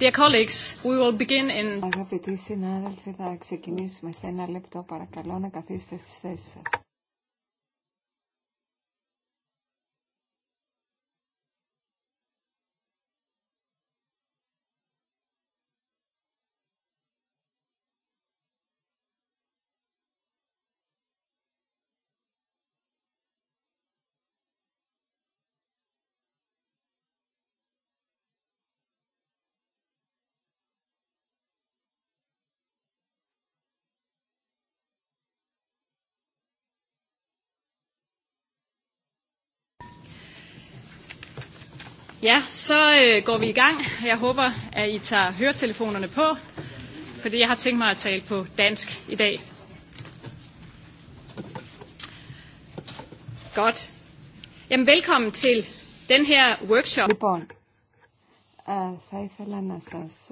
Dear colleagues, Αγαπητοί συνάδελφοι, θα ξεκινήσουμε σε ένα λεπτό. Παρακαλώ να καθίσετε στις θέσεις σας. Ja, så går vi i gang. Jeg håber, at I tager høretelefonerne på, fordi jeg har tænkt mig at tale på dansk i dag. Godt. Jamen, velkommen til den her workshop. Λοιπόν, θα ήθελα να σας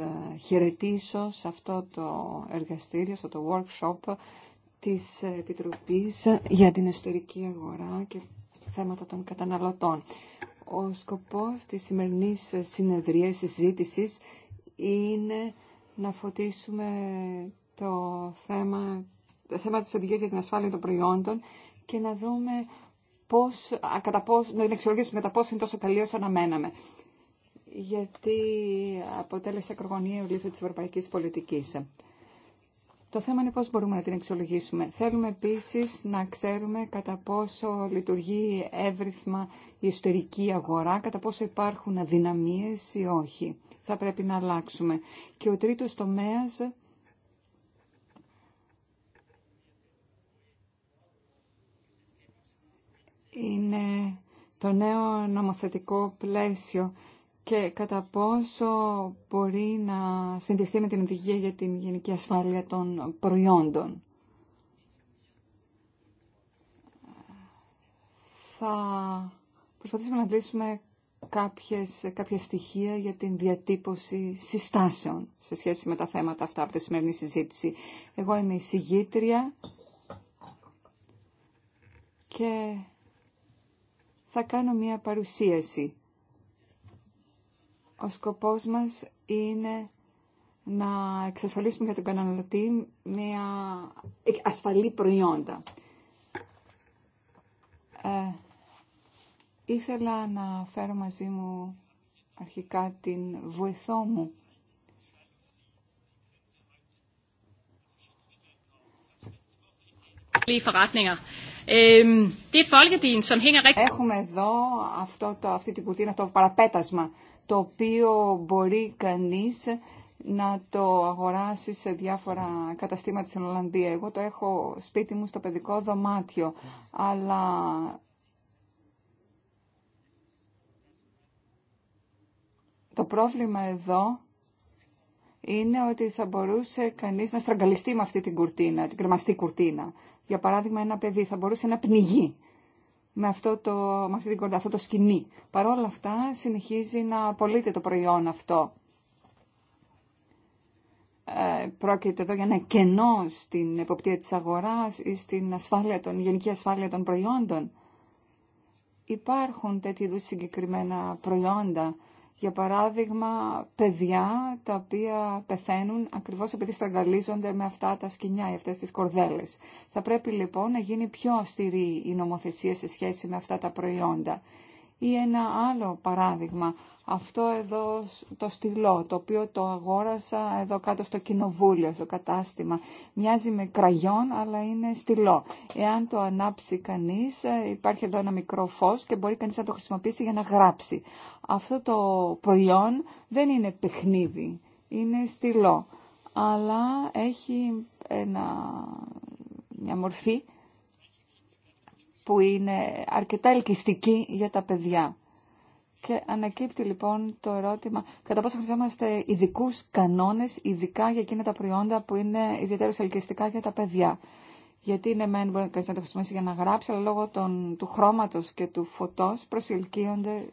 χαιρετήσω σε αυτό το εργαστήριο, σε το workshop της Επιτροπής για την Ιστορική Αγορά και θέματα των καταναλωτών. Ο σκοπός της σημερινής συνεδρίας συζήτησης είναι να φωτίσουμε το θέμα, το θέμα της οδηγίας για την ασφάλεια των προϊόντων και να δούμε πώς, κατά πώς, να εξοργήσουμε κατά πώς είναι τόσο καλή όσο αναμέναμε. Γιατί αποτέλεσε ακρογωνία ολίθο της ευρωπαϊκής πολιτικής. Το θέμα είναι πώς μπορούμε να την εξολογήσουμε. Θέλουμε επίσης να ξέρουμε κατά πόσο λειτουργεί εύρυθμα η ιστορική αγορά, κατά πόσο υπάρχουν αδυναμίες ή όχι. Θα πρέπει να αλλάξουμε. Και ο τρίτος τομέας είναι το νέο νομοθετικό πλαίσιο και κατά πόσο μπορεί να συνδυαστεί με την οδηγία για την γενική ασφάλεια των προϊόντων. Θα προσπαθήσουμε να λύσουμε κάποιες, κάποια στοιχεία για την διατύπωση συστάσεων σε σχέση με τα θέματα αυτά από τη σημερινή συζήτηση. Εγώ είμαι η συγγήτρια και θα κάνω μία παρουσίαση ο σκοπός μας είναι να εξασφαλίσουμε για τον καταναλωτή μια ασφαλή προϊόντα. Ε, ήθελα να φέρω μαζί μου αρχικά την βοηθό μου. Er Έχουμε εδώ αυτό το, αυτή την κουρτίνα, το παραπέτασμα το οποίο μπορεί κανείς να το αγοράσει σε διάφορα καταστήματα στην Ολλανδία. Εγώ το έχω σπίτι μου στο παιδικό δωμάτιο, αλλά το πρόβλημα εδώ είναι ότι θα μπορούσε κανείς να στραγγαλιστεί με αυτή την κουρτίνα, την κρεμαστή κουρτίνα. Για παράδειγμα, ένα παιδί θα μπορούσε να πνιγεί με, αυτό το, με αυτή το σκηνή. Παρ' όλα αυτά συνεχίζει να απολύτει το προϊόν αυτό. Ε, πρόκειται εδώ για ένα κενό στην εποπτεία της αγοράς ή στην ασφάλεια των, γενική ασφάλεια των προϊόντων. Υπάρχουν τέτοιου είδου συγκεκριμένα προϊόντα για παράδειγμα, παιδιά τα οποία πεθαίνουν ακριβώς επειδή στραγγαλίζονται με αυτά τα σκηνιά ή αυτές τις κορδέλες. Θα πρέπει λοιπόν να γίνει πιο αυστηρή η νομοθεσία σε σχέση με αυτά τα προϊόντα. Ή ένα άλλο παράδειγμα, αυτό εδώ το στυλό, το οποίο το αγόρασα εδώ κάτω στο κοινοβούλιο, στο κατάστημα. Μοιάζει με κραγιόν, αλλά είναι στυλό. Εάν το ανάψει κανείς, ε, υπάρχει εδώ ένα μικρό φως και μπορεί κανείς να το χρησιμοποιήσει για να γράψει. Αυτό το προϊόν δεν είναι παιχνίδι, είναι στυλό. Αλλά έχει ένα, μια μορφή που είναι αρκετά ελκυστική για τα παιδιά. Και ανακύπτει λοιπόν το ερώτημα κατά πόσο χρειαζόμαστε ειδικού κανόνε, ειδικά για εκείνα τα προϊόντα που είναι ιδιαίτερα ελκυστικά για τα παιδιά. Γιατί είναι μεν μπορεί κανεί να το χρησιμοποιήσει για να γράψει, αλλά λόγω του χρώματο και του φωτό προσελκύονται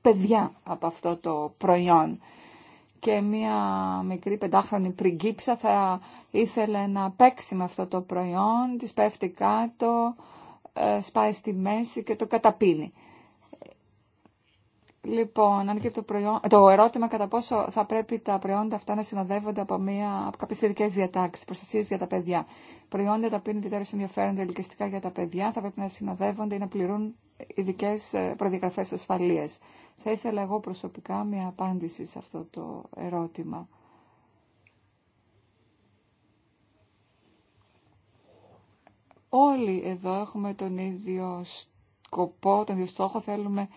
παιδιά από αυτό το προϊόν. Και μία μικρή πεντάχρονη πριγκίψα θα ήθελε να παίξει με αυτό το προϊόν, τη πέφτει κάτω, ε, σπάει στη μέση και το καταπίνει. Λοιπόν, αν και το, το ερώτημα κατά πόσο θα πρέπει τα προϊόντα αυτά να συνοδεύονται από, μια, από κάποιες ειδικές διατάξεις, προστασίες για τα παιδιά. Προϊόντα τα οποία είναι ιδιαίτερα ενδιαφέροντα ελκυστικά για τα παιδιά θα πρέπει να συνοδεύονται ή να πληρούν ειδικέ ε, προδιαγραφέ ασφαλεία. Θα ήθελα εγώ προσωπικά μια απάντηση σε αυτό το ερώτημα. Όλοι εδώ έχουμε τον ίδιο σκοπό, τον ίδιο στόχο, θέλουμε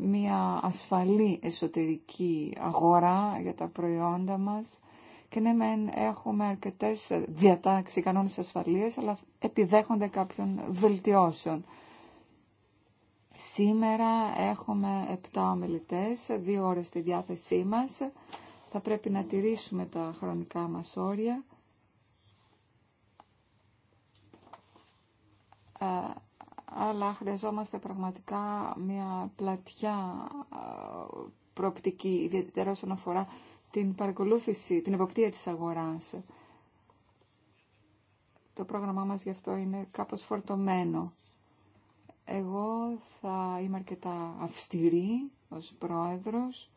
μια ασφαλή εσωτερική αγορά για τα προϊόντα μας και ναι μεν έχουμε αρκετές διατάξεις, κανόνες ασφαλείας αλλά επιδέχονται κάποιων βελτιώσεων. Σήμερα έχουμε 7 ομιλητές, δύο ώρες στη διάθεσή μας. Θα πρέπει να τηρήσουμε τα χρονικά μας όρια αλλά χρειαζόμαστε πραγματικά μια πλατιά προοπτική, ιδιαίτερα όσον αφορά την παρακολούθηση, την εποπτεία της αγοράς. Το πρόγραμμά μας γι' αυτό είναι κάπως φορτωμένο. Εγώ θα είμαι αρκετά αυστηρή ως πρόεδρος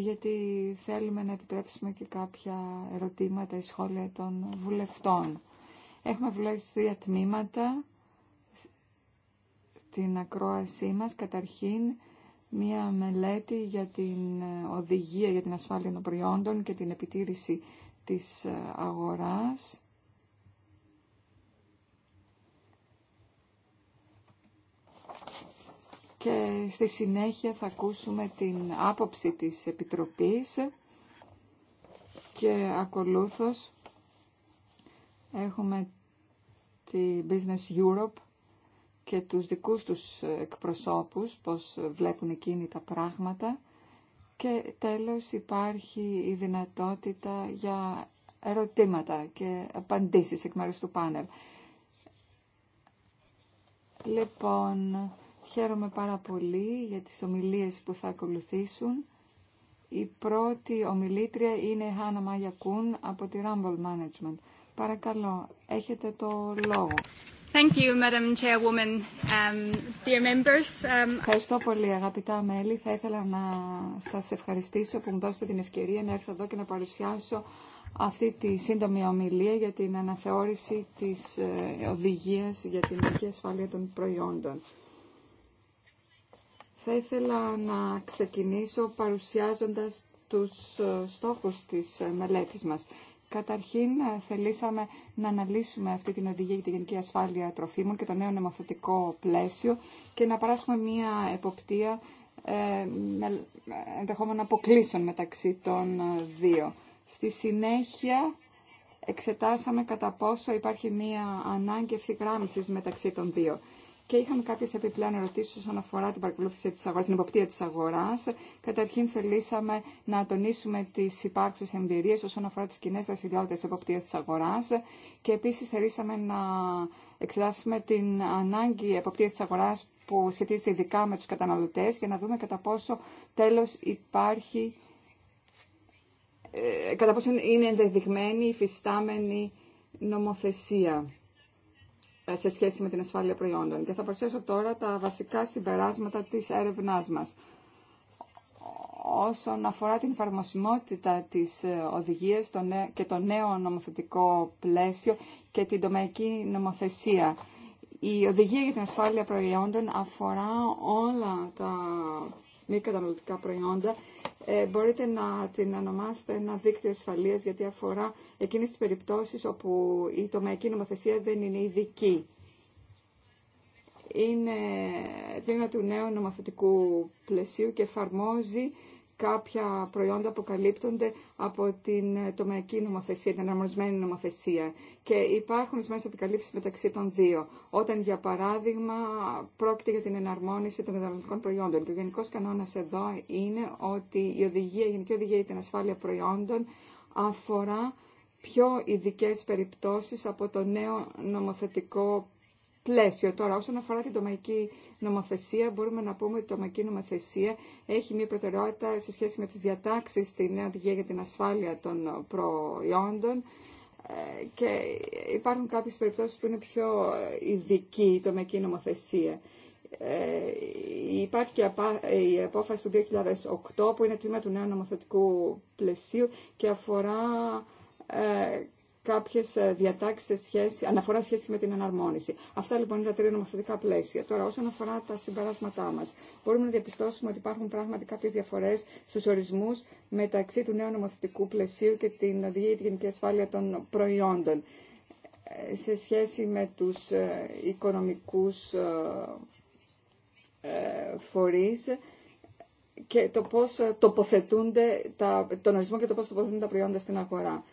γιατί θέλουμε να επιτρέψουμε και κάποια ερωτήματα ή σχόλια των βουλευτών. Έχουμε βουλέψει δύο τμήματα στην ακρόασή μας. Καταρχήν, μία μελέτη για την οδηγία για την ασφάλεια των προϊόντων και την επιτήρηση της ε, αγοράς και στη συνέχεια θα ακούσουμε την άποψη της Επιτροπής και ακολούθως έχουμε τη Business Europe και τους δικούς τους εκπροσώπους, πώς βλέπουν εκείνοι τα πράγματα. Και τέλος υπάρχει η δυνατότητα για ερωτήματα και απαντήσεις εκ μέρους του πάνελ. Λοιπόν, Χαίρομαι πάρα πολύ για τις ομιλίες που θα ακολουθήσουν. Η πρώτη ομιλήτρια είναι η Χάνα Μάγια Κούν από τη Rumble Management. Παρακαλώ, έχετε το λόγο. Thank you, Madam Chairwoman. Um, um, Ευχαριστώ πολύ, αγαπητά μέλη. Θα ήθελα να σας ευχαριστήσω που μου δώσετε την ευκαιρία να έρθω εδώ και να παρουσιάσω αυτή τη σύντομη ομιλία για την αναθεώρηση της ε, οδηγίας για την ασφάλεια των προϊόντων. Θα ήθελα να ξεκινήσω παρουσιάζοντας τους ε, στόχους της ε, μελέτης μας. Καταρχήν, ε, θελήσαμε να αναλύσουμε αυτή την οδηγία για τη γενική ασφάλεια τροφίμων και το νέο νομοθετικό πλαίσιο και να παράσουμε μία εποπτεία ε, ενδεχόμενων αποκλήσεων μεταξύ των δύο. Στη συνέχεια, εξετάσαμε κατά πόσο υπάρχει μία ανάγκη ευθυγράμμισης μεταξύ των δύο και είχαμε κάποιες επιπλέον ερωτήσεις όσον αφορά την παρακολούθηση της αγοράς, την εποπτεία της αγοράς. Καταρχήν θελήσαμε να τονίσουμε τις υπάρξεις εμπειρίες όσον αφορά τις κοινέ δραστηριότητες εποπτείας της αγοράς και επίσης θελήσαμε να εξετάσουμε την ανάγκη εποπτείας της αγοράς που σχετίζεται ειδικά με τους καταναλωτές για να δούμε κατά πόσο τέλος υπάρχει ε, κατά πόσο είναι ενδεδειγμένη η φυστάμενη νομοθεσία. Ε, σε σχέση με την ασφάλεια προϊόντων. Και θα προσθέσω τώρα τα βασικά συμπεράσματα της έρευνάς μας. Όσον αφορά την εφαρμοσιμότητα της ε, οδηγίας και το νέο νομοθετικό πλαίσιο και την τομεική νομοθεσία. Η οδηγία για την ασφάλεια προϊόντων αφορά όλα τα μη καταναλωτικά προϊόντα, ε, μπορείτε να την ονομάσετε ένα δίκτυο ασφαλείας γιατί αφορά εκείνες τις περιπτώσεις όπου η τομεακή νομοθεσία δεν είναι ειδική. Είναι τμήμα του νέου νομοθετικού πλαισίου και εφαρμόζει κάποια προϊόντα αποκαλύπτονται από την ε, τομεακή νομοθεσία, την εναρμονισμένη νομοθεσία. Και υπάρχουν ορισμένε επικαλύψει μεταξύ των δύο. Όταν, για παράδειγμα, πρόκειται για την εναρμόνιση των καταναλωτικών προϊόντων. Και ο γενικό κανόνα εδώ είναι ότι η, οδηγία, η Γενική Οδηγία για την Ασφάλεια Προϊόντων αφορά πιο ειδικέ περιπτώσεις από το νέο νομοθετικό πλαίσιο. Τώρα, όσον αφορά την τομαϊκή νομοθεσία, μπορούμε να πούμε ότι η τομαϊκή νομοθεσία έχει μια προτεραιότητα σε σχέση με τις διατάξεις στη νέα οδηγία για την ασφάλεια των προϊόντων ε, και υπάρχουν κάποιες περιπτώσεις που είναι πιο ε, ειδική η τομαϊκή νομοθεσία. Ε, υπάρχει και η απόφαση του 2008 που είναι τμήμα του νέου νομοθετικού πλαισίου και αφορά Κάποιε ε, διατάξεις σχέση, αναφορά σχέση με την εναρμόνιση. Αυτά λοιπόν είναι τα τρία νομοθετικά πλαίσια. Τώρα, όσον αφορά τα συμπεράσματά μα, μπορούμε να διαπιστώσουμε ότι υπάρχουν πράγματι κάποιε διαφορές στους ορισμούς μεταξύ του νέου νομοθετικού πλαισίου και την οδηγία για τη γενική ασφάλεια των προϊόντων ε, σε σχέση με του ε, οικονομικού φορείς και το πώ τοποθετούνται τα, τον ορισμό και το πώς τοποθετούνται τα προϊόντα στην αγορά.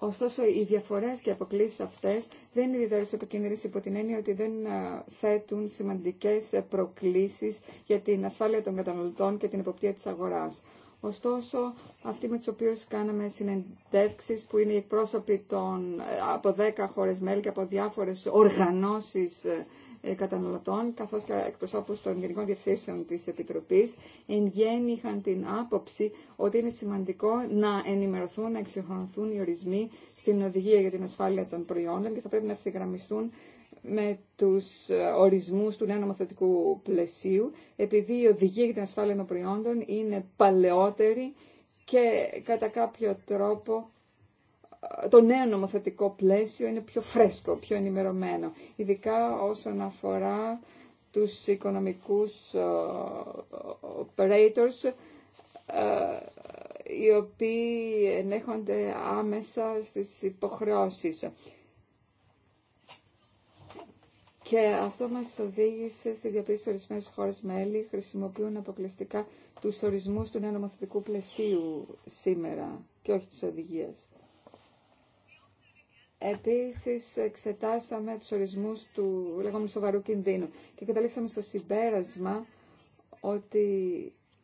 Ωστόσο, οι διαφορές και οι αυτέ αυτές δεν είναι σε επικίνδυνε υπό την έννοια ότι δεν ε, θέτουν σημαντικέ ε, προκλήσει για την ασφάλεια των καταναλωτών και την εποπτεία της αγοράς. Ωστόσο, αυτοί με τους οποίους κάναμε συνεντεύξεις που είναι οι εκπρόσωποι των, ε, από 10 χώρε μέλη και από διάφορες οργανώσει ε, καταναλωτών, καθώς και εκπροσώπους των Γενικών Διευθύνσεων της Επιτροπής, εν γέννη είχαν την άποψη ότι είναι σημαντικό να ενημερωθούν, να εξυγχρονθούν οι ορισμοί στην οδηγία για την ασφάλεια των προϊόντων και θα πρέπει να ευθυγραμμιστούν με τους ε, ορισμούς του νέου νομοθετικού πλαισίου, επειδή η οδηγία για την ασφάλεια των προϊόντων είναι παλαιότερη και κατά κάποιο τρόπο το νέο νομοθετικό πλαίσιο είναι πιο φρέσκο, πιο ενημερωμένο, ειδικά όσον αφορά τους οικονομικούς ε, operators, ε, οι οποίοι ενέχονται άμεσα στις υποχρεώσεις. Και αυτό μας οδήγησε στη διαπίστωση ότι ορισμένε χώρε μέλη χρησιμοποιούν αποκλειστικά τους ορισμούς του νέου νομοθετικού πλαισίου σήμερα και όχι της οδηγίας. Επίσης εξετάσαμε τους ορισμούς του λεγόμενου σοβαρού κινδύνου και καταλήξαμε στο συμπέρασμα ότι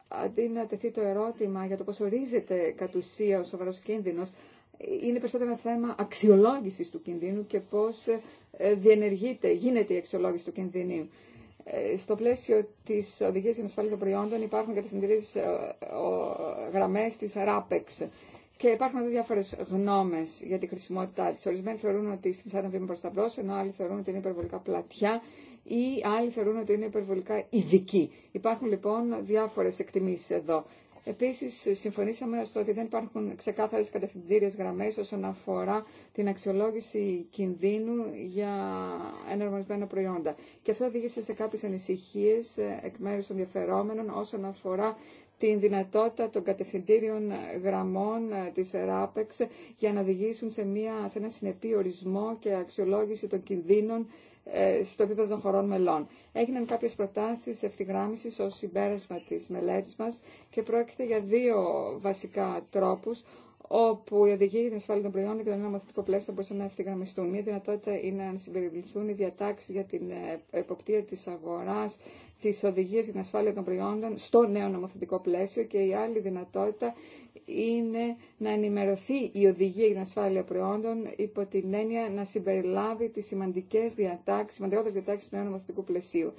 αντί να τεθεί το ερώτημα για το πώς ορίζεται κατ' ουσία ο σοβαρός κίνδυνος, είναι περισσότερο ένα θέμα αξιολόγησης του κινδύνου και πώς ε, διενεργείται, γίνεται η αξιολόγηση του κίνδυνου. Ε, στο πλαίσιο της Οδηγίας για την Ασφάλεια των Προϊόντων υπάρχουν κατευθυντήριε ε, γραμμέ της RAPEX και υπάρχουν εδώ διάφορε γνώμε για τη χρησιμότητά τη. Ορισμένοι θεωρούν ότι θα είναι βήμα προ τα μπρο, ενώ άλλοι θεωρούν ότι είναι υπερβολικά πλατιά ή άλλοι θεωρούν ότι είναι υπερβολικά ειδικοί. Υπάρχουν λοιπόν διάφορε εκτιμήσει εδώ. Επίση, συμφωνήσαμε στο ότι δεν υπάρχουν ξεκάθαρε κατευθυντήριε γραμμέ όσον αφορά την αξιολόγηση κινδύνου για ενεργοποιημένα προϊόντα. Και αυτό οδήγησε σε κάποιε ανησυχίε ε, εκ μέρου των διαφερόμενων όσον αφορά την δυνατότητα των κατευθυντήριων γραμμών ε, της Εράπεξ για να οδηγήσουν σε, μια, σε ένα συνεπή ορισμό και αξιολόγηση των κινδύνων ε, στο επίπεδο των χωρών μελών. Έγιναν κάποιε προτάσει ευθυγράμμιση ω συμπέρασμα τη μελέτη μα και πρόκειται για δύο βασικά τρόπου όπου η οδηγία για την ασφάλεια των προϊόντων και το νέο νομοθετικό πλαίσιο θα μπορούσαν να ευθυγραμμιστούν. Μία δυνατότητα είναι να συμπεριληφθούν οι διατάξει για την ε, εποπτεία τη αγορά, τη οδηγία για την ασφάλεια των προϊόντων στο νέο νομοθετικό πλαίσιο και η άλλη δυνατότητα είναι να ενημερωθεί η οδηγία για την ασφάλεια προϊόντων υπό την έννοια να συμπεριλάβει τι σημαντικέ διατάξει, σημαντικότερε διατάξει του νέου νομοθετικού πλαισίου.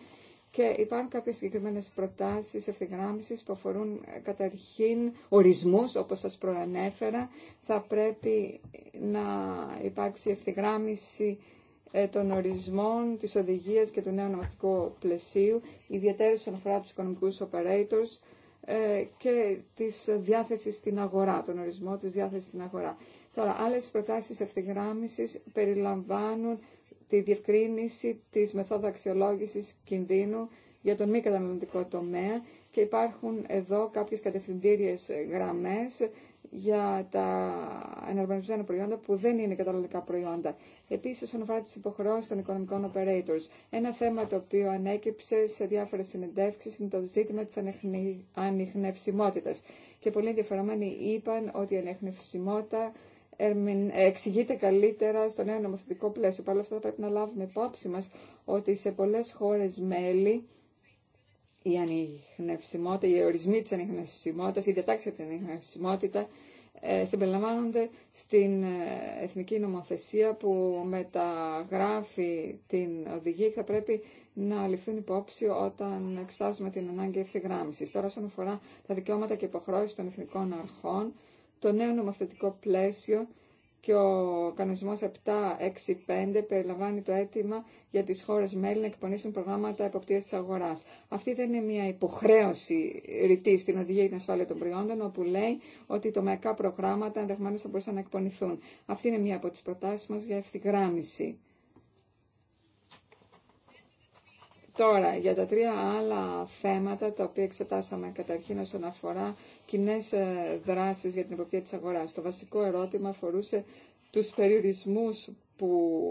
Και υπάρχουν κάποιε συγκεκριμένε προτάσει ευθυγράμμισης που αφορούν ε, καταρχήν ορισμούς, όπω σας προανέφερα. Θα πρέπει να υπάρξει ευθυγράμμιση ε, των ορισμών, της οδηγίας και του νέου νομοθετικού πλαισίου, ιδιαίτερα όσον αφορά τους οικονομικούς operators ε, και της διάθεσης στην αγορά, τον ορισμό της διάθεσης στην αγορά. Τώρα, άλλες προτάσεις ευθυγράμμισης περιλαμβάνουν τη διευκρίνηση της μεθόδου αξιολόγησης κινδύνου για τον μη καταναλωτικό τομέα και υπάρχουν εδώ κάποιες κατευθυντήριες γραμμές για τα εναρμονισμένα προϊόντα που δεν είναι καταναλωτικά προϊόντα. Επίσης, όσον αφορά τις υποχρεώσεις των οικονομικών operators, ένα θέμα το οποίο ανέκυψε σε διάφορες συνεντεύξεις είναι το ζήτημα της ανιχνευσιμότητας. Και πολλοί ενδιαφερομένοι είπαν ότι η ανιχνευσιμότητα εξηγείται καλύτερα στο νέο νομοθετικό πλαίσιο. Παρ' όλα αυτά θα πρέπει να λάβουμε υπόψη μας ότι σε πολλές χώρες μέλη η ανιχνευσιμότητα, οι ορισμοί της ανιχνευσιμότητας, οι διατάξεις για την ανιχνευσιμότητα ε, συμπεριλαμβάνονται στην ε, εθνική νομοθεσία που μεταγράφει την οδηγία και θα πρέπει να ληφθούν υπόψη όταν εξετάζουμε την ανάγκη ευθυγράμμισης. Τώρα, όσον αφορά τα δικαιώματα και υποχρώσεις των εθνικών αρχών, το νέο νομοθετικό πλαίσιο και ο κανονισμός 765 περιλαμβάνει το αίτημα για τις χώρες μέλη να εκπονήσουν προγράμματα εποπτείας της αγοράς. Αυτή δεν είναι μια υποχρέωση ρητή στην οδηγία για την ασφάλεια των προϊόντων, όπου λέει ότι μερικά προγράμματα ενδεχομένως θα μπορούσαν να εκπονηθούν. Αυτή είναι μια από τις προτάσεις μας για ευθυγράμμιση. Τώρα, για τα τρία άλλα θέματα τα οποία εξετάσαμε καταρχήν όσον αφορά κοινέ ε, δράσεις για την εποπτεία της αγοράς. Το βασικό ερώτημα αφορούσε τους περιορισμούς που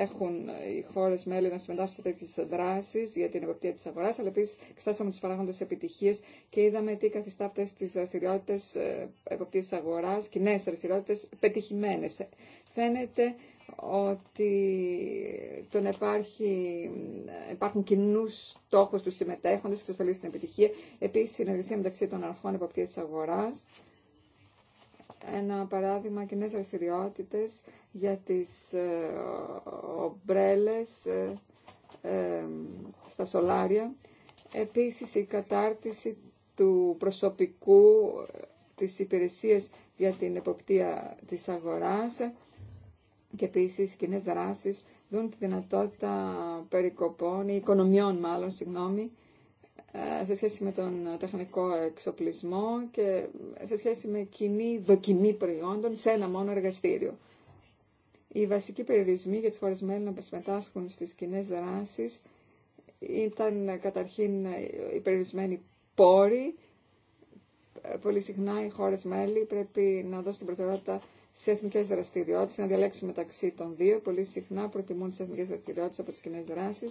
έχουν οι χώρε μέλη να συμμετάσχουν σε τέτοιε δράσει για την εποπτεία τη αγορά, αλλά επίση εξετάσαμε του παράγοντε επιτυχίε και είδαμε τι καθιστά αυτέ τι δραστηριότητε ε, εποπτεία τη αγορά, κοινέ δραστηριότητε, πετυχημένε. Φαίνεται ότι το να υπάρχει, υπάρχουν κοινού στόχου του συμμετέχοντε εξασφαλίζει την επιτυχία. Επίση, η συνεργασία μεταξύ των αρχών εποπτεία τη αγορά ένα παράδειγμα κοινέ δραστηριότητε για τις ε, ομπρέλες ε, ε, στα σολάρια. Επίσης η κατάρτιση του προσωπικού της υπηρεσίας για την εποπτεία της αγοράς και επίσης κοινέ δράσεις δουν τη δυνατότητα περικοπών ή οικονομιών μάλλον, συγγνώμη, ε, σε σχέση με τον τεχνικό εξοπλισμό και σε σχέση με κοινή δοκιμή προϊόντων σε ένα μόνο εργαστήριο. Οι βασικοί περιορισμοί για τις χώρες μέλη να συμμετάσχουν στις κοινέ δράσεις ήταν ε, καταρχήν ε, οι περιορισμένοι πόροι. Πολύ συχνά οι χώρες μέλη πρέπει να δώσουν την προτεραιότητα σε εθνικέ δραστηριότητε, να διαλέξουν μεταξύ των δύο. Πολύ συχνά προτιμούν τι εθνικέ δραστηριότητε από τι κοινέ δράσει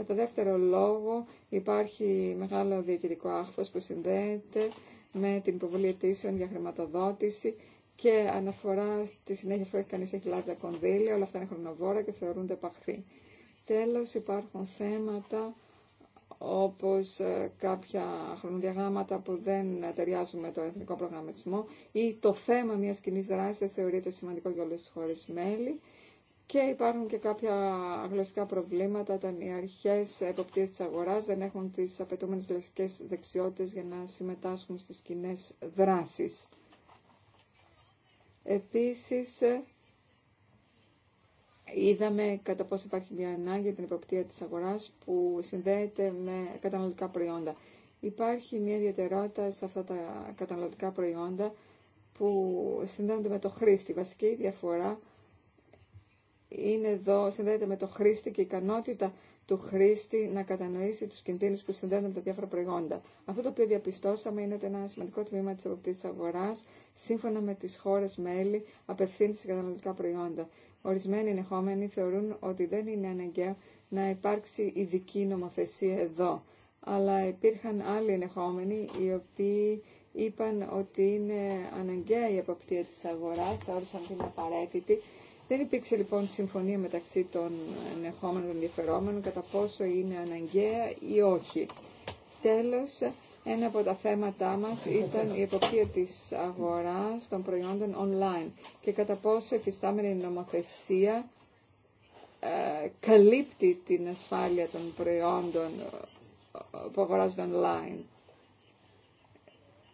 Κατά δεύτερο λόγο υπάρχει μεγάλο διοικητικό άχθος που συνδέεται με την υποβολή αιτήσεων για χρηματοδότηση και αναφορά στη συνέχεια που έχει κανείς έχει λάβει τα κονδύλια, όλα αυτά είναι χρονοβόρα και θεωρούνται παχθή. Τέλος υπάρχουν θέματα όπως ε, κάποια χρονοδιαγράμματα που δεν ταιριάζουν με το εθνικό προγραμματισμό ή το θέμα μιας κοινή δράσης δεν θεωρείται σημαντικό για όλες τις χώρες μέλη και υπάρχουν και κάποια γλωσσικά προβλήματα όταν οι αρχές εποπτείας της αγοράς δεν έχουν τις απαιτούμενες γλωσσικές δεξιότητες για να συμμετάσχουν στις κοινέ δράσεις. Επίσης, είδαμε κατά πόσο υπάρχει μια ανάγκη για την εποπτεία της αγοράς που συνδέεται με καταναλωτικά προϊόντα. Υπάρχει μια ιδιαιτερότητα σε αυτά τα καταναλωτικά προϊόντα που συνδέονται με το χρήστη. βασική διαφορά είναι εδώ, συνδέεται με το χρήστη και η ικανότητα του χρήστη να κατανοήσει του κινδύνου που συνδέονται με τα διάφορα προϊόντα. Αυτό το οποίο διαπιστώσαμε είναι ότι ένα σημαντικό τμήμα τη εποπτεία αγορά, σύμφωνα με τι χώρε μέλη, απευθύνεται σε καταναλωτικά προϊόντα. Ορισμένοι ενεχόμενοι θεωρούν ότι δεν είναι αναγκαίο να υπάρξει ειδική νομοθεσία εδώ. Αλλά υπήρχαν άλλοι ενεχόμενοι οι οποίοι είπαν ότι είναι αναγκαία η εποπτεία της αγοράς, θεώρησαν ότι είναι απαραίτητη δεν υπήρξε λοιπόν συμφωνία μεταξύ των ενεχόμενων των ενδιαφερόμενων κατά πόσο είναι αναγκαία ή όχι. Τέλος, ένα από τα θέματά μας ήταν η εποπτεία της αγοράς των προϊόντων online και κατά πόσο η φυστάμενη νομοθεσία ε, καλύπτει την ασφάλεια των προϊόντων ε, που αγοράζονται online.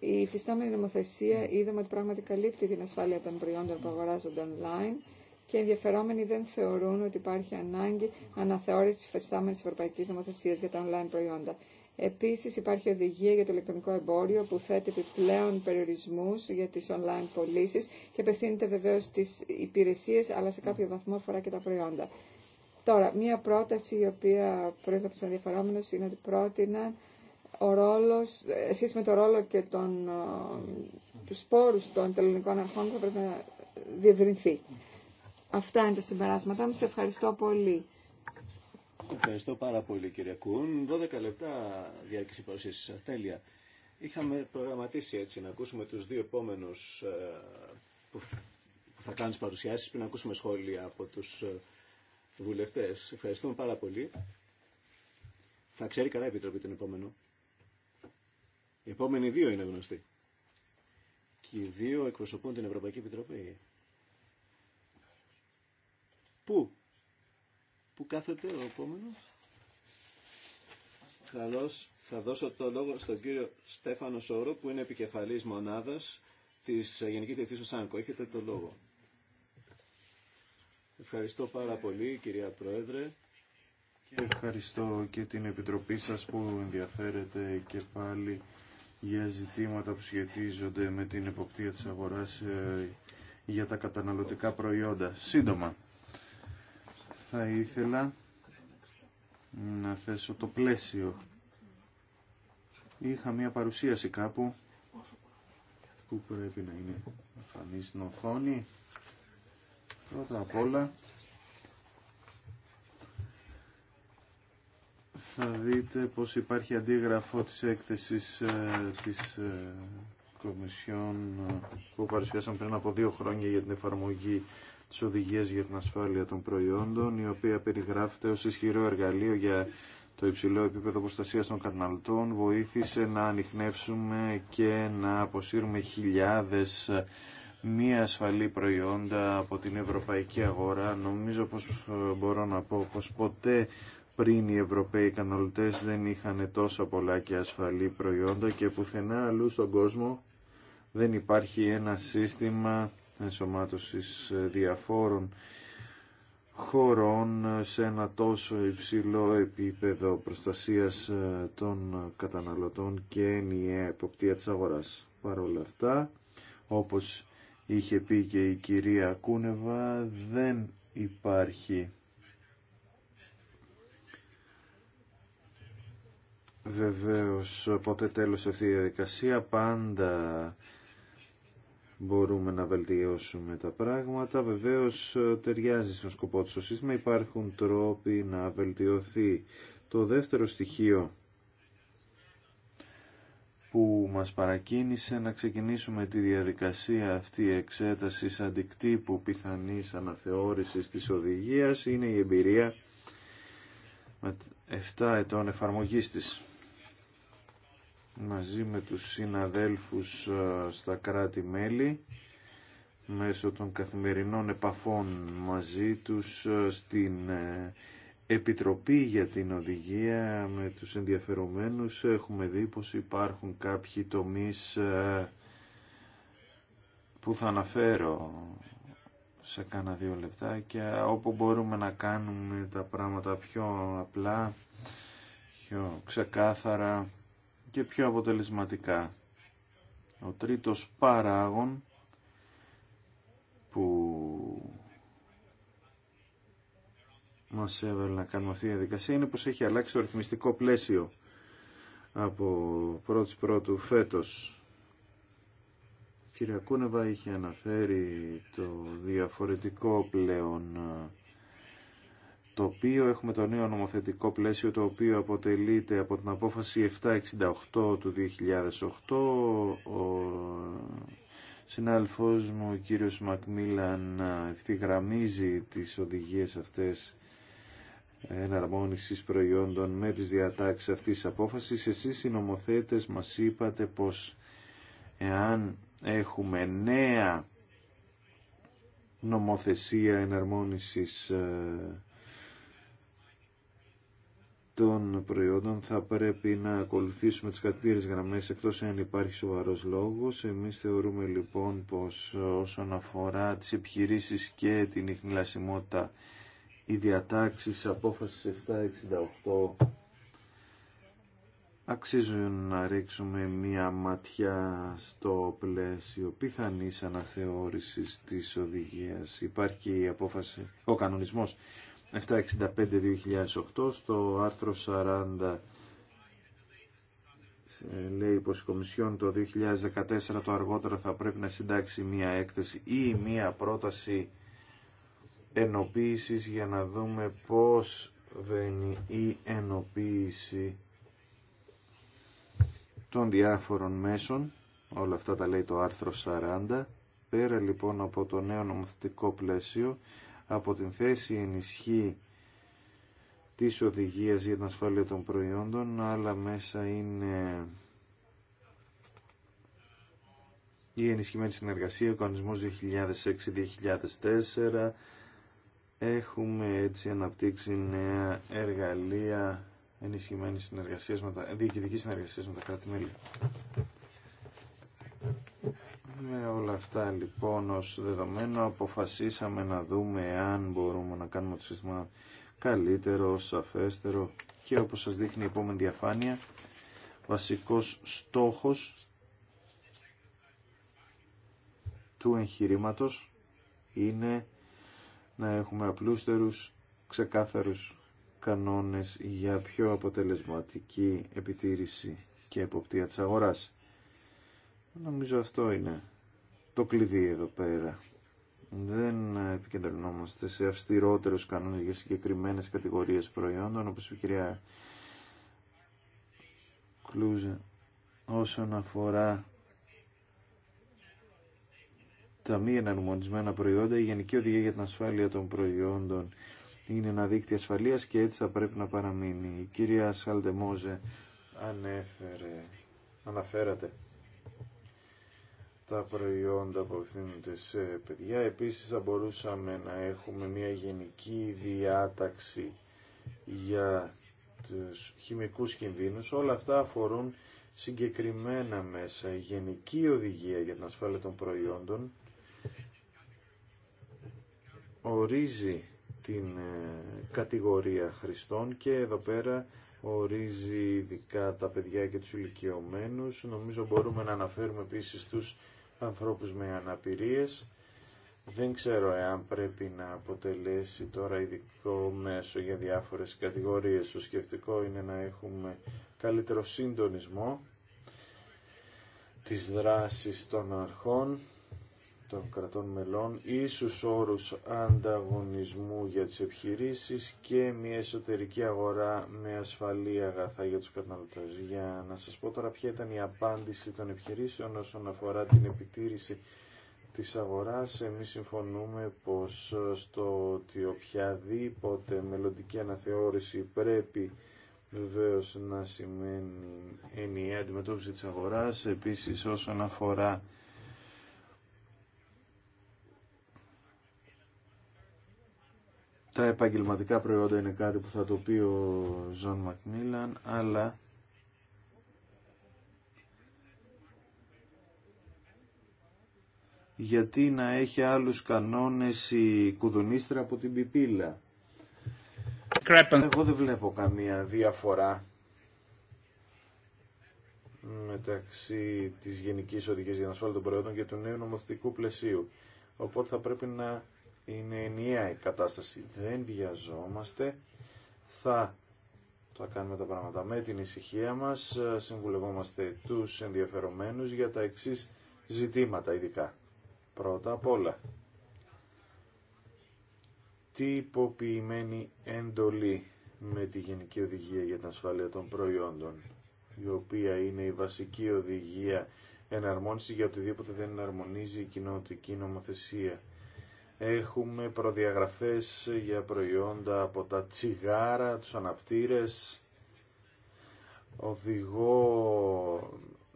Η φυστάμενη νομοθεσία είδαμε ότι πράγματι καλύπτει την ασφάλεια των προϊόντων που αγοράζονται online και οι ενδιαφερόμενοι δεν θεωρούν ότι υπάρχει ανάγκη αναθεώρηση τη φεστάμενη ευρωπαϊκή νομοθεσία για τα online προϊόντα. Επίση, υπάρχει οδηγία για το ηλεκτρονικό εμπόριο που θέτει επιπλέον περιορισμού για τι online πωλήσει και απευθύνεται βεβαίω στις υπηρεσίε, αλλά σε κάποιο βαθμό αφορά και τα προϊόντα. Τώρα, μία πρόταση η οποία προέρχεται από τους είναι ότι πρότεινα ο ρόλος, ε, σχέση με το ρόλο και τον, ε, του των τελωνικών αρχών θα πρέπει να διευρυνθεί. Αυτά είναι τα συμπεράσματά μου. Σε ευχαριστώ πολύ. Ευχαριστώ πάρα πολύ κύριε Κούν. 12 λεπτά διάρκεια παρουσίαση σας. Τέλεια. Είχαμε προγραμματίσει έτσι να ακούσουμε τους δύο επόμενους ε, που θα κάνουν τις παρουσιάσεις πριν να ακούσουμε σχόλια από τους ε, βουλευτές. Ευχαριστούμε πάρα πολύ. Θα ξέρει καλά η Επιτροπή τον επόμενο. Οι επόμενοι δύο είναι γνωστοί. Και οι δύο εκπροσωπούν την Ευρωπαϊκή Επιτροπή. Πού? Πού κάθεται ο επόμενος. Καλώς θα δώσω το λόγο στον κύριο Στέφανο Σόρο που είναι επικεφαλής μονάδας μονάδα τη Γενικής Διευθύνσης ΣΑΝΚΟ. Έχετε το λόγο. Ευχαριστώ πάρα πολύ κυρία Πρόεδρε. Και ευχαριστώ και την Επιτροπή σας που ενδιαφέρεται και πάλι για ζητήματα που σχετίζονται με την εποπτεία της αγοράς ε, για τα καταναλωτικά προϊόντα. Σύντομα, θα ήθελα να θέσω το πλαίσιο. Είχα μία παρουσίαση κάπου που πρέπει να είναι εμφανή στην οθόνη. Πρώτα απ' όλα θα δείτε πως υπάρχει αντίγραφο της έκθεσης ε, της ε, Κομισιόν ε, που παρουσιάσαμε πριν από δύο χρόνια για την εφαρμογή της Οδηγίας για την Ασφάλεια των Προϊόντων, η οποία περιγράφεται ως ισχυρό εργαλείο για το υψηλό επίπεδο προστασία των καταναλωτών, βοήθησε να ανοιχνεύσουμε και να αποσύρουμε χιλιάδες μη ασφαλή προϊόντα από την ευρωπαϊκή αγορά. Νομίζω πως ε, μπορώ να πω πως ποτέ πριν οι Ευρωπαίοι καταναλωτές δεν είχαν τόσα πολλά και ασφαλή προϊόντα και πουθενά αλλού στον κόσμο δεν υπάρχει ένα σύστημα ενσωμάτωσης ε, διαφόρων χωρών ε, σε ένα τόσο υψηλό επίπεδο προστασίας ε, των καταναλωτών και ενιαία εποπτεία της αγοράς. Παρ' όλα αυτά, όπως είχε πει και η κυρία Κούνεβα, δεν υπάρχει βεβαίως ποτέ τέλος αυτή η διαδικασία, πάντα μπορούμε να βελτιώσουμε τα πράγματα. Βεβαίως ε, ταιριάζει στον σκοπό του στο σύστημα. Υπάρχουν τρόποι να βελτιωθεί. Το δεύτερο στοιχείο που μας παρακίνησε να ξεκινήσουμε τη διαδικασία αυτή εξέτασης αντικτύπου πιθανής αναθεώρησης της οδηγίας είναι η εμπειρία με 7 ετών εφαρμογής της μαζί με τους συναδέλφους στα κράτη-μέλη μέσω των καθημερινών επαφών μαζί τους στην ε, Επιτροπή για την Οδηγία με τους ενδιαφερομένους έχουμε δει πως υπάρχουν κάποιοι τομείς που θα αναφέρω σε κάνα δύο λεπτά και όπου μπορούμε να κάνουμε τα πράγματα πιο απλά, πιο ξεκάθαρα και πιο αποτελεσματικά. Ο τρίτος παράγων που μας έβαλε να κάνουμε αυτή τη διαδικασία είναι πως έχει αλλάξει το ρυθμιστικό πλαίσιο από πρώτης πρώτου φέτος. Η κυρία Κούνεβα είχε αναφέρει το διαφορετικό πλέον το οποίο Έχουμε το νέο νομοθετικό πλαίσιο το οποίο αποτελείται από την απόφαση 768 του 2008. Ο συνάδελφός μου, ο κύριος Μακμίλαν, ευθυγραμμίζει τις οδηγίες αυτές εναρμόνισης προϊόντων με τις διατάξεις αυτής της απόφασης. Εσείς οι νομοθέτες μας είπατε πως εάν έχουμε νέα νομοθεσία εναρμόνισης ε, των προϊόντων θα πρέπει να ακολουθήσουμε τις κατήρες γραμμές εκτός αν υπάρχει σοβαρός λόγος. Εμείς θεωρούμε λοιπόν πως όσον αφορά τις επιχειρήσεις και την ιχνηλασιμότητα οι διατάξεις απόφασης 768 αξίζουν να ρίξουμε μία ματιά στο πλαίσιο πιθανής αναθεώρησης της οδηγίας. Υπάρχει η απόφαση, ο κανονισμός 765-2008 στο άρθρο 40 λέει πως η Κομισιόν το 2014 το αργότερα θα πρέπει να συντάξει μία έκθεση ή μία πρόταση ενοποίησης για να δούμε πώς βαίνει η ενοποίηση των διάφορων μέσων όλα αυτά τα λέει το άρθρο 40 πέρα λοιπόν από το νέο νομοθετικό πλαίσιο από την θέση ενισχύ της οδηγίας για την ασφάλεια των προϊόντων, αλλά μέσα είναι η ενισχυμένη συνεργασία, ο κανονισμός 2006-2004. Έχουμε έτσι αναπτύξει νέα εργαλεία ενισχυμένης συνεργασία με τα, συνεργασίας με τα κράτη-μέλη. Με όλα αυτά λοιπόν ως δεδομένο αποφασίσαμε να δούμε αν μπορούμε να κάνουμε το σύστημα καλύτερο, σαφέστερο και όπως σας δείχνει η επόμενη διαφάνεια βασικός στόχος του εγχειρήματος είναι να έχουμε απλούστερους, ξεκάθαρους κανόνες για πιο αποτελεσματική επιτήρηση και εποπτεία της αγοράς. Νομίζω αυτό είναι το κλειδί εδώ πέρα. Δεν επικεντρωνόμαστε σε αυστηρότερους κανόνες για συγκεκριμένες κατηγορίες προϊόντων, όπως η κυρία Κλούζε, όσον αφορά τα μη εναρμονισμένα προϊόντα, η Γενική Οδηγία για την Ασφάλεια των Προϊόντων είναι ένα δίκτυο ασφαλείας και έτσι θα πρέπει να παραμείνει. Η κυρία Σαλτεμόζε ανέφερε, αναφέρατε τα προϊόντα που απευθύνονται σε παιδιά. Επίσης θα μπορούσαμε να έχουμε μια γενική διάταξη για τους χημικούς κινδύνους. Όλα αυτά αφορούν συγκεκριμένα μέσα, η γενική οδηγία για την ασφάλεια των προϊόντων ορίζει την ε, κατηγορία χρηστών και εδώ πέρα ορίζει ειδικά τα παιδιά και τους ηλικιωμένους. Νομίζω μπορούμε να αναφέρουμε επίσης τους ανθρώπους με αναπηρίες. Δεν ξέρω εάν πρέπει να αποτελέσει τώρα ειδικό μέσο για διάφορες κατηγορίες. Το σκεφτικό είναι να έχουμε καλύτερο συντονισμό της δράσης των αρχών των κρατών μελών, ίσους όρους ανταγωνισμού για τις επιχειρήσεις και μια εσωτερική αγορά με ασφαλή αγαθά για τους καταναλωτές. Για να σας πω τώρα ποια ήταν η απάντηση των επιχειρήσεων όσον αφορά την επιτήρηση της αγοράς, εμείς συμφωνούμε πως στο ότι οποιαδήποτε μελλοντική αναθεώρηση πρέπει βεβαίω να σημαίνει ενιαία αντιμετώπιση της αγοράς, επίσης όσον αφορά τα επαγγελματικά προϊόντα είναι κάτι που θα το πει ο Ζων Μακμίλαν, αλλά γιατί να έχει άλλους κανόνες η κουδουνίστρα από την πιπίλα. Εγώ δεν βλέπω καμία διαφορά μεταξύ της Γενικής την Ασφάλεια των Προϊόντων και του νέου νομοθετικού πλαισίου. Οπότε θα πρέπει να είναι ενιαία η κατάσταση. Δεν βιαζόμαστε. Θα θα κάνουμε τα πράγματα με την ησυχία μας, συμβουλευόμαστε τους ενδιαφερομένους για τα εξής ζητήματα ειδικά. Πρώτα απ' όλα, τυποποιημένη εντολή με τη Γενική Οδηγία για την Ασφάλεια των Προϊόντων, η οποία είναι η βασική οδηγία εναρμόνιση για οτιδήποτε δεν εναρμονίζει η κοινωτική νομοθεσία Έχουμε προδιαγραφές για προϊόντα από τα τσιγάρα, τους αναπτήρες, οδηγό,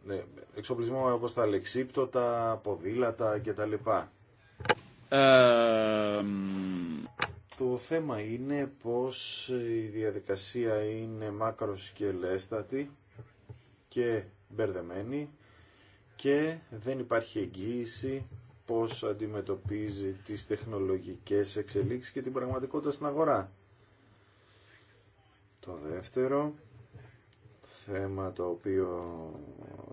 ναι, εξοπλισμό όπως τα λεξίπτωτα, ποδήλατα κτλ. Το θέμα είναι πως η διαδικασία είναι μάκρος και ελέστατη και μπερδεμένη και δεν υπάρχει εγγύηση πώς αντιμετωπίζει τις τεχνολογικές εξελίξεις και την πραγματικότητα στην αγορά. Το δεύτερο θέμα το οποίο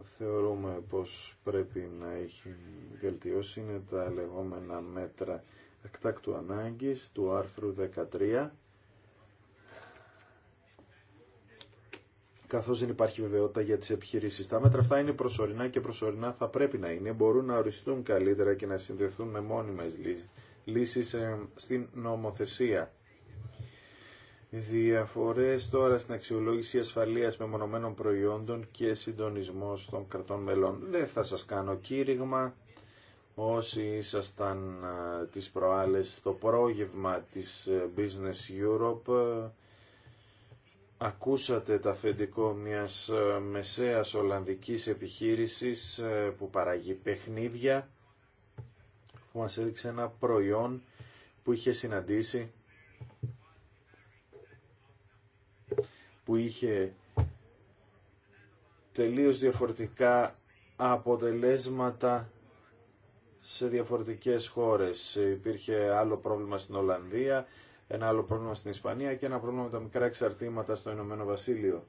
θεωρούμε πως πρέπει να έχει βελτιώσει είναι τα λεγόμενα μέτρα εκτάκτου ανάγκης του άρθρου 13 καθώς δεν υπάρχει βεβαιότητα για τις επιχειρήσεις. Τα μέτρα αυτά είναι προσωρινά και προσωρινά θα πρέπει να είναι. Μπορούν να οριστούν καλύτερα και να συνδεθούν με μόνιμες λύσεις ε, στην νομοθεσία. Διαφορέ τώρα στην αξιολόγηση ασφαλείας μεμονωμένων προϊόντων και συντονισμό των κρατών μελών. Δεν θα σα κάνω κήρυγμα. Όσοι ήσασταν ε, τις προάλλες στο πρόγευμα της ε, Business Europe Ακούσατε τα αφεντικό μιας ε, μεσαίας Ολλανδικής επιχείρησης ε, που παράγει παιχνίδια που μας έδειξε ένα προϊόν που είχε συναντήσει που είχε τελείως διαφορετικά αποτελέσματα σε διαφορετικές χώρες. Υπήρχε άλλο πρόβλημα στην Ολλανδία, ένα άλλο πρόβλημα στην Ισπανία και ένα πρόβλημα με τα μικρά εξαρτήματα στο Ηνωμένο Βασίλειο.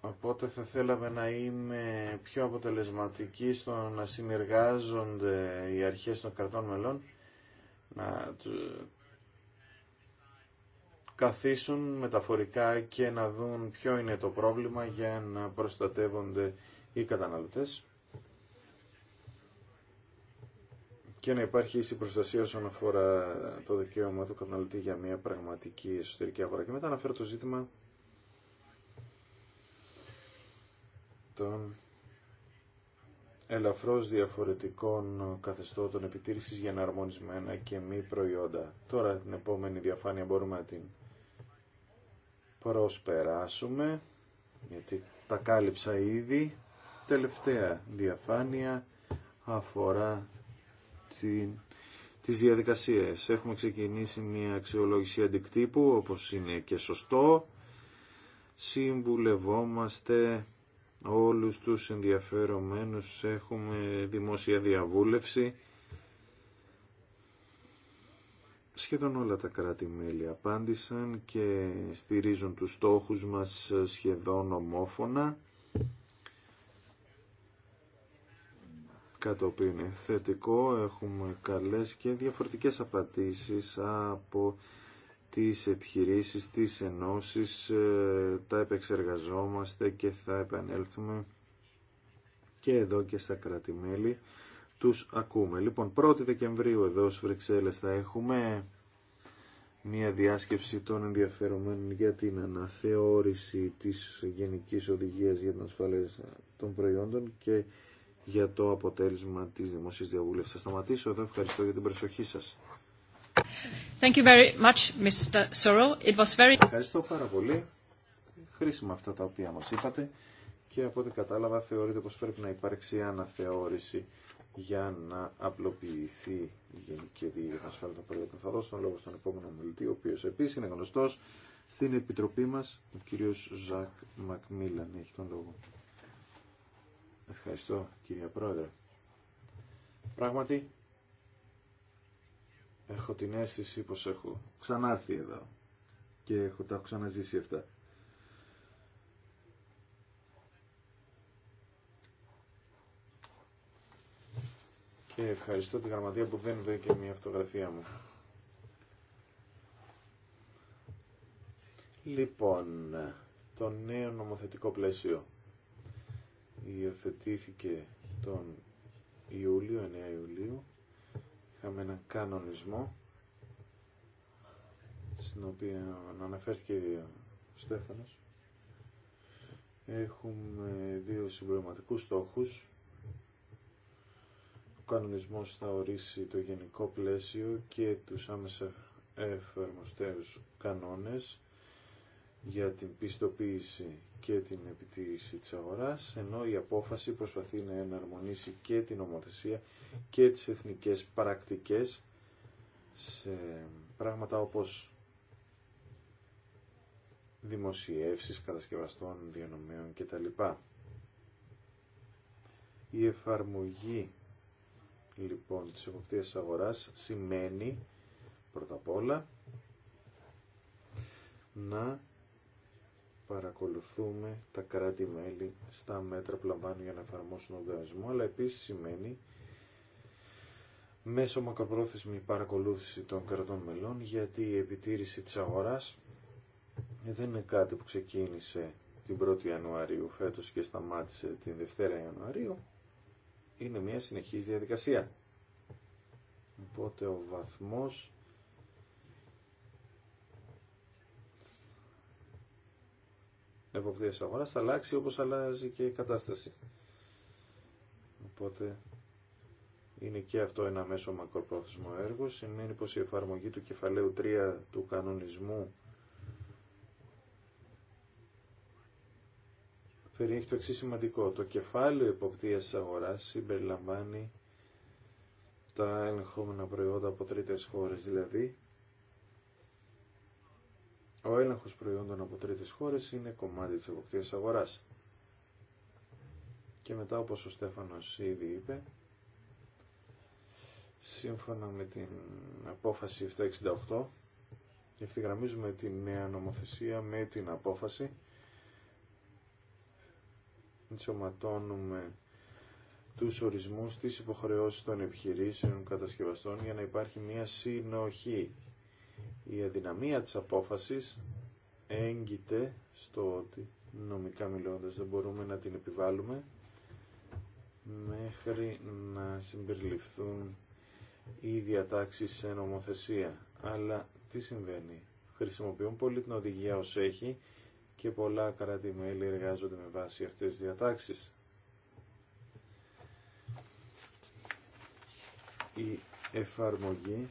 Οπότε θα θέλαμε να είμαι πιο αποτελεσματική στο να συνεργάζονται οι αρχές των κρατών μελών, να καθίσουν μεταφορικά και να δουν ποιο είναι το πρόβλημα για να προστατεύονται οι καταναλωτές. και να υπάρχει ίση προστασία όσον αφορά το δικαίωμα του καταναλωτή για μια πραγματική εσωτερική αγορά. Και μετά αναφέρω το ζήτημα των ελαφρώς διαφορετικών καθεστώτων επιτήρησης για εναρμονισμένα και μη προϊόντα. Τώρα την επόμενη διαφάνεια μπορούμε να την προσπεράσουμε, γιατί τα κάλυψα ήδη. Τελευταία διαφάνεια αφορά την, τις διαδικασίες. Έχουμε ξεκινήσει μια αξιολόγηση αντικτύπου, όπως είναι και σωστό. Συμβουλευόμαστε όλους τους ενδιαφερομένους, έχουμε δημόσια διαβούλευση. Σχεδόν όλα τα κράτη-μέλη απάντησαν και στηρίζουν τους στόχους μας σχεδόν ομόφωνα. κατοπίν θετικό. Έχουμε καλές και διαφορετικές απαντήσεις από τις επιχειρήσεις, τις ενώσεις, ε, τα επεξεργαζόμαστε και θα επανέλθουμε και εδώ και στα κρατη Τους ακούμε. Λοιπόν, 1η Δεκεμβρίου εδώ στις Βρυξέλλες θα έχουμε μία διάσκεψη των ενδιαφερομένων για την αναθεώρηση της Γενικής Οδηγίας για την Ασφάλεια των Προϊόντων και για το αποτέλεσμα τη δημοσία διαβούλευση. Θα σταματήσω εδώ. Ευχαριστώ για την προσοχή σα. very Ευχαριστώ πάρα πολύ. Χρήσιμα αυτά τα οποία μας είπατε και από ό,τι κατάλαβα θεωρείτε πως πρέπει να υπάρξει αναθεώρηση για να απλοποιηθεί η Γενική Διεύθυνση Ασφάλεια των Θα δώσω τον λόγο στον επόμενο μιλητή, ο οποίος επίσης είναι γνωστός στην Επιτροπή μας, ο κύριος Ζακ Μακμίλαν έχει τον λόγο. Ευχαριστώ κυρία Πρόεδρε. Πράγματι, έχω την αίσθηση πως έχω ξανάρθει εδώ και έχω, τα έχω ξαναζήσει αυτά. Και ευχαριστώ την γραμματεία που δεν βρήκε μια αυτογραφία μου. Λοιπόν, το νέο νομοθετικό πλαίσιο υιοθετήθηκε τον Ιούλιο, 9 Ιουλίου. Είχαμε έναν κανονισμό στην οποία αναφέρθηκε ο Στέφανος. Έχουμε δύο συμπληρωματικούς στόχους. Ο κανονισμός θα ορίσει το γενικό πλαίσιο και τους άμεσα εφαρμοστέρους κανόνες για την πιστοποίηση και την επιτήρηση της αγοράς, ενώ η απόφαση προσπαθεί να εναρμονίσει και την νομοθεσία και τις εθνικές πρακτικές σε πράγματα όπως δημοσιεύσεις κατασκευαστών, διανομέων κτλ. Η εφαρμογή λοιπόν της εποπτείας αγοράς σημαίνει πρώτα απ' όλα να παρακολουθούμε τα κράτη-μέλη στα μέτρα που λαμβάνουν για να εφαρμόσουν τον οργανισμό, αλλά επίσης σημαίνει μέσω μακροπρόθεσμη παρακολούθηση των κρατών μελών, γιατί η επιτήρηση της αγοράς δεν είναι κάτι που ξεκίνησε την 1η Ιανουαρίου φέτος και σταμάτησε την 2η Ιανουαρίου, είναι μια συνεχής διαδικασία. Οπότε ο βαθμός εποπτείας αγοράς θα αλλάξει όπως αλλάζει και η κατάσταση. Οπότε είναι και αυτό ένα μέσο μακροπρόθεσμο έργο. Σημαίνει πως η εφαρμογή του κεφαλαίου 3 του κανονισμού περιέχει το εξή σημαντικό. Το κεφάλαιο εποπτείας της αγοράς συμπεριλαμβάνει τα ελεγχόμενα προϊόντα από τρίτες χώρες, δηλαδή ο έλεγχος προϊόντων από τρίτες χώρες είναι κομμάτι της εποπτείας αγοράς. Και μετά, όπως ο Στέφανος ήδη είπε, σύμφωνα με την απόφαση 768, ευθυγραμμίζουμε την νέα νομοθεσία με την απόφαση, ενσωματώνουμε τους ορισμούς, τις υποχρεώσεις των επιχειρήσεων κατασκευαστών για να υπάρχει μια συνοχή η αδυναμία της απόφασης έγκυται στο ότι νομικά μιλώντας δεν μπορούμε να την επιβάλλουμε μέχρι να συμπεριληφθούν οι διατάξεις σε νομοθεσία. Αλλά τι συμβαίνει. Χρησιμοποιούν πολύ την οδηγία ως έχει και πολλά κράτη-μέλη εργάζονται με βάση αυτές τις διατάξεις. Η εφαρμογή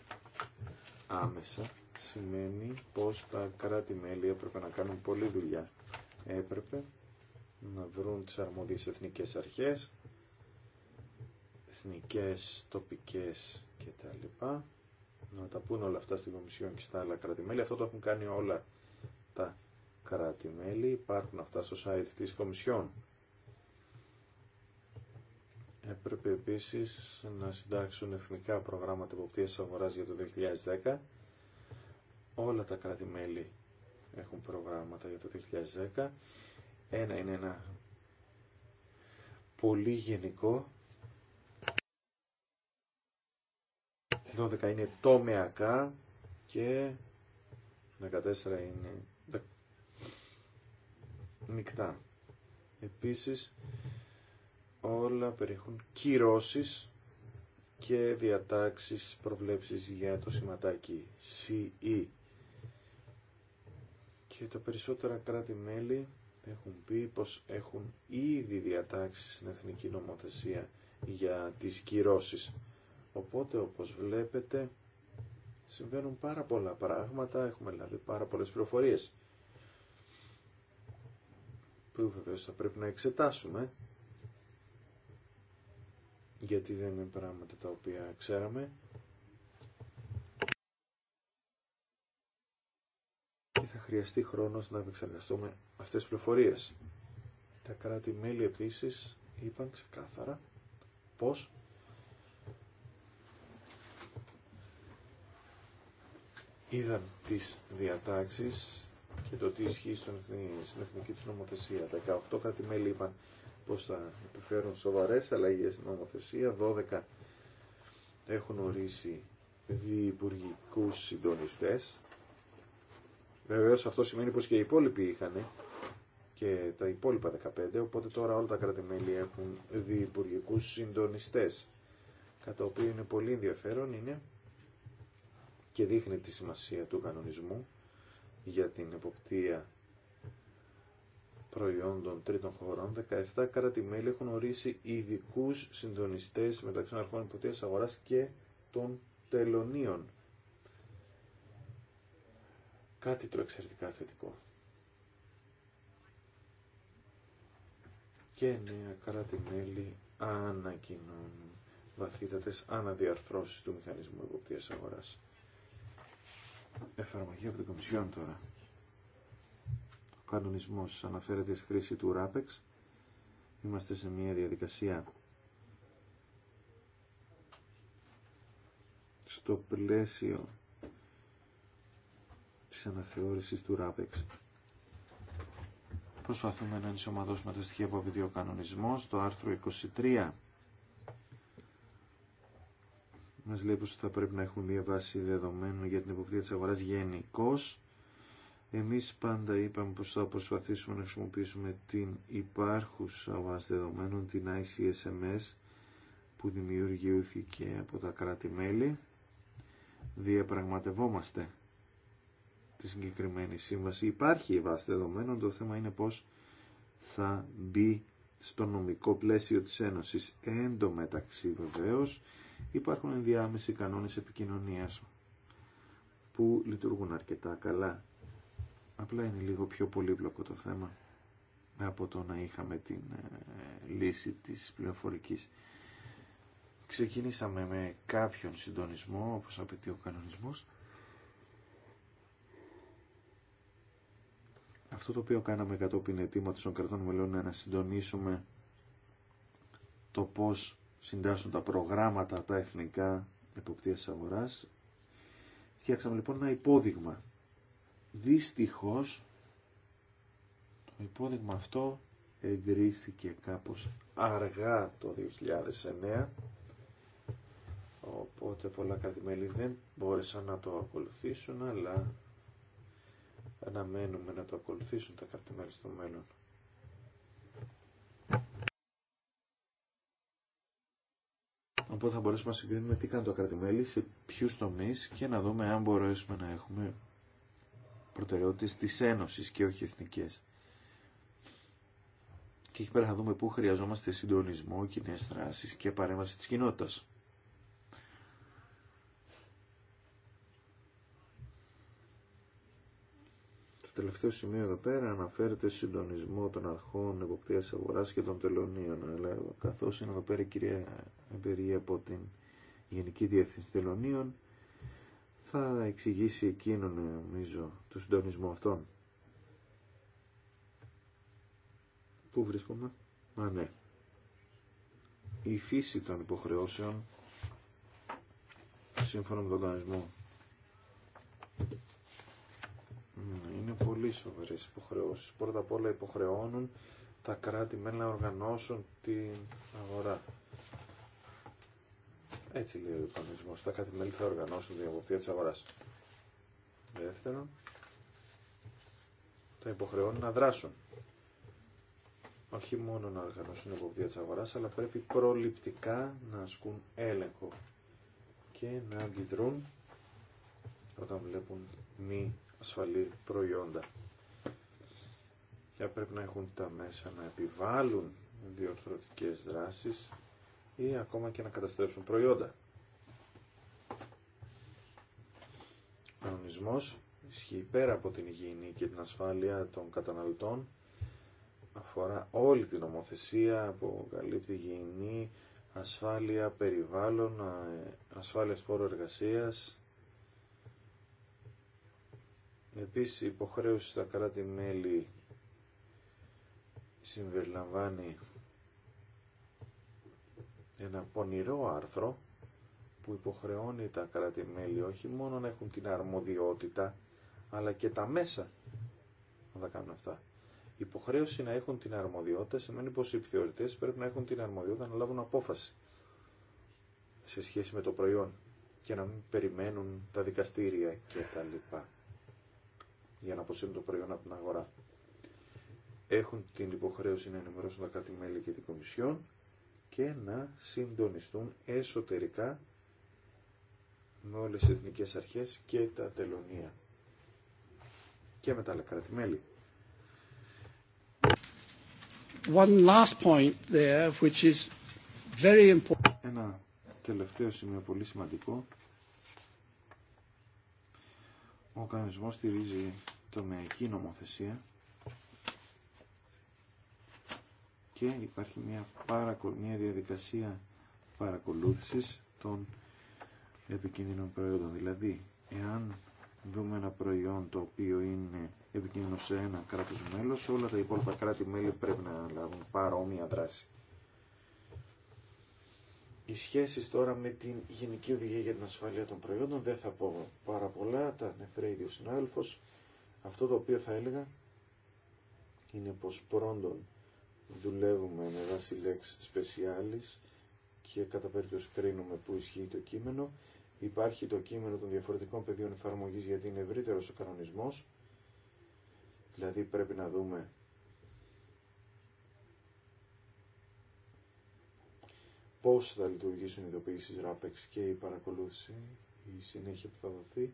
άμεσα σημαίνει πως τα κράτη-μέλη έπρεπε να κάνουν πολλή δουλειά. Έπρεπε να βρουν τις αρμόδιες εθνικές αρχές, εθνικές, τοπικές κτλ. Να τα πούν όλα αυτά στην Κομισιόν και στα άλλα κράτη-μέλη. Αυτό το έχουν κάνει όλα τα κράτη-μέλη. Υπάρχουν αυτά στο site της Κομισιόν. Έπρεπε επίσης να συντάξουν εθνικά προγράμματα υποπτήρες αγοράς για το 2010 Όλα τα κράτη-μέλη έχουν προγράμματα για το 2010. Ένα είναι ένα πολύ γενικό. 12 είναι τομεακά και 14 είναι μεικτά. Επίσης όλα περιέχουν κυρώσεις και διατάξεις προβλέψεις για το σηματάκι CE και τα περισσότερα κράτη-μέλη έχουν πει πως έχουν ήδη διατάξει στην εθνική νομοθεσία για τις κυρώσεις. Οπότε, όπως βλέπετε, συμβαίνουν πάρα πολλά πράγματα, έχουμε δηλαδή πάρα πολλές πληροφορίες που βεβαίως θα πρέπει να εξετάσουμε γιατί δεν είναι πράγματα τα οποία ξέραμε χρειαστεί χρόνος να επεξεργαστούμε αυτές τις πληροφορίες. Τα κράτη-μέλη επίσης είπαν ξεκάθαρα πως είδαν τις διατάξεις και το τι ισχύει στην εθνική του νομοθεσία. 18 κράτη-μέλη είπαν πως θα επιφέρουν σοβαρές αλλαγές στην νομοθεσία, 12 έχουν ορίσει διυπουργικούς συντονιστές Βεβαίω αυτό σημαίνει πως και οι υπόλοιποι είχαν και τα υπόλοιπα 15, οπότε τώρα όλα τα κρατημέλη έχουν διυπουργικούς συντονιστές. Κατά το οποίο είναι πολύ ενδιαφέρον είναι και δείχνει τη σημασία του κανονισμού για την εποπτεία προϊόντων τρίτων χωρών, 17 κρατη έχουν ορίσει ειδικού συντονιστέ μεταξύ των αρχών υποτεία αγορά και των τελωνίων κάτι το εξαιρετικά θετικό. Και νέα κράτη-μέλη ανακοινώνουν βαθύτατες αναδιαρθρώσεις του μηχανισμού εποπτείας αγοράς. Εφαρμογή από την Κομισιόν τώρα. Ο κανονισμός αναφέρεται στη χρήση του RAPEX. Είμαστε σε μια διαδικασία στο πλαίσιο της αναθεώρησης του ΡΑΠΕΞ. Προσπαθούμε να ενσωματώσουμε τα στοιχεία που απαιτεί ο Το άρθρο 23 μας λέει πως θα πρέπει να έχουμε μια βάση δεδομένων για την υποπτήρια της αγοράς γενικώ. Εμείς πάντα είπαμε πως θα προσπαθήσουμε να χρησιμοποιήσουμε την υπάρχουσα βάση δεδομένων, την ICSMS, που δημιουργήθηκε από τα κράτη-μέλη. Διαπραγματευόμαστε τη συγκεκριμένη σύμβαση. Υπάρχει η βάση δεδομένων, το θέμα είναι πώς θα μπει στο νομικό πλαίσιο της Ένωσης. Εν τω μεταξύ βεβαίως υπάρχουν ενδιάμεση κανόνες επικοινωνίας που λειτουργούν αρκετά καλά. Απλά είναι λίγο πιο πολύπλοκο το θέμα από το να είχαμε την ε, λύση της πληροφορικής. Ξεκινήσαμε με κάποιον συντονισμό όπως απαιτεί ο κανονισμός Αυτό το οποίο κάναμε κατόπιν αιτήματος των κρατών μελών είναι να συντονίσουμε το πώς συντάσσουν τα προγράμματα τα εθνικά εποπτείας αγοράς. Φτιάξαμε λοιπόν ένα υπόδειγμα. Δυστυχώς το υπόδειγμα αυτό εγκρίθηκε κάπως αργά το 2009 οπότε πολλά κρατημέλη δεν μπόρεσαν να το ακολουθήσουν αλλά αναμένουμε να το ακολουθήσουν τα κρατη στο μέλλον. Οπότε θα μπορέσουμε να συγκρίνουμε τι κάνουν το κρατη σε ποιους τομείς και να δούμε αν μπορέσουμε να έχουμε προτεραιότητες της Ένωσης και όχι εθνικές. Και εκεί πέρα θα δούμε πού χρειαζόμαστε συντονισμό, κοινέ δράσει και παρέμβαση της κοινότητας. τελευταίο σημείο εδώ πέρα αναφέρεται συντονισμό των αρχών εποπτείας αγοράς και των τελωνίων. Αλλά καθώς είναι εδώ πέρα η κυρία Εμπειρία από την Γενική Διεύθυνση Τελωνίων, θα εξηγήσει εκείνον νομίζω το συντονισμό αυτών. Πού βρίσκομαι. Α, ναι. Η φύση των υποχρεώσεων σύμφωνα με τον κανονισμό είναι πολύ σοβαρέ υποχρεώσει. Πρώτα απ' όλα υποχρεώνουν τα κράτη μέλη να οργανώσουν την αγορά. Έτσι λέει ο κανονισμό. Τα κράτη μέλη θα οργανώσουν την εποπτεία τη αγορά. Δεύτερον, τα υποχρεώνουν να δράσουν. Όχι μόνο να οργανώσουν την εποπτεία τη αγορά, αλλά πρέπει προληπτικά να ασκούν έλεγχο και να αντιδρούν όταν βλέπουν μη ασφαλή προϊόντα. Και πρέπει να έχουν τα μέσα να επιβάλλουν διορθωτικές δράσεις ή ακόμα και να καταστρέψουν προϊόντα. Ο κανονισμός ισχύει πέρα από την υγιεινή και την ασφάλεια των καταναλωτών αφορά όλη την νομοθεσία που καλύπτει υγιεινή, ασφάλεια περιβάλλον, ε, ασφάλεια πόρου εργασίας, Επίσης, η υποχρέωση στα κράτη-μέλη συμπεριλαμβάνει ένα πονηρό άρθρο που υποχρεώνει τα κράτη-μέλη όχι μόνο να έχουν την αρμοδιότητα, αλλά και τα μέσα να τα κάνουν αυτά. Η υποχρέωση να έχουν την αρμοδιότητα σημαίνει πως οι επιθεωρητές πρέπει να έχουν την αρμοδιότητα να λάβουν απόφαση σε σχέση με το προϊόν και να μην περιμένουν τα δικαστήρια κτλ για να αποσύρουν το προϊόν από την αγορά. Έχουν την υποχρέωση να ενημερώσουν τα κρατη μέλη και την Κομισιόν και να συντονιστούν εσωτερικά με όλες τις εθνικές αρχές και τα τελωνία και με τα άλλα κράτη-μέλη. Ένα τελευταίο σημείο πολύ σημαντικό ο κανονισμός στηρίζει τομεακή νομοθεσία και υπάρχει μια, διαδικασία παρακολούθησης των επικίνδυνων προϊόντων. Δηλαδή, εάν δούμε ένα προϊόν το οποίο είναι επικίνδυνο σε ένα κράτος μέλος, όλα τα υπόλοιπα κράτη-μέλη πρέπει να λάβουν παρόμοια δράση. Οι σχέσεις τώρα με την Γενική Οδηγία για την Ασφαλεία των Προϊόντων δεν θα πω πάρα πολλά, τα ανεφέρει ο συνάδελφος. Αυτό το οποίο θα έλεγα είναι πως πρώτον δουλεύουμε με βάση λέξη σπεσιάλη και κατά περίπτωση κρίνουμε που ισχύει το κείμενο. Υπάρχει το κείμενο των διαφορετικών πεδίων εφαρμογής γιατί είναι ευρύτερος ο κανονισμός, δηλαδή πρέπει να δούμε πώς θα λειτουργήσουν οι ειδοποιήσεις RAPEX και η παρακολούθηση, η συνέχεια που θα δοθεί,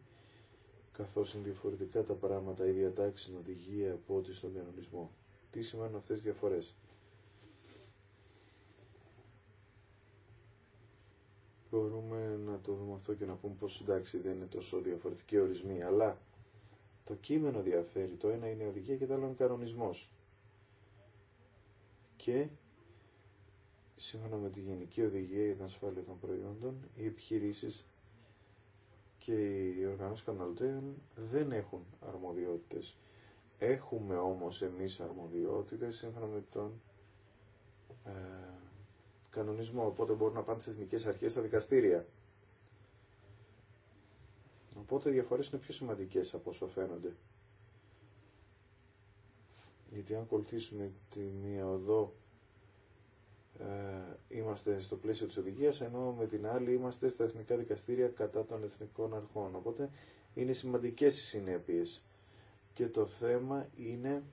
καθώς είναι διαφορετικά τα πράγματα, η διατάξει στην οδηγία από ό,τι στον κανονισμό. Τι σημαίνουν αυτές οι διαφορές. Μπορούμε να το δούμε αυτό και να πούμε πως εντάξει δεν είναι τόσο διαφορετική ορισμοί, αλλά το κείμενο διαφέρει. Το ένα είναι η οδηγία και το άλλο είναι κανονισμός. Και σύμφωνα με τη Γενική Οδηγία για την Ασφάλεια των Προϊόντων, οι επιχείρησει και οι οργανώσει καταναλωτών δεν έχουν αρμοδιότητες. Έχουμε όμως εμείς αρμοδιότητες σύμφωνα με τον ε, κανονισμό, οπότε μπορούν να πάνε στι εθνικέ αρχές στα δικαστήρια. Οπότε οι διαφορέ είναι πιο σημαντικές από όσο φαίνονται. Γιατί αν ακολουθήσουμε τη μία οδό ε, είμαστε στο πλαίσιο της οδηγίας, ενώ με την άλλη είμαστε στα εθνικά δικαστήρια κατά των εθνικών αρχών. Οπότε είναι σημαντικές οι συνέπειες. Και το θέμα είναι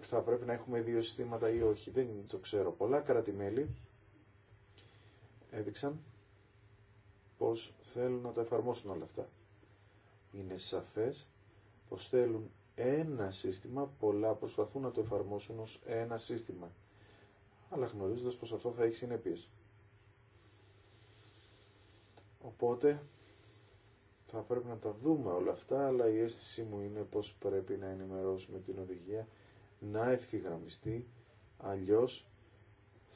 θα πρέπει να έχουμε δύο συστήματα ή όχι. Δεν το ξέρω. Πολλά μέλη έδειξαν πως θέλουν να τα εφαρμόσουν όλα αυτά. Είναι σαφές πως θέλουν ένα σύστημα, πολλά προσπαθούν να το εφαρμόσουν ως ένα σύστημα, αλλά γνωρίζοντας πως αυτό θα έχει συνέπειες. Οπότε θα πρέπει να τα δούμε όλα αυτά, αλλά η αίσθησή μου είναι πως πρέπει να ενημερώσουμε την οδηγία, να ευθυγραμμιστεί, αλλιώς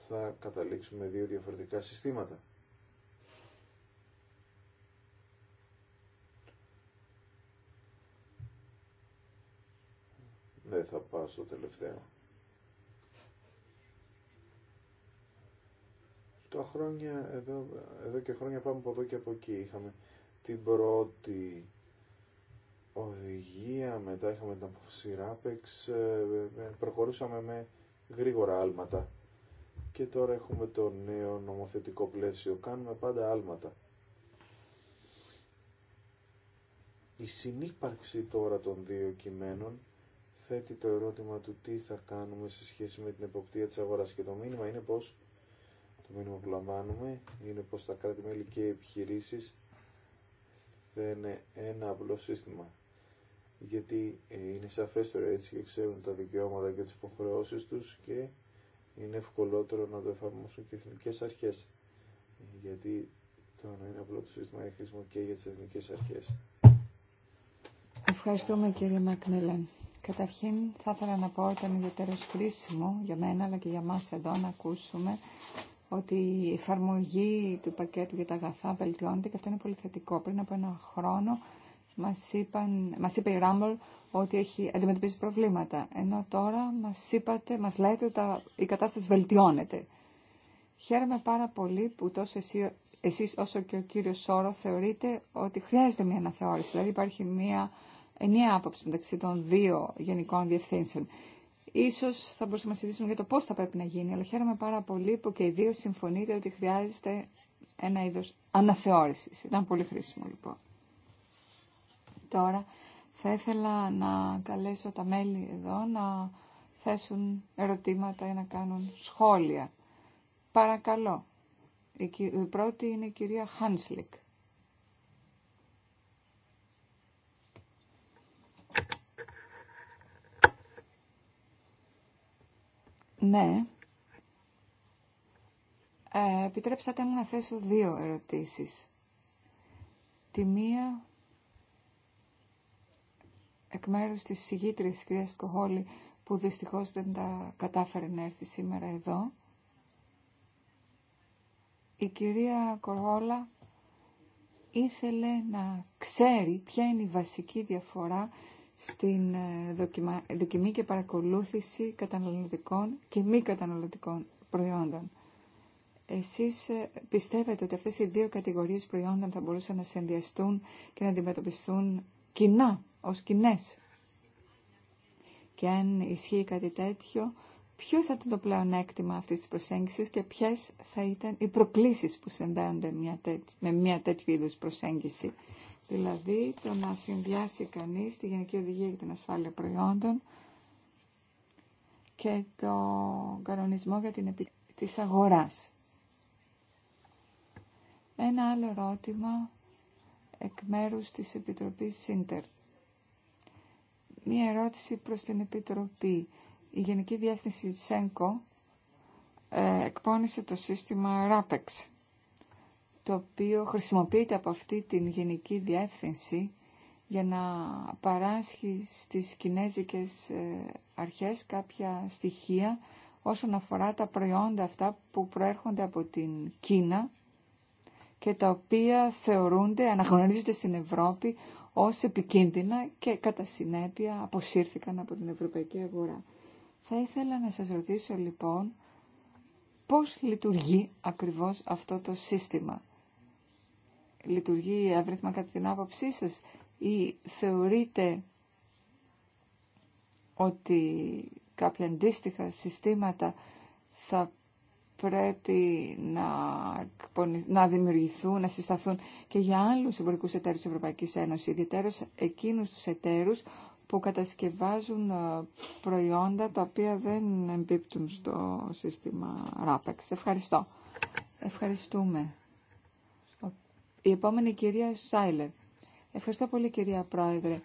θα καταλήξουμε δύο διαφορετικά συστήματα. Δεν ναι, θα πάω στο τελευταίο. Τα χρόνια, εδώ, εδώ και χρόνια πάμε από εδώ και από εκεί. Είχαμε την πρώτη οδηγία, μετά είχαμε την αποσυράπεξ, ε, προχωρούσαμε με γρήγορα άλματα. Και τώρα έχουμε το νέο νομοθετικό πλαίσιο. Κάνουμε πάντα άλματα. Η συνύπαρξη τώρα των δύο κειμένων θέτει το ερώτημα του τι θα κάνουμε σε σχέση με την εποπτεία της αγοράς και το μήνυμα είναι πως το μήνυμα που λαμβάνουμε είναι πως τα κράτη-μέλη και οι επιχειρήσεις είναι ένα απλό σύστημα γιατί ε, είναι σαφέστερο έτσι και ξέρουν τα δικαιώματα και τις υποχρεώσεις τους και είναι ευκολότερο να το εφαρμόσουν και οι εθνικές αρχές γιατί το να είναι απλό το σύστημα έχει χρήσιμο και για τις εθνικές αρχές. Ευχαριστούμε κύριε Μακμέλαν. Καταρχήν θα ήθελα να πω ότι ήταν ιδιαίτερο χρήσιμο για μένα αλλά και για μας εδώ να ακούσουμε ότι η εφαρμογή του πακέτου για τα αγαθά βελτιώνεται και αυτό είναι πολύ θετικό. Πριν από ένα χρόνο μας, είπαν, μας είπε η Rumble ότι έχει αντιμετωπίσει προβλήματα, ενώ τώρα μας, είπατε, μας λέτε ότι η κατάσταση βελτιώνεται. Χαίρομαι πάρα πολύ που τόσο εσύ, εσείς όσο και ο κύριος Σόρο θεωρείτε ότι χρειάζεται μια αναθεώρηση, δηλαδή υπάρχει μια ενιαία άποψη μεταξύ των δύο γενικών διευθύνσεων. Ίσως θα μπορούσαμε να συζητήσουμε για το πώς θα πρέπει να γίνει, αλλά χαίρομαι πάρα πολύ που και οι δύο συμφωνείτε ότι χρειάζεται ένα είδος αναθεώρησης. Ήταν πολύ χρήσιμο λοιπόν. Τώρα θα ήθελα να καλέσω τα μέλη εδώ να θέσουν ερωτήματα ή να κάνουν σχόλια. Παρακαλώ. Η πρώτη είναι η κυρία Χάνσλικ. Ναι. Ε, επιτρέψατε μου να θέσω δύο ερωτήσεις. Τη μία εκ μέρους της συγγήτρης κυρίας Κοχόλη που δυστυχώς δεν τα κατάφερε να έρθει σήμερα εδώ. Η κυρία Κοργόλα ήθελε να ξέρει ποια είναι η βασική διαφορά στην ε, δοκιμή και παρακολούθηση καταναλωτικών και μη καταναλωτικών προϊόντων. Εσείς ε, πιστεύετε ότι αυτές οι δύο κατηγορίες προϊόντων θα μπορούσαν να συνδυαστούν και να αντιμετωπιστούν κοινά, ως κοινέ. Και αν ισχύει κάτι τέτοιο, ποιο θα ήταν το πλεονέκτημα αυτής της προσέγγισης και ποιες θα ήταν οι προκλήσεις που συνδέονται με μια τέτοιου είδους προσέγγιση. Δηλαδή το να συνδυάσει κανείς τη Γενική Οδηγία για την Ασφάλεια Προϊόντων και το κανονισμό για την επι... της αγοράς. Ένα άλλο ερώτημα εκ μέρους της Επιτροπής ΣΥΝΤΕΡ. Μία ερώτηση προς την Επιτροπή. Η Γενική Διεύθυνση ΣΕΝΚΟ ε, εκπώνησε το σύστημα RAPEX το οποίο χρησιμοποιείται από αυτή την Γενική Διεύθυνση για να παράσχει στις κινέζικες ε, αρχές κάποια στοιχεία όσον αφορά τα προϊόντα αυτά που προέρχονται από την Κίνα και τα οποία θεωρούνται, αναγνωρίζονται στην Ευρώπη ως επικίνδυνα και κατά συνέπεια αποσύρθηκαν από την ευρωπαϊκή αγορά. Θα ήθελα να σας ρωτήσω λοιπόν πώς λειτουργεί ακριβώς αυτό το σύστημα λειτουργεί εύρυθμα κατά την άποψή σας ή θεωρείτε ότι κάποια αντίστοιχα συστήματα θα πρέπει να, να δημιουργηθούν, να συσταθούν και για άλλους εμπορικούς εταίρους της Ευρωπαϊκής Ένωσης, ιδιαίτερα εκείνους τους εταίρους που κατασκευάζουν ε, προϊόντα τα οποία δεν εμπίπτουν στο σύστημα RAPEX. Ευχαριστώ. Ευχαριστούμε. Η επόμενη κυρία Σάιλερ. Ευχαριστώ πολύ κυρία Πρόεδρε.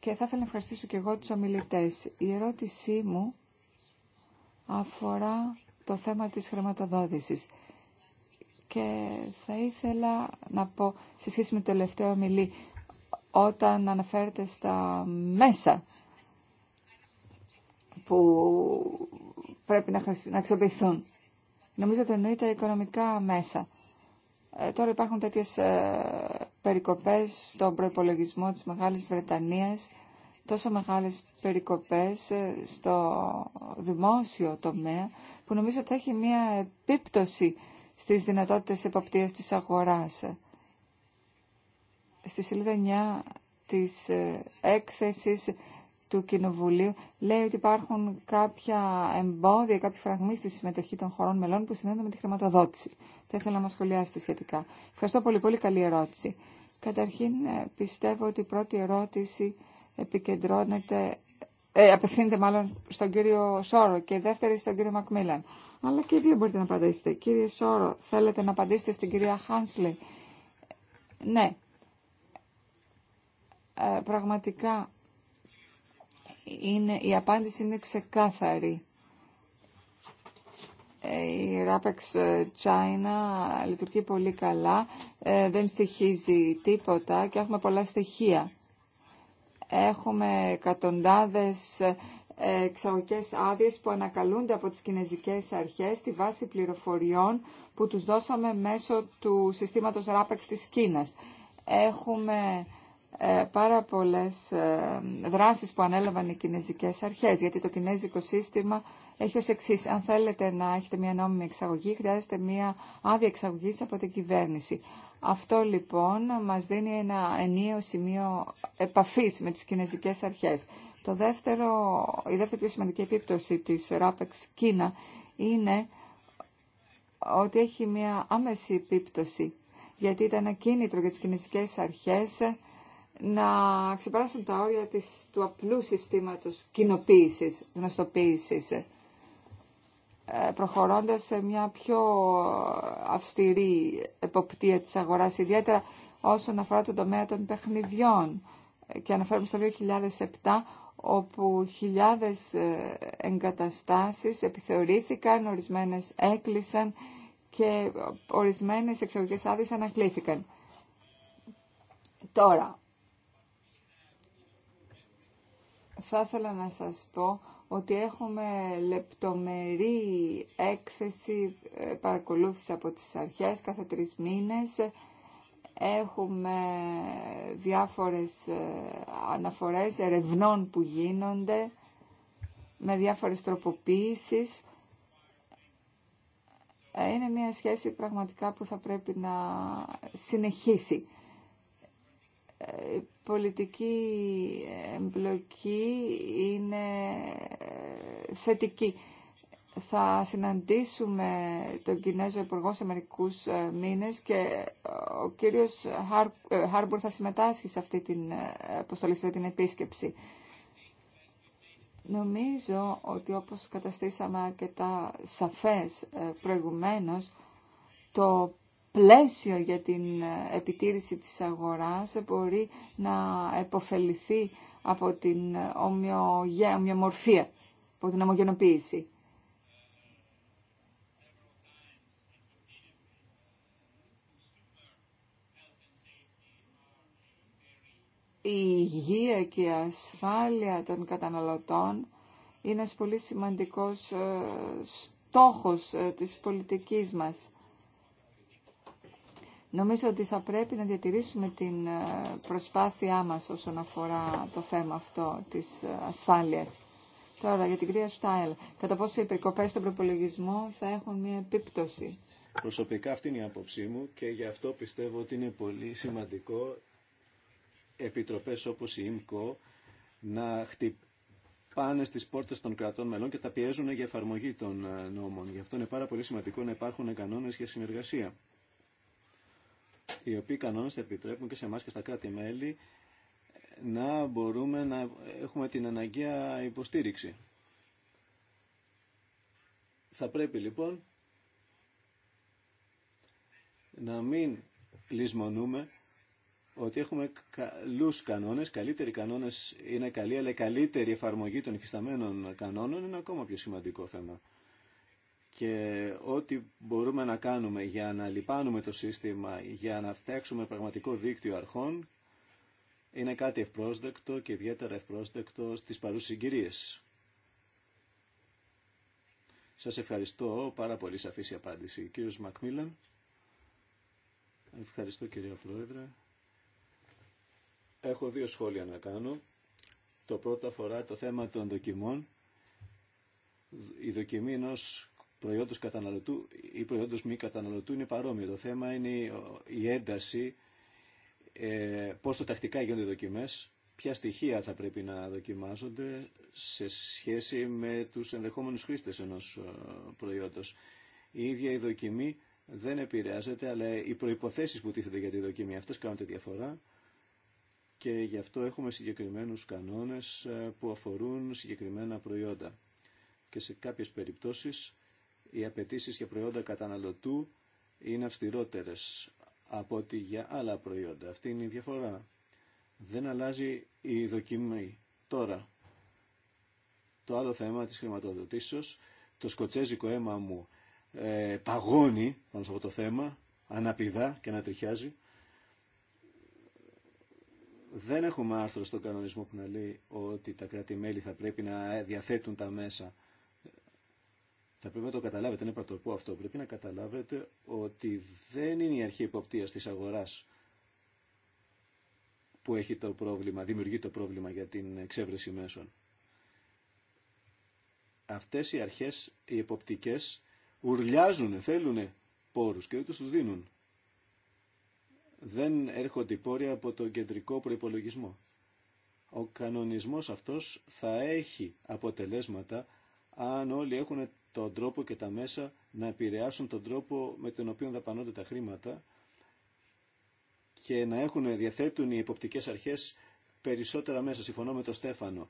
Και θα ήθελα να ευχαριστήσω και εγώ τους ομιλητές. Η ερώτησή μου αφορά το θέμα της χρηματοδότησης. Και θα ήθελα να πω, σε σχέση με το τελευταίο ομιλή, όταν αναφέρεται στα μέσα που πρέπει να, αξιοποιηθούν. Νομίζω ότι εννοείται οικονομικά μέσα. Ε, τώρα υπάρχουν τέτοιες ε, περικοπές στον προϋπολογισμό της Μεγάλης Βρετανίας, τόσο μεγάλες περικοπές ε, στο δημόσιο τομέα, που νομίζω ότι θα έχει μια επίπτωση στις δυνατότητες εποπτείας της αγοράς. Στη σελίδα 9 της έκθεσης του Κοινοβουλίου λέει ότι υπάρχουν κάποια εμπόδια, κάποιοι φραγμοί στη συμμετοχή των χωρών μελών που συνδέονται με τη χρηματοδότηση. Θα ήθελα να μα σχολιάσετε σχετικά. Ευχαριστώ πολύ. Πολύ καλή ερώτηση. Καταρχήν, ε, πιστεύω ότι η πρώτη ερώτηση επικεντρώνεται, ε, απευθύνεται μάλλον στον κύριο Σόρο και η δεύτερη στον κύριο Μακμίλαν. Αλλά και οι δύο μπορείτε να απαντήσετε. Κύριε Σόρο, θέλετε να απαντήσετε στην κυρία Χάνσλε. Ναι. Ε, πραγματικά είναι, η απάντηση είναι ξεκάθαρη. Ε, η Rapex ε, China λειτουργεί πολύ καλά, ε, δεν στοιχίζει τίποτα και έχουμε πολλά στοιχεία. Έχουμε εκατοντάδες εξαγωγικές άδειε που ανακαλούνται από τις κινέζικες αρχές στη βάση πληροφοριών που τους δώσαμε μέσω του συστήματος RAPEX της Κίνας. Έχουμε ε, πάρα πολλές ε, δράσεις που ανέλαβαν οι κινέζικες αρχές, γιατί το κινέζικο σύστημα έχει ως εξής. Αν θέλετε να έχετε μια νόμιμη εξαγωγή, χρειάζεται μια άδεια εξαγωγής από την κυβέρνηση. Αυτό λοιπόν μας δίνει ένα ενίο σημείο επαφής με τις κινέζικες αρχές. Το δεύτερο, η δεύτερη πιο σημαντική επίπτωση της RAPEX Κίνα είναι ότι έχει μια άμεση επίπτωση γιατί ήταν κίνητρο για τις κινέζικες αρχές να ξεπεράσουν τα όρια της, του απλού συστήματος κοινοποίησης, γνωστοποίησης, ε, προχωρώντας σε μια πιο αυστηρή εποπτεία της αγοράς, ιδιαίτερα όσον αφορά τον τομέα των παιχνιδιών. Και αναφέρουμε στο 2007, όπου χιλιάδες ε, εγκαταστάσεις επιθεωρήθηκαν, ορισμένες έκλεισαν και ορισμένες εξαγωγές άδειες ανακλήθηκαν. Τώρα, θα ήθελα να σας πω ότι έχουμε λεπτομερή έκθεση ε, παρακολούθηση από τις αρχές κάθε τρεις μήνες. Έχουμε διάφορες ε, αναφορές ερευνών που γίνονται με διάφορες τροποποίησεις. Ε, είναι μια σχέση πραγματικά που θα πρέπει να συνεχίσει. Ε, η πολιτική εμπλοκή είναι ε, θετική. Θα συναντήσουμε τον Κινέζο Υπουργό σε μερικού ε, μήνε και ο κύριο Χάρμπουρ θα συμμετάσχει σε αυτή την αποστολή, σε την επίσκεψη. Νομίζω ότι όπως καταστήσαμε αρκετά σαφές προηγουμένως, το πλαίσιο για την ε, επιτήρηση της αγοράς μπορεί να επωφεληθεί από την ε, ομοιομορφία, από την ομογενοποίηση. Η υγεία και η ασφάλεια των καταναλωτών είναι ένας πολύ σημαντικός ε, στόχος της πολιτικής μας. Νομίζω ότι θα πρέπει να διατηρήσουμε την ε, προσπάθειά μας όσον αφορά το θέμα αυτό της ε, ασφάλειας. Τώρα για την κυρία Στάιλ, κατά πόσο οι περικοπές στον προπολογισμό θα έχουν μια επίπτωση. Προσωπικά αυτή είναι η άποψή μου και γι' αυτό πιστεύω ότι είναι πολύ σημαντικό επιτροπές όπως η ΙΜΚΟ να χτυπάνε στις πόρτες των κρατών μελών και τα πιέζουν για εφαρμογή των ε, νόμων. Γι' αυτό είναι πάρα πολύ σημαντικό να υπάρχουν κανόνες για συνεργασία οι οποίοι κανόνες θα επιτρέπουν και σε εμά και στα κράτη-μέλη ε, να μπορούμε να έχουμε την αναγκαία υποστήριξη. Θα πρέπει λοιπόν να μην λησμονούμε ότι έχουμε καλούς κανόνες, καλύτεροι κανόνες είναι καλοί, αλλά καλύτερη εφαρμογή των υφισταμένων κανόνων είναι ακόμα πιο σημαντικό θέμα και ό,τι μπορούμε να κάνουμε για να λιπάνουμε το σύστημα, για να φτιάξουμε πραγματικό δίκτυο αρχών, είναι κάτι ευπρόσδεκτο και ιδιαίτερα ευπρόσδεκτο στις παρούσες συγκυρίες. Σας ευχαριστώ. Πάρα πολύ σαφής η απάντηση. Κύριος Μακμίλαν. Ευχαριστώ κυρία Πρόεδρε. Έχω δύο σχόλια να κάνω. Το πρώτο αφορά το θέμα των δοκιμών. Η δοκιμή ενός προϊόντος καταναλωτού ή προϊόντος μη καταναλωτού είναι παρόμοιο. Το θέμα είναι η ένταση, ε, πόσο τακτικά γίνονται οι δοκιμές, ποια στοιχεία θα πρέπει να δοκιμάζονται σε σχέση με τους ενδεχόμενους χρήστε ενό ε, προϊόντος. Η ίδια η δοκιμή δεν επηρεάζεται, αλλά οι προϋποθέσεις που τίθεται για τη δοκιμή αυτές κάνουν τη διαφορά και γι' αυτό έχουμε συγκεκριμένους κανόνες ε, που αφορούν συγκεκριμένα προϊόντα. Και σε κάποιες περιπτώσεις οι απαιτήσει για προϊόντα καταναλωτού είναι αυστηρότερε από ότι για άλλα προϊόντα. Αυτή είναι η διαφορά. Δεν αλλάζει η δοκιμή. Τώρα, το άλλο θέμα της χρηματοδοτήσεως, το σκοτσέζικο αίμα μου ε, παγώνει πάνω σε αυτό το θέμα, αναπηδά και ανατριχιάζει. Δεν έχουμε άρθρο στον κανονισμό που να λέει ότι τα κράτη-μέλη θα πρέπει να διαθέτουν τα μέσα θα πρέπει να το καταλάβετε, είναι πρωτοπού αυτό. Πρέπει να καταλάβετε ότι δεν είναι η αρχή υποπτία της αγοράς που έχει το πρόβλημα, δημιουργεί το πρόβλημα για την εξέβρεση μέσων. Αυτές οι αρχές, οι εποπτικές, ουρλιάζουν, θέλουν πόρους και δεν τους δίνουν. Δεν έρχονται οι πόροι από τον κεντρικό προϋπολογισμό. Ο κανονισμός αυτός θα έχει αποτελέσματα αν όλοι έχουν τον τρόπο και τα μέσα να επηρεάσουν τον τρόπο με τον οποίο δαπανώνται τα χρήματα και να έχουν, διαθέτουν οι υποπτικές αρχές περισσότερα μέσα. Συμφωνώ με τον Στέφανο.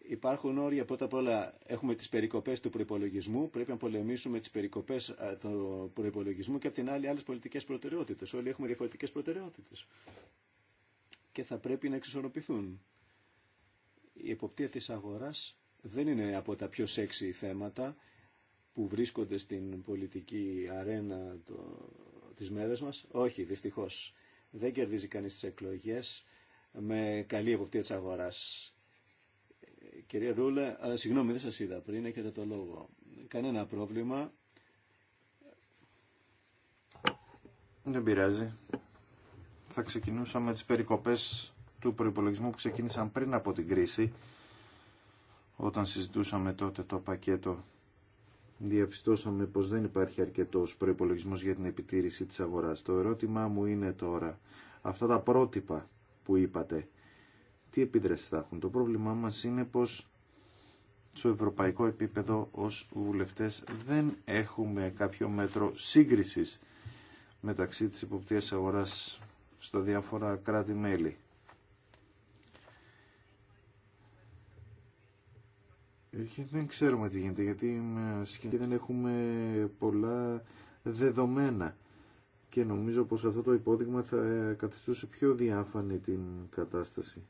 Υπάρχουν όρια. Πρώτα απ' όλα έχουμε τις περικοπές του προϋπολογισμού. Πρέπει να πολεμήσουμε τις περικοπές του προϋπολογισμού και απ' την άλλη άλλες πολιτικές προτεραιότητες. Όλοι έχουμε διαφορετικές προτεραιότητες. Και θα πρέπει να εξισορροπηθούν. Η εποπτεία της αγοράς δεν είναι από τα πιο σεξι θέματα που βρίσκονται στην πολιτική αρένα το, τις μέρες μας. Όχι, δυστυχώς. Δεν κερδίζει κανείς τις εκλογές με καλή εποπτεία της αγοράς. Κυρία Ρούλε, ε, συγγνώμη δεν σας είδα πριν, έχετε το λόγο. Κανένα πρόβλημα. Δεν πειράζει. Θα ξεκινούσαμε με τις περικοπές του προϋπολογισμού που ξεκίνησαν πριν από την κρίση όταν συζητούσαμε τότε το πακέτο, διαπιστώσαμε πως δεν υπάρχει αρκετός προϋπολογισμός για την επιτήρηση της αγοράς. Το ερώτημά μου είναι τώρα, αυτά τα πρότυπα που είπατε, τι επίδραση θα έχουν. Το πρόβλημά μας είναι πως στο ευρωπαϊκό επίπεδο ως βουλευτές δεν έχουμε κάποιο μέτρο σύγκρισης μεταξύ της υποπτίας αγοράς στα διάφορα κράτη-μέλη. Δεν ξέρουμε τι γίνεται, γιατί δεν έχουμε πολλά δεδομένα. Και νομίζω πως αυτό το υπόδειγμα θα ε, καθιστούσε πιο διάφανη την κατάσταση.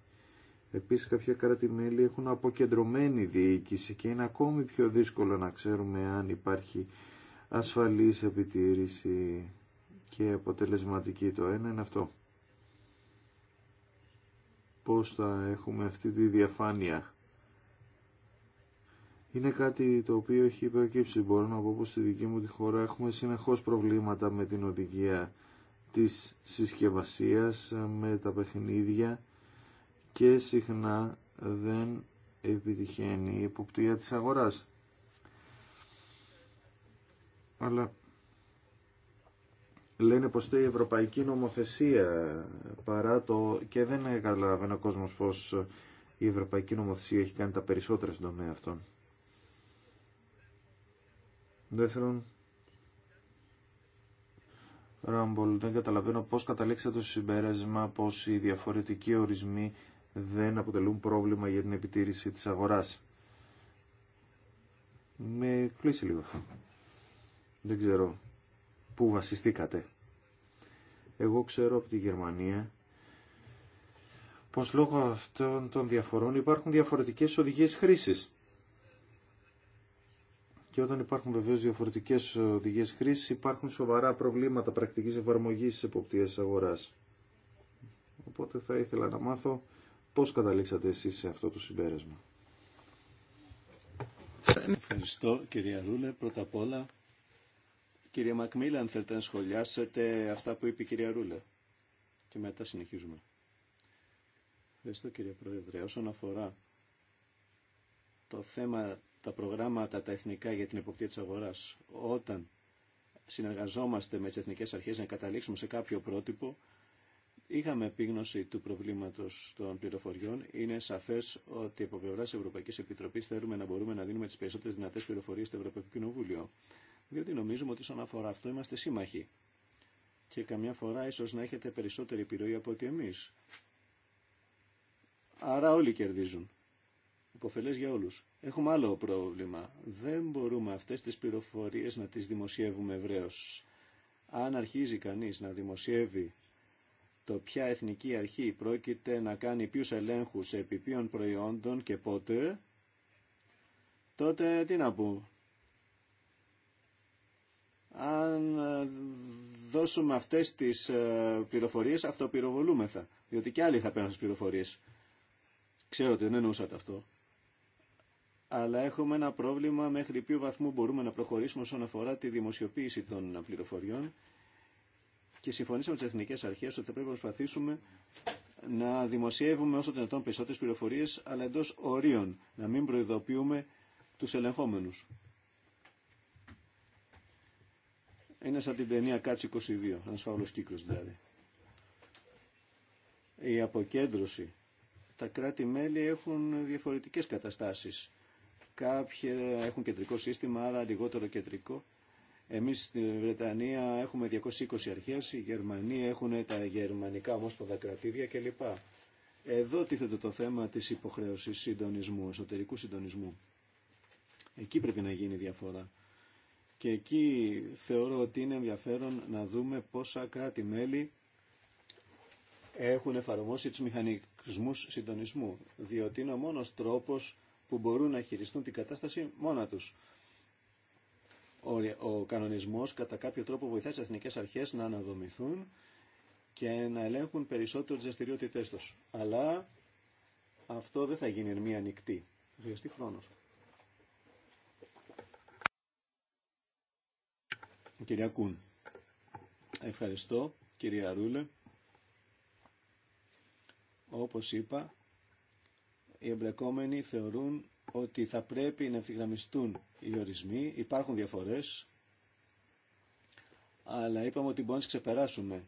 Επίσης κάποια κράτη-μέλη έχουν αποκεντρωμένη διοίκηση και είναι ακόμη πιο δύσκολο να ξέρουμε αν υπάρχει ασφαλής επιτήρηση και αποτελεσματική. Το ένα είναι αυτό. Πώς θα έχουμε αυτή τη διαφάνεια είναι κάτι το οποίο έχει υπερκύψει. Μπορώ να πω πως στη δική μου τη χώρα έχουμε συνεχώς προβλήματα με την οδηγία της συσκευασίας, με τα παιχνίδια και συχνά δεν επιτυχαίνει η υποπτία της αγοράς. Αλλά λένε πως η ευρωπαϊκή νομοθεσία παρά το... και δεν καταλαβαίνει ο κόσμος πως η ευρωπαϊκή νομοθεσία έχει κάνει τα περισσότερα στον τομέα αυτών. Δεύτερον, Ράμπολ, δεν καταλαβαίνω πώς καταλήξατε το συμπέρασμα πως οι διαφορετικοί ορισμοί δεν αποτελούν πρόβλημα για την επιτήρηση της αγοράς. Με κλείσει λίγο αυτό. Δεν ξέρω πού βασιστήκατε. Εγώ ξέρω από τη Γερμανία πως λόγω αυτών των διαφορών υπάρχουν διαφορετικές οδηγίες χρήσης. Και όταν υπάρχουν βεβαίω διαφορετικέ οδηγίε χρήση, υπάρχουν σοβαρά προβλήματα πρακτική εφαρμογή τη εποπτεία αγορά. Οπότε θα ήθελα να μάθω πώ καταλήξατε εσεί σε αυτό το συμπέρασμα. Ευχαριστώ κυρία Ρούλε. Πρώτα απ' όλα, κυρία αν θέλετε να σχολιάσετε αυτά που είπε η κυρία Ρούλε. Και μετά συνεχίζουμε. Ευχαριστώ κύριε Πρόεδρε. Όσον αφορά το θέμα τα προγράμματα τα εθνικά για την εποπτεία της αγοράς όταν συνεργαζόμαστε με τις εθνικές αρχές να καταλήξουμε σε κάποιο πρότυπο Είχαμε επίγνωση του προβλήματο των πληροφοριών. Είναι σαφέ ότι από πλευρά τη Ευρωπαϊκή Επιτροπή θέλουμε να μπορούμε να δίνουμε τι περισσότερε δυνατέ πληροφορίε στο Ευρωπαϊκό Κοινοβούλιο. Διότι νομίζουμε ότι όσον αφορά αυτό είμαστε σύμμαχοι. Και καμιά φορά ίσω να έχετε περισσότερη επιρροή από ότι εμεί. Άρα όλοι κερδίζουν επωφελές για όλους. Έχουμε άλλο πρόβλημα. Δεν μπορούμε αυτές τις πληροφορίε να τις δημοσιεύουμε ευρέως. Αν αρχίζει κανείς να δημοσιεύει το ποια εθνική αρχή πρόκειται να κάνει ποιου ελέγχου επί ποιων προϊόντων και πότε, τότε τι να πω. Αν δώσουμε αυτές τις ε, πληροφορίες αυτοπυροβολούμεθα, διότι και άλλοι θα παίρνουν τις πληροφορίες. Ξέρω ότι δεν εννοούσατε αυτό αλλά έχουμε ένα πρόβλημα μέχρι ποιο βαθμού μπορούμε να προχωρήσουμε όσον αφορά τη δημοσιοποίηση των πληροφοριών και συμφωνήσαμε με τι εθνικέ αρχέ ότι θα πρέπει να προσπαθήσουμε να δημοσιεύουμε όσο δυνατόν περισσότερε πληροφορίε, αλλά εντό ορίων, να μην προειδοποιούμε του ελεγχόμενου. Είναι σαν την ταινία Κάτσι 22, ένα φαύλο κύκλο δηλαδή. Η αποκέντρωση. Τα κράτη-μέλη έχουν διαφορετικές καταστάσεις Κάποιοι έχουν κεντρικό σύστημα, αλλά λιγότερο κεντρικό. Εμείς στην Βρετανία έχουμε 220 αρχές, οι Γερμανοί έχουν τα γερμανικά ομόσπονδα κρατήδια κλπ. Εδώ τίθεται το θέμα της υποχρέωσης συντονισμού, εσωτερικού συντονισμού. Εκεί πρέπει να γίνει διαφορά. Και εκεί θεωρώ ότι είναι ενδιαφέρον να δούμε πόσα κράτη-μέλη έχουν εφαρμόσει τους μηχανισμούς συντονισμού, διότι είναι ο μόνος τρόπος που μπορούν να χειριστούν την κατάσταση μόνα τους. Ο κανονισμός κατά κάποιο τρόπο βοηθάει τι εθνικέ αρχές να αναδομηθούν και να ελέγχουν περισσότερο τι δραστηριότητε του. Αλλά αυτό δεν θα γίνει εν μία ανοιχτή. Χρειαστεί χρόνο. Κυρία Κούν, ευχαριστώ. Κυρία Ρούλε, όπως είπα, οι εμπλεκόμενοι θεωρούν ότι θα πρέπει να ευθυγραμμιστούν οι ορισμοί, υπάρχουν διαφορές, αλλά είπαμε ότι μπορούμε να τις ξεπεράσουμε.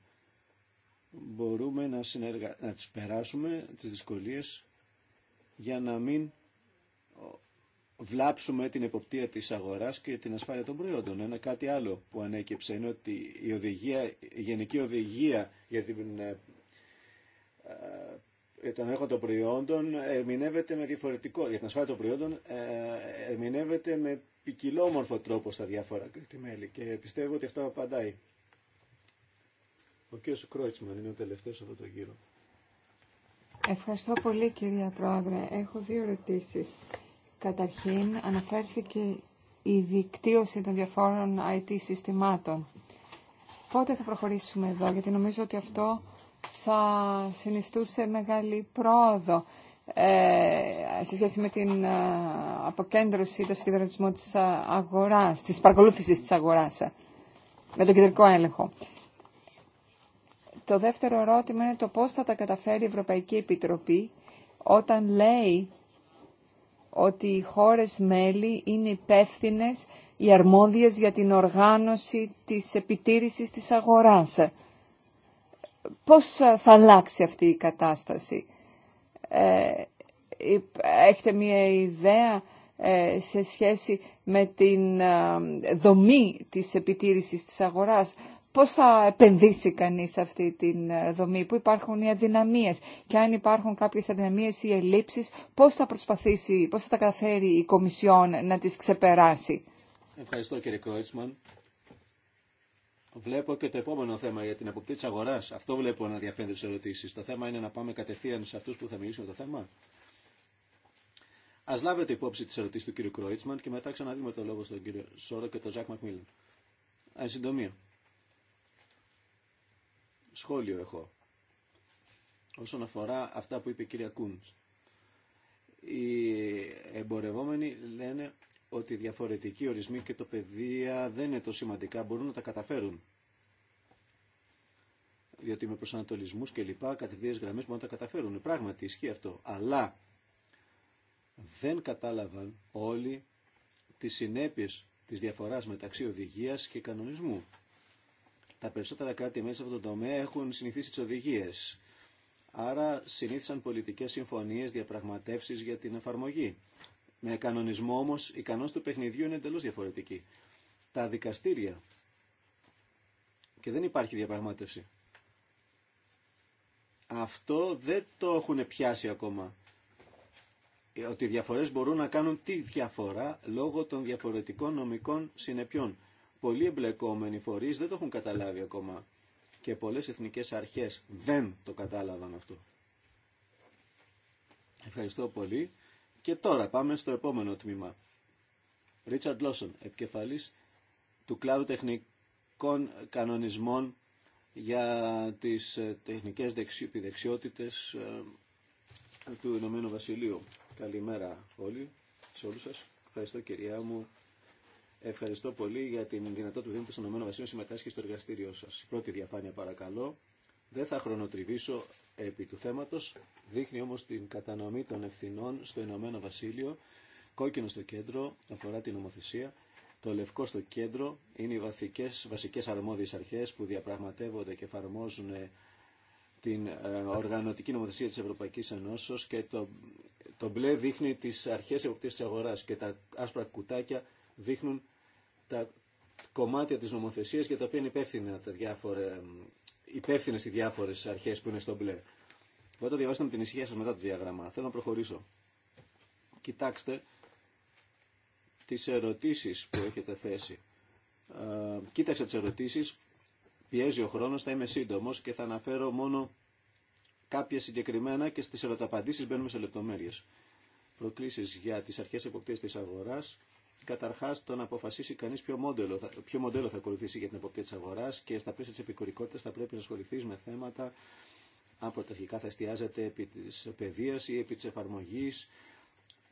Μπορούμε να, συνεργα... να τις περάσουμε, τις δυσκολίες, για να μην βλάψουμε την εποπτεία της αγοράς και την ασφάλεια των προϊόντων. Ένα κάτι άλλο που ανέκυψε είναι ότι η, οδηγία, η Γενική Οδηγία για την ε, ε, τον έχω των προϊόντων ερμηνεύεται με διαφορετικό, για την ασφάλεια των προϊόντων ε, ερμηνεύεται με ποικιλόμορφο τρόπο στα διάφορα κριτημέλη και πιστεύω ότι αυτό απαντάει. Ο κ. Κρόιτσμαν είναι ο τελευταίος από το γύρο. Ευχαριστώ πολύ κυρία Πρόεδρε. Έχω δύο ερωτήσεις. Καταρχήν αναφέρθηκε η δικτύωση των διαφόρων IT συστημάτων. Πότε θα προχωρήσουμε εδώ, γιατί νομίζω ότι αυτό θα συνιστούσε μεγάλη πρόοδο ε, σε σχέση με την ε, αποκέντρωση, το σχεδιασμό της ε, αγοράς, της παρακολούθησης της αγοράς με τον κεντρικό έλεγχο. Το δεύτερο ερώτημα είναι το πώς θα τα καταφέρει η Ευρωπαϊκή Επιτροπή όταν λέει ότι οι χώρες μέλη είναι υπεύθυνε οι αρμόδιες για την οργάνωση της επιτήρησης της αγοράς πώς ε, θα αλλάξει αυτή η κατάσταση. Ε, έχετε μία ιδέα ε, σε σχέση με την δομή της επιτήρησης της αγοράς. Πώς θα επενδύσει κανείς αυτή τη δομή, που υπάρχουν οι αδυναμίες και αν υπάρχουν κάποιες αδυναμίες ή ελλείψεις, πώς θα προσπαθήσει, πώς θα τα καταφέρει η Κομισιόν να τις ξεπεράσει. Ευχαριστώ κύριε Κρόιτσμαν. Βλέπω και το επόμενο θέμα για την αποκτή τη αγορά. Αυτό βλέπω να διαφέρει τι ερωτήσει. Το θέμα είναι να πάμε κατευθείαν σε αυτού που θα μιλήσουν το θέμα. Α λάβετε υπόψη τι ερωτήσει του κ. Κρόιτσμαν και μετά ξαναδούμε το λόγο στον κύριο Σόρο και τον Ζακ Μακμίλεν. Ε, εν συντομία. Σχόλιο έχω. Όσον αφορά αυτά που είπε η κυρία Κούντ. Οι εμπορευόμενοι λένε ότι οι διαφορετικοί ορισμοί και το παιδεία δεν είναι τόσο σημαντικά, μπορούν να τα καταφέρουν. Διότι με προσανατολισμού και λοιπά, κατευθείας γραμμέ μπορούν να τα καταφέρουν. Πράγματι ισχύει αυτό. Αλλά δεν κατάλαβαν όλοι τι συνέπειε της διαφοράς μεταξύ οδηγία και κανονισμού. Τα περισσότερα κράτη μέσα σε αυτό το τομέα έχουν συνηθίσει τι οδηγίε. Άρα συνήθισαν πολιτικέ συμφωνίε διαπραγματεύσει για την εφαρμογή. Με κανονισμό όμω, η κανόνα του παιχνιδιού είναι εντελώ διαφορετική. Τα δικαστήρια και δεν υπάρχει διαπραγμάτευση. Αυτό δεν το έχουν πιάσει ακόμα. Ε, ότι οι διαφορές μπορούν να κάνουν τη διαφορά λόγω των διαφορετικών νομικών συνεπιών. Πολλοί εμπλεκόμενοι φορείς δεν το έχουν καταλάβει ακόμα και πολλέ εθνικέ αρχές δεν το κατάλαβαν αυτό. Ευχαριστώ πολύ. Και τώρα πάμε στο επόμενο τμήμα. Ρίτσαρντ Λόσον, επικεφαλής του κλάδου τεχνικών κανονισμών για τις ε, τεχνικές δεξιότητες ε, του Ηνωμένου Βασιλείου. Καλημέρα όλοι, σε όλους σας. Ευχαριστώ κυρία μου. Ευχαριστώ πολύ για την δυνατότητα που δίνετε στον Ηνωμένο Βασίλειο συμμετάσχει στο εργαστήριό σας. Πρώτη διαφάνεια παρακαλώ. Δεν θα χρονοτριβήσω, επί του θέματος, δείχνει όμως την κατανομή των ευθυνών στο Ηνωμένο Βασίλειο, κόκκινο στο κέντρο αφορά την νομοθεσία, το λευκό στο κέντρο είναι οι βαθικές, βασικές αρμόδιες αρχές που διαπραγματεύονται και εφαρμόζουν ε, την ε, οργανωτική νομοθεσία της Ευρωπαϊκής Ενώσεως και το, το μπλε δείχνει τις αρχές εποπτήσεις της αγοράς και τα άσπρα κουτάκια δείχνουν τα κομμάτια της νομοθεσίας για τα οποία είναι υπεύθυνα τα διάφορα ε, υπεύθυνε οι διάφορε αρχέ που είναι στο μπλε. Μπορείτε να διαβάσετε με την ησυχία σα μετά το διαγραμμά. Θέλω να προχωρήσω. Κοιτάξτε τι ερωτήσει που έχετε θέσει. Ε, κοίταξα τι ερωτήσει. Πιέζει ο χρόνο, θα είμαι σύντομο και θα αναφέρω μόνο κάποια συγκεκριμένα και στι ερωταπαντήσει μπαίνουμε σε λεπτομέρειε. Προκλήσει για τι αρχέ εποπτεία τη αγορά Καταρχά, το να αποφασίσει κανεί ποιο, μοντέλο θα, ποιο μοντέλο θα ακολουθήσει για την εποπτεία τη αγορά και στα πλαίσια τη επικουρικότητα θα πρέπει να ασχοληθεί με θέματα αν πρωταρχικά θα εστιάζεται επί τη παιδεία ή επί τη εφαρμογή,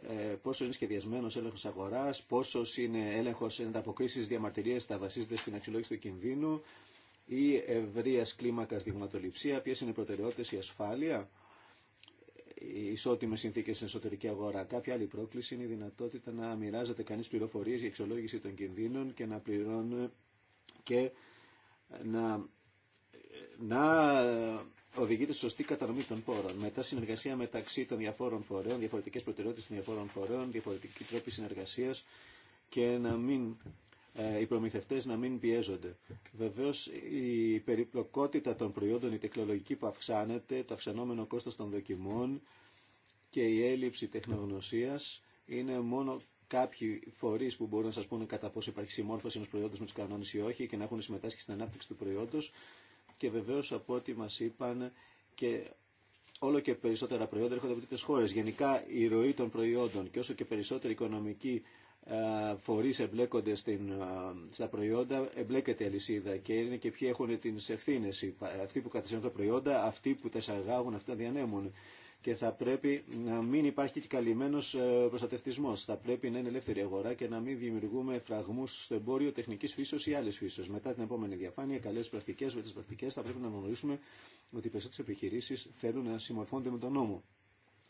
ε, πόσο είναι σχεδιασμένο έλεγχο αγορά, πόσο είναι έλεγχο ανταποκρίσει διαμαρτυρίε θα βασίζεται στην αξιολόγηση του κινδύνου ή ευρεία κλίμακα δειγματοληψία, ποιε είναι οι προτεραιότητε, η επι τη εφαρμογη ποσο ειναι σχεδιασμενο ελεγχο αγορα ποσο ειναι ελεγχο ενταποκρισει διαμαρτυριε θα βασιζεται στην αξιολογηση του κινδυνου η ευρεια κλιμακα δειγματοληψια ποιε ειναι οι προτεραιοτητε η ασφαλεια ισότιμε συνθήκες στην εσωτερική αγορά. Κάποια άλλη πρόκληση είναι η δυνατότητα να μοιράζεται κανείς πληροφορίε για εξολόγηση των κινδύνων και να πληρώνει και να, να οδηγείται στη σωστή κατανομή των πόρων. Μετά συνεργασία μεταξύ των διαφόρων φορέων, διαφορετικές προτεραιότητε των διαφόρων φορέων, διαφορετική τρόπη συνεργασία και να μην ε, οι προμηθευτές να μην πιέζονται. Βεβαίως η περιπλοκότητα των προϊόντων, η τεχνολογική που αυξάνεται, το αυξανόμενο κόστος των δοκιμών και η έλλειψη τεχνογνωσίας είναι μόνο κάποιοι φορείς που μπορούν να σας πούνε κατά πόσο υπάρχει συμμόρφωση ενός προϊόντος με τους κανόνες ή όχι και να έχουν συμμετάσχει στην ανάπτυξη του προϊόντος και βεβαίως από ό,τι μας είπαν και όλο και περισσότερα προϊόντα έρχονται από τέτοιε χώρε. Γενικά η ροή των προϊόντων και όσο και περισσότερη οικονομική ε, φορείς εμπλέκονται στην, ε, στα προϊόντα, εμπλέκεται η αλυσίδα και είναι και ποιοι έχουν τι ευθύνε. Αυτοί που κατασκευάζουν τα προϊόντα, αυτοί που τα εισαγάγουν, αυτοί τα διανέμουν. Και θα πρέπει να μην υπάρχει και καλυμμένο ε, προστατευτισμό. Θα πρέπει να είναι ελεύθερη αγορά και να μην δημιουργούμε φραγμού στο εμπόριο τεχνική φύσεω ή άλλη φύσεω. Μετά την επόμενη διαφάνεια, καλέ πρακτικέ, με τι πρακτικέ, θα πρέπει να γνωρίσουμε ότι οι περισσότερε επιχειρήσει θέλουν να συμμορφώνονται με τον νόμο.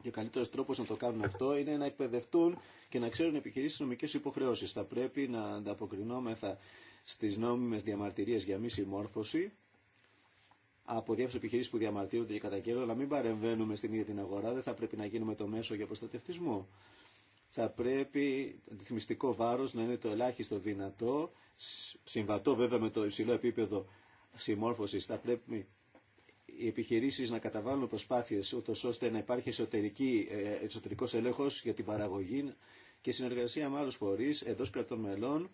Και ο καλύτερο τρόπο να το κάνουν αυτό είναι να εκπαιδευτούν και να ξέρουν επιχειρήσει νομικέ υποχρεώσει. Θα πρέπει να ανταποκρινόμεθα στι νόμιμε διαμαρτυρίε για μη συμμόρφωση από διάφορε επιχειρήσει που διαμαρτύρονται και καιρό, αλλά μην παρεμβαίνουμε στην ίδια την αγορά. Δεν θα πρέπει να γίνουμε το μέσο για προστατευτισμό. Θα πρέπει το αντιθυμιστικό βάρο να είναι το ελάχιστο δυνατό, συμβατό βέβαια με το υψηλό επίπεδο συμμόρφωση. Θα πρέπει οι επιχειρήσεις να καταβάλουν προσπάθειες ούτω ώστε να υπάρχει εσωτερική, ε, εσωτερικός ελέγχος για την παραγωγή και συνεργασία με άλλους φορείς εντός κρατών μελών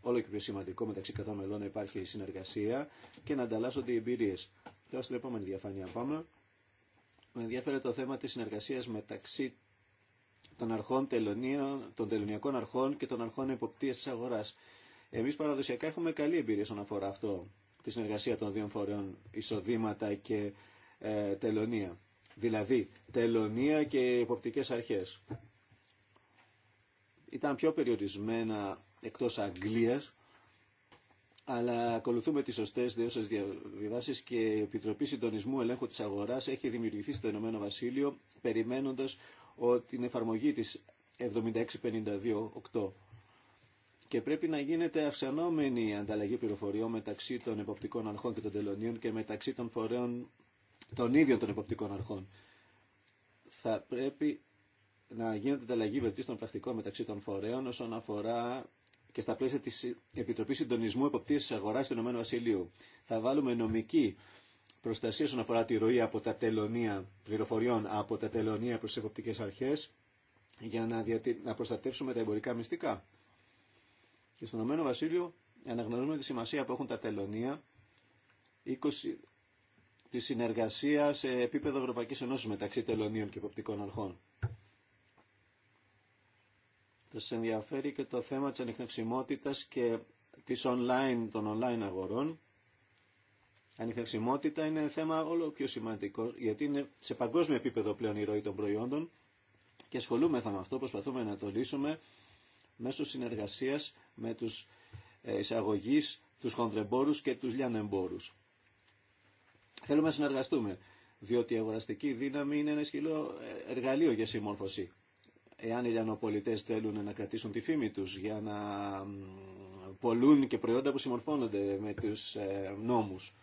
όλο και πιο σημαντικό μεταξύ κρατών μελών να υπάρχει συνεργασία και να ανταλλάσσονται οι εμπειρίες. Τώρα στην επόμενη διαφάνεια πάμε. Με ενδιαφέρεται το θέμα της συνεργασίας μεταξύ των αρχών τελωνίων, των τελωνιακών αρχών και των αρχών εποπτείας της αγοράς. Εμείς παραδοσιακά έχουμε καλή εμπειρία στον αφορά αυτό τη συνεργασία των δύο φορέων εισοδήματα και ε, τελωνία. Δηλαδή, τελωνία και υποπτικές αρχές. Ήταν πιο περιορισμένα εκτός Αγγλίας, αλλά ακολουθούμε τις σωστές δεώσεις διαβιβάσεις και η Επιτροπή Συντονισμού Ελέγχου της Αγοράς έχει δημιουργηθεί στο Ηνωμένο Βασίλειο, περιμένοντας ότι την εφαρμογή της 76-52-8 και πρέπει να γίνεται αυξανόμενη η ανταλλαγή πληροφοριών μεταξύ των εποπτικών αρχών και των τελωνίων και μεταξύ των φορέων των ίδιων των εποπτικών αρχών. Θα πρέπει να γίνεται ανταλλαγή βελτίστων πρακτικών μεταξύ των φορέων όσον αφορά και στα πλαίσια τη επιτροπή Συντονισμού τη αγορά του Ηνωμένου Βασιλείου. Θα βάλουμε νομική προστασία όσον αφορά τη ροή από τα τελωνία πληροφοριών από τα τελωνία προ τι εποπτικέ αρχέ, για να, διατη... να προστατεύσουμε τα εμπορικά μυστικά. Και στον Ηνωμένο Βασίλειο αναγνωρίζουμε τη σημασία που έχουν τα τελωνία 20, τη συνεργασία σε επίπεδο ευρωπαϊκή Ενώση μεταξύ τελωνίων και υποπτικών αρχών. Θα σα ενδιαφέρει και το θέμα τη ανιχνευσιμότητας και της online, των online αγορών. Ανιχνευσιμότητα είναι θέμα όλο πιο σημαντικό, γιατί είναι σε παγκόσμιο επίπεδο πλέον η ροή των προϊόντων και ασχολούμεθα με αυτό, προσπαθούμε να το λύσουμε μέσω συνεργασίας με τους ε, εισαγωγείς, τους χονδρεμπόρους και τους λιανεμπόρους. Θέλουμε να συνεργαστούμε, διότι η αγοραστική δύναμη είναι ένα σκυλό ε, εργαλείο για συμμόρφωση. Εάν οι λιανοπολιτές θέλουν να κρατήσουν τη φήμη τους για να πολλούν και προϊόντα που συμμορφώνονται με τους ε, νόμους.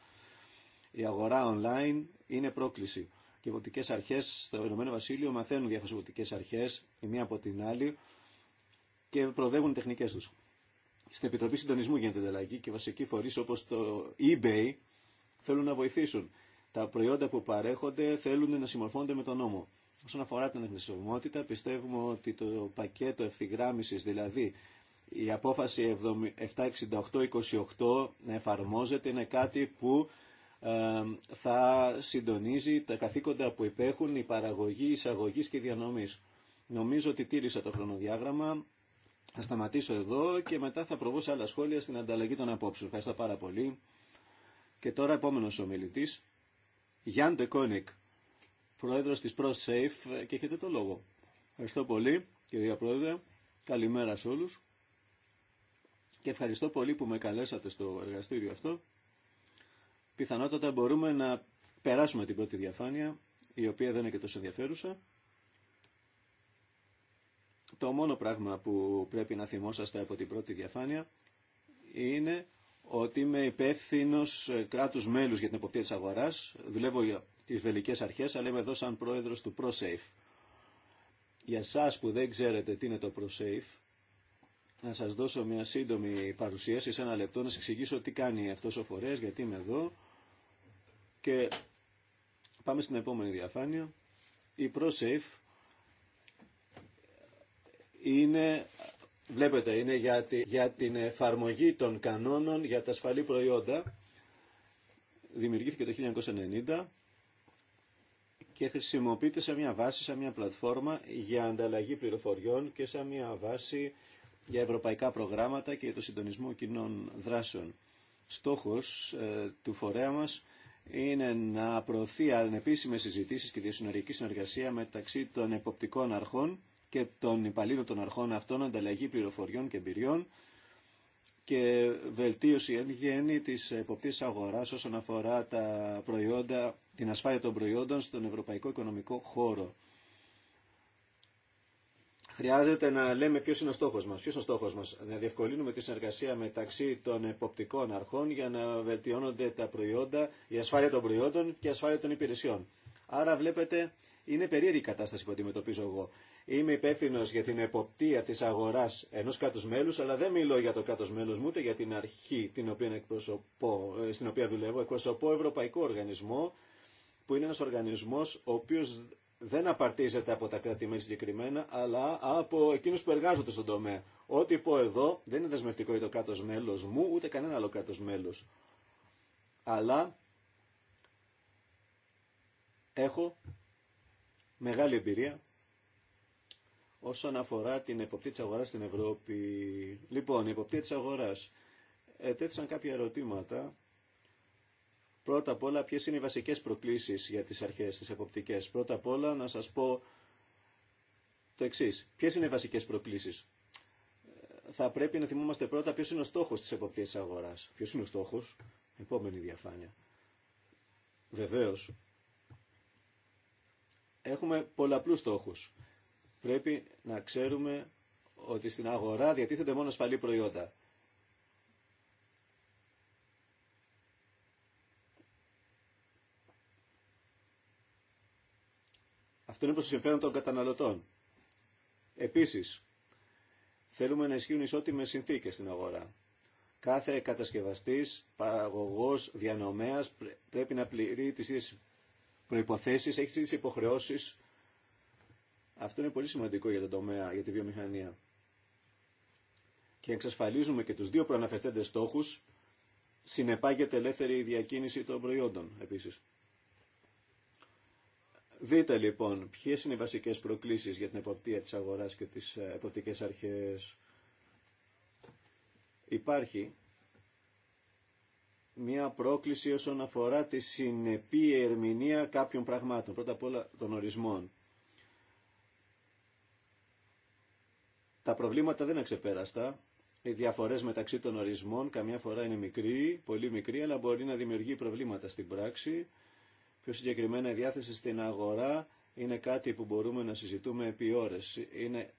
Η αγορά online είναι πρόκληση. Και οι αρχέ στο Ηνωμένο Βασίλειο μαθαίνουν διάφορε αρχέ η μία από την άλλη και προοδεύουν τεχνικέ του. Στην Επιτροπή Συντονισμού γίνεται ανταλλαγή και βασικοί φορεί όπως το eBay θέλουν να βοηθήσουν. Τα προϊόντα που παρέχονται θέλουν να συμμορφώνονται με τον νόμο. Όσον αφορά την εχνησιμότητα, πιστεύουμε ότι το πακέτο ευθυγράμμισης, δηλαδή η απόφαση 768-28 να εφαρμόζεται, είναι κάτι που ε, θα συντονίζει τα καθήκοντα που υπέχουν η παραγωγή, εισαγωγή και διανομή. Νομίζω ότι τήρησα το χρονοδιάγραμμα. Θα σταματήσω εδώ και μετά θα προβώ σε άλλα σχόλια στην ανταλλαγή των απόψεων. Ευχαριστώ πάρα πολύ. Και τώρα επόμενος ομιλητής, Γιάν Κόνικ, πρόεδρος της ProSafe και έχετε το λόγο. Ευχαριστώ πολύ, κυρία Πρόεδρε. Καλημέρα σε όλους. Και ευχαριστώ πολύ που με καλέσατε στο εργαστήριο αυτό. Πιθανότατα μπορούμε να περάσουμε την πρώτη διαφάνεια, η οποία δεν είναι και τόσο ενδιαφέρουσα. Το μόνο πράγμα που πρέπει να θυμόσαστε από την πρώτη διαφάνεια είναι ότι είμαι υπεύθυνο ε, κράτου μέλου για την εποπτεία τη αγορά. Δουλεύω για τι βελικέ αρχέ, αλλά είμαι εδώ σαν πρόεδρο του ProSafe. Για εσά που δεν ξέρετε τι είναι το ProSafe, να σα δώσω μια σύντομη παρουσίαση σε ένα λεπτό, να σα εξηγήσω τι κάνει αυτό ο φορέα, γιατί είμαι εδώ. Και πάμε στην επόμενη διαφάνεια. Η ProSafe είναι, βλέπετε, είναι για, για την εφαρμογή των κανόνων για τα ασφαλή προϊόντα. Δημιουργήθηκε το 1990 και χρησιμοποιείται σε μια βάση, σε μια πλατφόρμα για ανταλλαγή πληροφοριών και σε μια βάση για ευρωπαϊκά προγράμματα και για το συντονισμό κοινών δράσεων. Στόχος ε, του φορέα μας είναι να προωθεί ανεπίσημες συζητήσεις και διασυνοριακή συνεργασία μεταξύ των εποπτικών αρχών και των υπαλλήλων των αρχών αυτών ανταλλαγή πληροφοριών και εμπειριών και βελτίωση εν γέννη της εποπτής αγοράς όσον αφορά τα προϊόντα, την ασφάλεια των προϊόντων στον ευρωπαϊκό οικονομικό χώρο. Χρειάζεται να λέμε ποιο είναι ο στόχο μα. Ποιο είναι ο στόχο μα, να διευκολύνουμε τη συνεργασία μεταξύ των εποπτικών αρχών για να βελτιώνονται τα προϊόντα, η ασφάλεια των προϊόντων και η ασφάλεια των υπηρεσιών. Άρα, βλέπετε, είναι περίεργη η κατάσταση που αντιμετωπίζω εγώ. Είμαι υπεύθυνο για την εποπτεία τη αγορά ενό κράτου μέλου, αλλά δεν μιλώ για το κράτο μέλο μου, ούτε για την αρχή την οποία εκπροσωπώ, ε, στην οποία δουλεύω. Εκπροσωπώ Ευρωπαϊκό Οργανισμό, που είναι ένα οργανισμό ο οποίο δεν απαρτίζεται από τα κράτη-μέλη συγκεκριμένα, αλλά από εκείνου που εργάζονται στον τομέα. Ό,τι πω εδώ δεν είναι δεσμευτικό για το κράτο μέλο μου, ούτε κανένα άλλο κράτο μέλο. Αλλά έχω μεγάλη εμπειρία όσον αφορά την εποπτεία της αγοράς στην Ευρώπη. Λοιπόν, η εποπτεία της αγοράς. Ετέθησαν κάποια ερωτήματα. Πρώτα απ' όλα, ποιες είναι οι βασικές προκλήσεις για τις αρχές, τις εποπτικές. Πρώτα απ' όλα, να σας πω το εξή. Ποιες είναι οι βασικές προκλήσεις. Θα πρέπει να θυμόμαστε πρώτα ποιος είναι ο στόχος της εποπτείας της αγοράς. Ποιος είναι ο στόχος. Επόμενη διαφάνεια. Βεβαίως. Έχουμε πολλαπλούς στόχους πρέπει να ξέρουμε ότι στην αγορά διατίθεται μόνο ασφαλή προϊόντα. Αυτό είναι προς το συμφέρον των καταναλωτών. Επίσης, θέλουμε να ισχύουν ισότιμες συνθήκες στην αγορά. Κάθε κατασκευαστής, παραγωγός, διανομέας πρέπει να πληρεί τις ίδιες προϋποθέσεις, έχει τις υποχρεώσεις αυτό είναι πολύ σημαντικό για τον τομέα, για τη βιομηχανία. Και εξασφαλίζουμε και τους δύο προαναφερθέντες στόχους, συνεπάγεται ελεύθερη διακίνηση των προϊόντων επίσης. Δείτε λοιπόν ποιε είναι οι βασικές προκλήσεις για την εποπτεία της αγοράς και τις ε, εποπτικές αρχές. Υπάρχει μια πρόκληση όσον αφορά τη συνεπή ερμηνεία κάποιων πραγμάτων. Πρώτα απ' όλα των ορισμών. Τα προβλήματα δεν είναι ξεπέραστα. Οι διαφορέ μεταξύ των ορισμών καμιά φορά είναι μικρή, πολύ μικρή, αλλά μπορεί να δημιουργεί προβλήματα στην πράξη. Πιο συγκεκριμένα η διάθεση στην αγορά είναι κάτι που μπορούμε να συζητούμε επί ώρε. Είναι...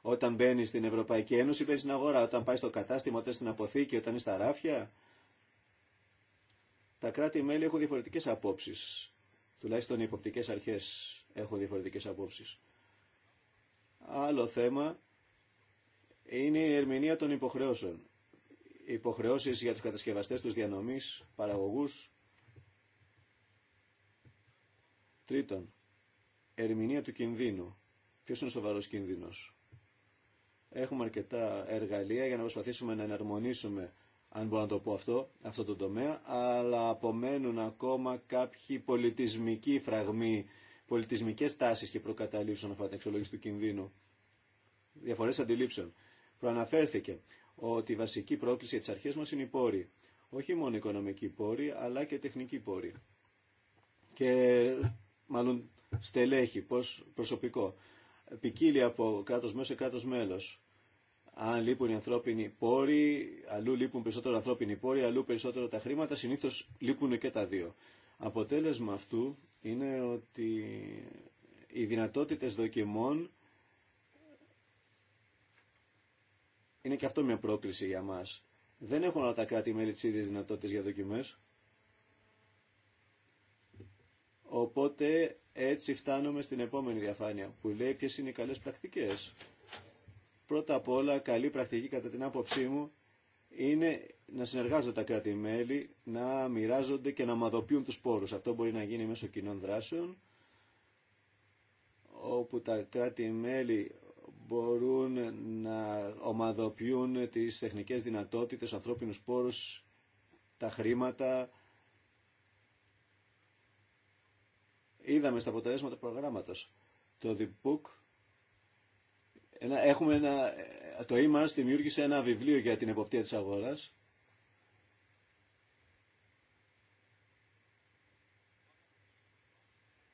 Όταν μπαίνει στην Ευρωπαϊκή Ένωση, μπαίνει στην αγορά. Όταν πάει στο κατάστημα, όταν στην αποθήκη, όταν είναι στα ράφια. Τα κράτη-μέλη έχουν διαφορετικέ απόψεις. Τουλάχιστον οι υποπτικέ αρχέ έχουν διαφορετικέ απόψει. Άλλο θέμα είναι η ερμηνεία των υποχρεώσεων. Υποχρεώσεις για τους κατασκευαστές, τους διανομής, παραγωγούς. Τρίτον, ερμηνεία του κινδύνου. Ποιος είναι ο σοβαρός κίνδυνος. Έχουμε αρκετά εργαλεία για να προσπαθήσουμε να εναρμονίσουμε, αν μπορώ να το πω αυτό, αυτό το τομέα, αλλά απομένουν ακόμα κάποιοι πολιτισμικοί φραγμοί πολιτισμικές τάσει και προκαταλήψουν όσον αφορά την αξιολόγηση του κινδύνου. διαφορέ αντιλήψεων. Προαναφέρθηκε ότι η βασική πρόκληση για τι αρχές μας είναι οι πόροι. Όχι μόνο οικονομικοί πόροι, αλλά και τεχνικοί πόροι. Και μάλλον στελέχη, πώς προσωπικό. Ποικίλει από κράτο μέσο σε κράτο μέλο. Αν λείπουν οι ανθρώπινοι πόροι, αλλού λείπουν περισσότερο ανθρώπινοι πόροι, αλλού περισσότερο τα χρήματα, συνήθω λείπουν και τα δύο. Αποτέλεσμα αυτού είναι ότι οι δυνατότητες δοκιμών είναι και αυτό μια πρόκληση για μας. Δεν έχουν όλα τα κράτη-μέλη τις ίδιες δυνατότητες για δοκιμές. Οπότε έτσι φτάνουμε στην επόμενη διαφάνεια που λέει ποιες είναι οι καλές πρακτικές. Πρώτα απ' όλα καλή πρακτική κατά την άποψή μου είναι να συνεργάζονται τα κράτη-μέλη, να μοιράζονται και να ομαδοποιούν τους πόρους. Αυτό μπορεί να γίνει μέσω κοινών δράσεων, όπου τα κράτη-μέλη μπορούν να ομαδοποιούν τις τεχνικές δυνατότητες, ανθρώπινους πόρους, τα χρήματα. Είδαμε στα αποτελέσματα προγράμματος. Το Διπούκ, ένα, έχουμε ένα, το EMAS δημιούργησε ένα βιβλίο για την εποπτεία της αγοράς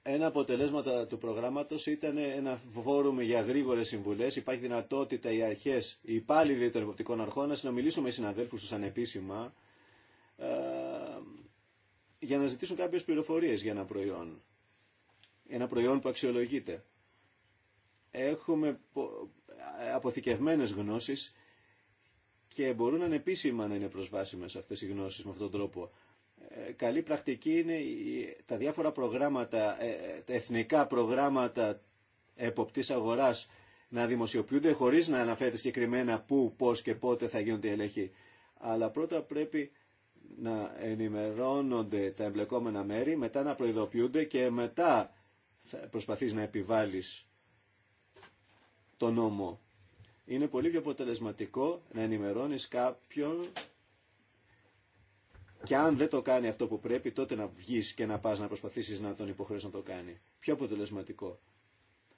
Ένα αποτελέσμα του προγράμματος ήταν ένα φόρουμ για γρήγορες συμβουλές. Υπάρχει δυνατότητα οι αρχές, οι υπάλληλοι των εποπτικών αρχών να συνομιλήσουν με συναδέλφους τους ανεπίσημα ε, για να ζητήσουν κάποιες πληροφορίες για ένα προϊόν. Ένα προϊόν που αξιολογείται έχουμε αποθηκευμένες γνώσεις και μπορούν ανεπίσημα να είναι προσβάσιμες αυτές οι γνώσεις με αυτόν τον τρόπο. Ε, καλή πρακτική είναι τα διάφορα προγράμματα, ε, ε, εθνικά προγράμματα εποπτής αγοράς να δημοσιοποιούνται χωρίς να αναφέρεται συγκεκριμένα πού, πώς και πότε θα γίνονται οι ελέγχοι. Αλλά πρώτα πρέπει να ενημερώνονται τα εμπλεκόμενα μέρη, μετά να προειδοποιούνται και μετά προσπαθείς να επιβάλλεις το νόμο. Είναι πολύ πιο αποτελεσματικό να ενημερώνεις κάποιον και αν δεν το κάνει αυτό που πρέπει, τότε να βγεις και να πας να προσπαθήσεις να τον υποχρεώσεις να το κάνει. Πιο αποτελεσματικό.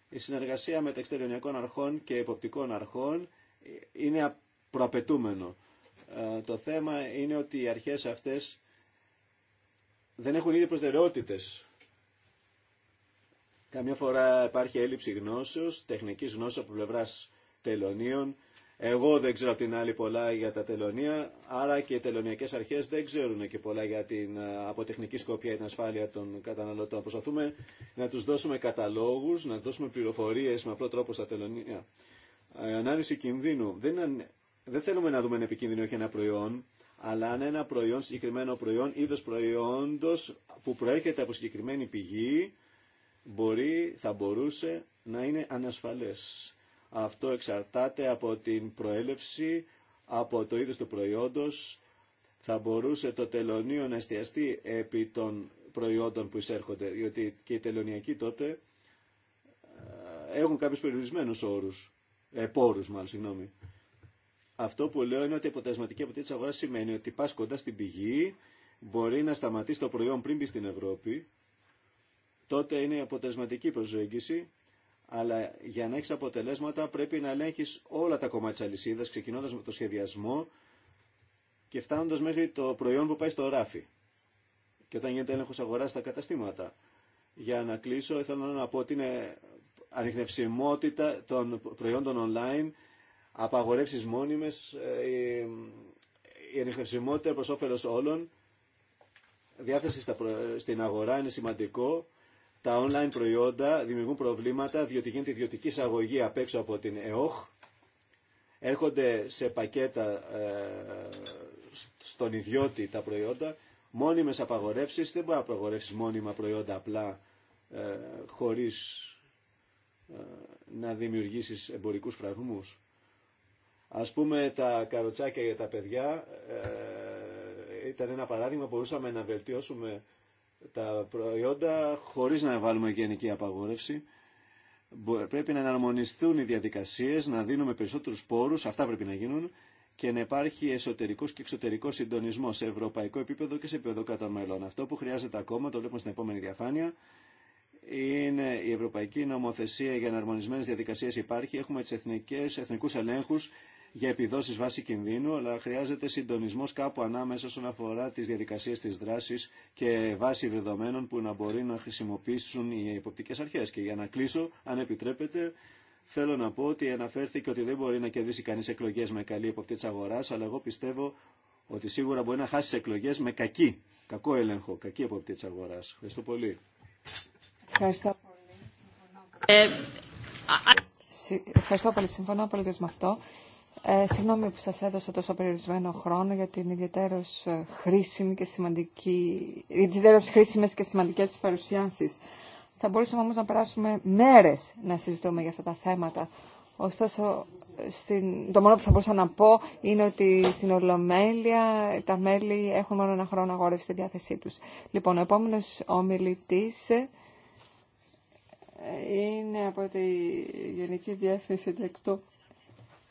Η συνεργασία με εξτεριωνιακών αρχών και υποπτικών αρχών είναι προαπαιτούμενο. Ε, το θέμα είναι ότι οι αρχές αυτές δεν έχουν ήδη προτεραιότητες Καμιά φορά υπάρχει έλλειψη γνώσεως, τεχνική γνώση από πλευρά τελωνίων. Εγώ δεν ξέρω από την άλλη πολλά για τα τελωνία, άρα και οι τελωνιακές αρχές δεν ξέρουν και πολλά για την ε, αποτεχνική σκοπιά την ασφάλεια των καταναλωτών. Προσπαθούμε να τους δώσουμε καταλόγους, να δώσουμε πληροφορίες με απλό τρόπο στα τελωνία. Ε, ανάλυση κινδύνου. Δεν, δεν θέλουμε να δούμε ένα επικίνδυνο έχει ένα προϊόν, αλλά αν ένα προϊόν, συγκεκριμένο προϊόν, είδο προϊόντος που προέρχεται από συγκεκριμένη πηγή, μπορεί, θα μπορούσε να είναι ανασφαλές. Αυτό εξαρτάται από την προέλευση, από το είδος του προϊόντος. Θα μπορούσε το τελωνίο να εστιαστεί επί των προϊόντων που εισέρχονται, διότι και οι τελωνιακοί τότε ε, έχουν κάποιους περιορισμένους όρους, Επόρους μάλλον, συγγνώμη. Αυτό που λέω είναι ότι η αποτελεσματική σημαίνει ότι πας κοντά στην πηγή, μπορεί να σταματήσει το προϊόν πριν μπει στην Ευρώπη, τότε είναι η αποτελεσματική προσέγγιση, αλλά για να έχει αποτελέσματα πρέπει να ελέγχει όλα τα κομμάτια τη αλυσίδα, ξεκινώντα με το σχεδιασμό και φτάνοντα μέχρι το προϊόν που πάει στο ράφι. Και όταν γίνεται έλεγχο αγορά στα καταστήματα. Για να κλείσω, ήθελα να πω ότι είναι ανιχνευσιμότητα των προϊόντων online, απαγορεύσει μόνιμε, ε, η ανιχνευσιμότητα προ όφελο όλων, διάθεση στην αγορά είναι σημαντικό τα online προϊόντα δημιουργούν προβλήματα διότι γίνεται ιδιωτική εισαγωγή απ' έξω από την ΕΟΧ. Έρχονται σε πακέτα ε, στον ιδιώτη τα προϊόντα. Μόνιμες απαγορεύσεις, δεν μπορεί να απαγορεύσεις μόνιμα προϊόντα απλά ε, χωρίς ε, να δημιουργήσεις εμπορικούς φραγμούς. Ας πούμε τα καροτσάκια για τα παιδιά ε, ήταν ένα παράδειγμα που μπορούσαμε να βελτιώσουμε τα προϊόντα χωρίς να βάλουμε γενική απαγόρευση. Πρέπει να εναρμονιστούν οι διαδικασίες, να δίνουμε περισσότερους πόρους, αυτά πρέπει να γίνουν, και να υπάρχει εσωτερικός και εξωτερικός συντονισμός σε ευρωπαϊκό επίπεδο και σε επίπεδο κατά μέλλον. Αυτό που χρειάζεται ακόμα, το βλέπουμε στην επόμενη διαφάνεια, είναι η ευρωπαϊκή νομοθεσία για εναρμονισμένες διαδικασίες υπάρχει. Έχουμε τις εθνικές, εθνικούς ελέγχους για επιδόσεις βάση κινδύνου, αλλά χρειάζεται συντονισμός κάπου ανάμεσα όσον αφορά τις διαδικασίες της δράσης και βάση δεδομένων που να μπορεί να χρησιμοποιήσουν οι υποπτικές αρχές. Και για να κλείσω, αν επιτρέπετε, Θέλω να πω ότι αναφέρθηκε ότι δεν μπορεί να κερδίσει κανείς εκλογές με καλή υποπτή της αγοράς, αλλά εγώ πιστεύω ότι σίγουρα μπορεί να χάσει εκλογές με κακή, κακό έλεγχο, κακή υποπτή της αγοράς. Ευχαριστώ πολύ. Ευχαριστώ πολύ. Ε, Συμφωνώ. πολύ. με αυτό. Ε, συγγνώμη που σας έδωσα τόσο περιορισμένο χρόνο για την ιδιαίτερως ε, χρήσιμη και σημαντική, ιδιαίτερως χρήσιμες και σημαντικές παρουσιάσεις. Θα μπορούσαμε όμως να περάσουμε μέρες να συζητούμε για αυτά τα θέματα. Ωστόσο, στην... το μόνο που θα μπορούσα να πω είναι ότι στην Ολομέλεια τα μέλη έχουν μόνο ένα χρόνο αγόρευση στη διάθεσή τους. Λοιπόν, ο επόμενος ομιλητής ε, είναι από τη Γενική Διεύθυνση Τεξτού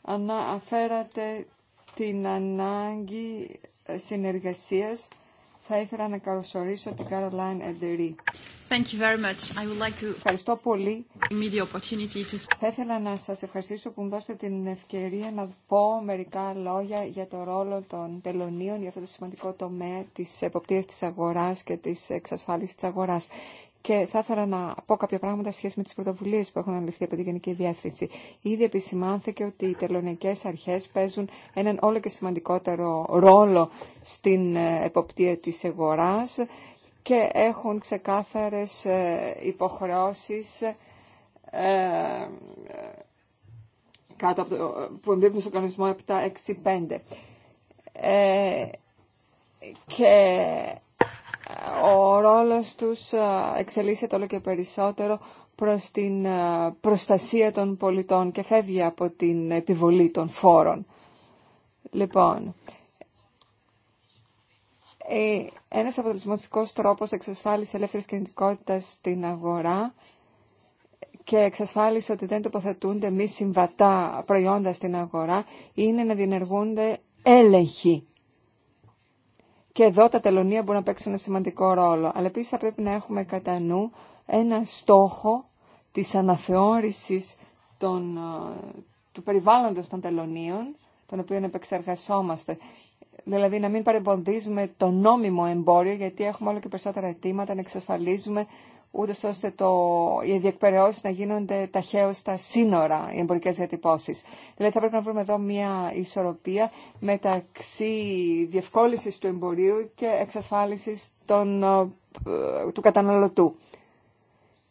αναφέρατε την ανάγκη συνεργασίας. Θα ήθελα να καλωσορίσω την Caroline Εντερή. Thank you very much. I would like to... Ευχαριστώ πολύ. The opportunity to... Θα ήθελα να σας ευχαριστήσω που μου δώσετε την ευκαιρία να πω μερικά λόγια για το ρόλο των τελωνίων για αυτό το σημαντικό τομέα της εποπτείας της αγοράς και της εξασφάλισης της αγοράς. Και θα ήθελα να πω κάποια πράγματα σχέση με τις πρωτοβουλίες που έχουν αναλυθεί από την Γενική Διεύθυνση. Ήδη επισημάνθηκε ότι οι τελωνιακέ αρχές παίζουν έναν όλο και σημαντικότερο ρόλο στην ε, εποπτεία της αγορά και έχουν ξεκάθαρες ε, υποχρεώσει ε, που εμπίπτουν στον κανονισμό 765. Ε, και ο ρόλος τους ε, εξελίσσεται όλο και περισσότερο προς την ε, προστασία των πολιτών και φεύγει από την επιβολή των φόρων. Λοιπόν, ε, ένας αποτελεσματικός τρόπος εξασφάλισης ελεύθερης κινητικότητας στην αγορά και εξασφάλιση ότι δεν τοποθετούνται μη συμβατά προϊόντα στην αγορά είναι να διενεργούνται έλεγχοι και εδώ τα τελωνία μπορούν να παίξουν ένα σημαντικό ρόλο. Αλλά επίσης θα πρέπει να έχουμε κατά νου ένα στόχο της αναθεώρησης των, του περιβάλλοντος των τελωνίων, τον οποίο επεξεργασόμαστε. Δηλαδή να μην παρεμποδίζουμε το νόμιμο εμπόριο, γιατί έχουμε όλο και περισσότερα αιτήματα να εξασφαλίζουμε ούτως ώστε το, οι διεκπαιρεώσεις να γίνονται ταχαίως στα σύνορα, οι εμπορικές διατυπώσεις. Δηλαδή θα πρέπει να βρούμε εδώ μια ισορροπία μεταξύ διευκόλυσης του εμπορίου και εξασφάλισης ε, του καταναλωτού.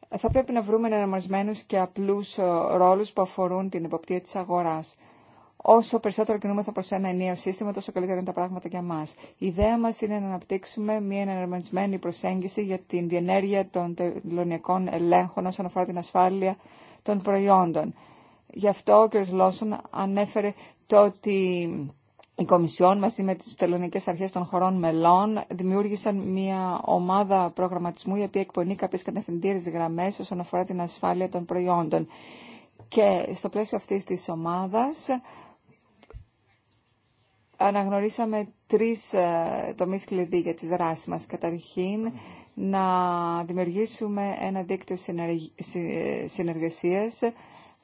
Θα πρέπει να βρούμε εναρμοσμένους και απλούς ε, ρόλους που αφορούν την εποπτεία της αγοράς. Όσο περισσότερο κινούμεθα προ ένα ενιαίο σύστημα, τόσο καλύτερα είναι τα πράγματα για μα. Η ιδέα μα είναι να αναπτύξουμε μια εναρμονισμένη προσέγγιση για την διενέργεια των τελωνιακών ελέγχων όσον αφορά την ασφάλεια των προϊόντων. Γι' αυτό ο κ. Λόσον ανέφερε το ότι η Κομισιόν μαζί με τις τελωνικές αρχές των χωρών μελών δημιούργησαν μια ομάδα προγραμματισμού η οποία εκπονεί κάποιες κατευθυντήρες γραμμές όσον αφορά την ασφάλεια των προϊόντων. Και στο πλαίσιο αυτή τη ομάδα, αναγνωρίσαμε τρεις ε, τομείς κλειδί για τις δράσεις μας. Καταρχήν, να δημιουργήσουμε ένα δίκτυο συνεργασίας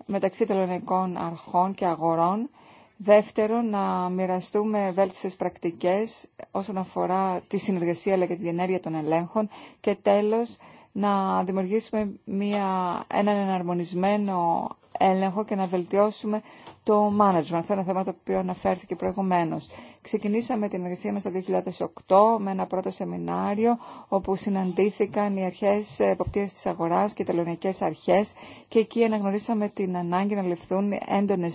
μεταξύ τελωνικών αρχών και αγορών. Δεύτερον, να μοιραστούμε βέλτιστες πρακτικές όσον αφορά τη συνεργασία αλλά και την ενέργεια των ελέγχων. Και τέλος, να δημιουργήσουμε μια, έναν εναρμονισμένο έλεγχο και να βελτιώσουμε το management. Αυτό είναι ένα θέμα το οποίο αναφέρθηκε προηγουμένω. Ξεκινήσαμε την εργασία μα το 2008 με ένα πρώτο σεμινάριο όπου συναντήθηκαν οι αρχέ εποπτεία τη αγορά και οι τελωνιακέ αρχέ και εκεί αναγνωρίσαμε την ανάγκη να ληφθούν έντονε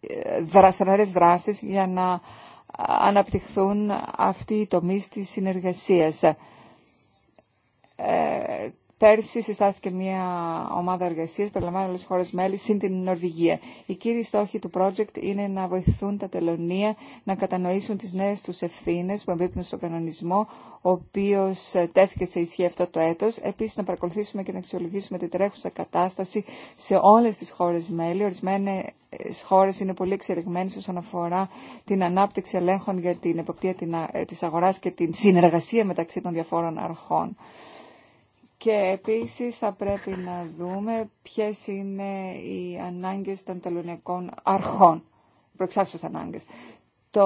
ε, δράσει για να αναπτυχθούν αυτοί οι τομεί τη συνεργασία. Ε, Πέρσι συστάθηκε μια ομάδα εργασία, περιλαμβάνει όλε τι χώρε μέλη, συν την Νορβηγία. Οι κύριοι στόχοι του project είναι να βοηθούν τα τελωνία να κατανοήσουν τι νέε του ευθύνε που εμπίπτουν στον κανονισμό, ο οποίο ε, τέθηκε σε ισχύ αυτό το έτο. Επίση, να παρακολουθήσουμε και να αξιολογήσουμε την τρέχουσα κατάσταση σε όλε τι χώρε μέλη. Ορισμένε ε, χώρε είναι πολύ εξελιγμένε όσον αφορά την ανάπτυξη ελέγχων για την εποπτεία τη ε, αγορά και την συνεργασία μεταξύ των διαφόρων αρχών. Και επίσης θα πρέπει να δούμε ποιες είναι οι ανάγκες των τελωνιακών αρχών, οι ανάγκες. Το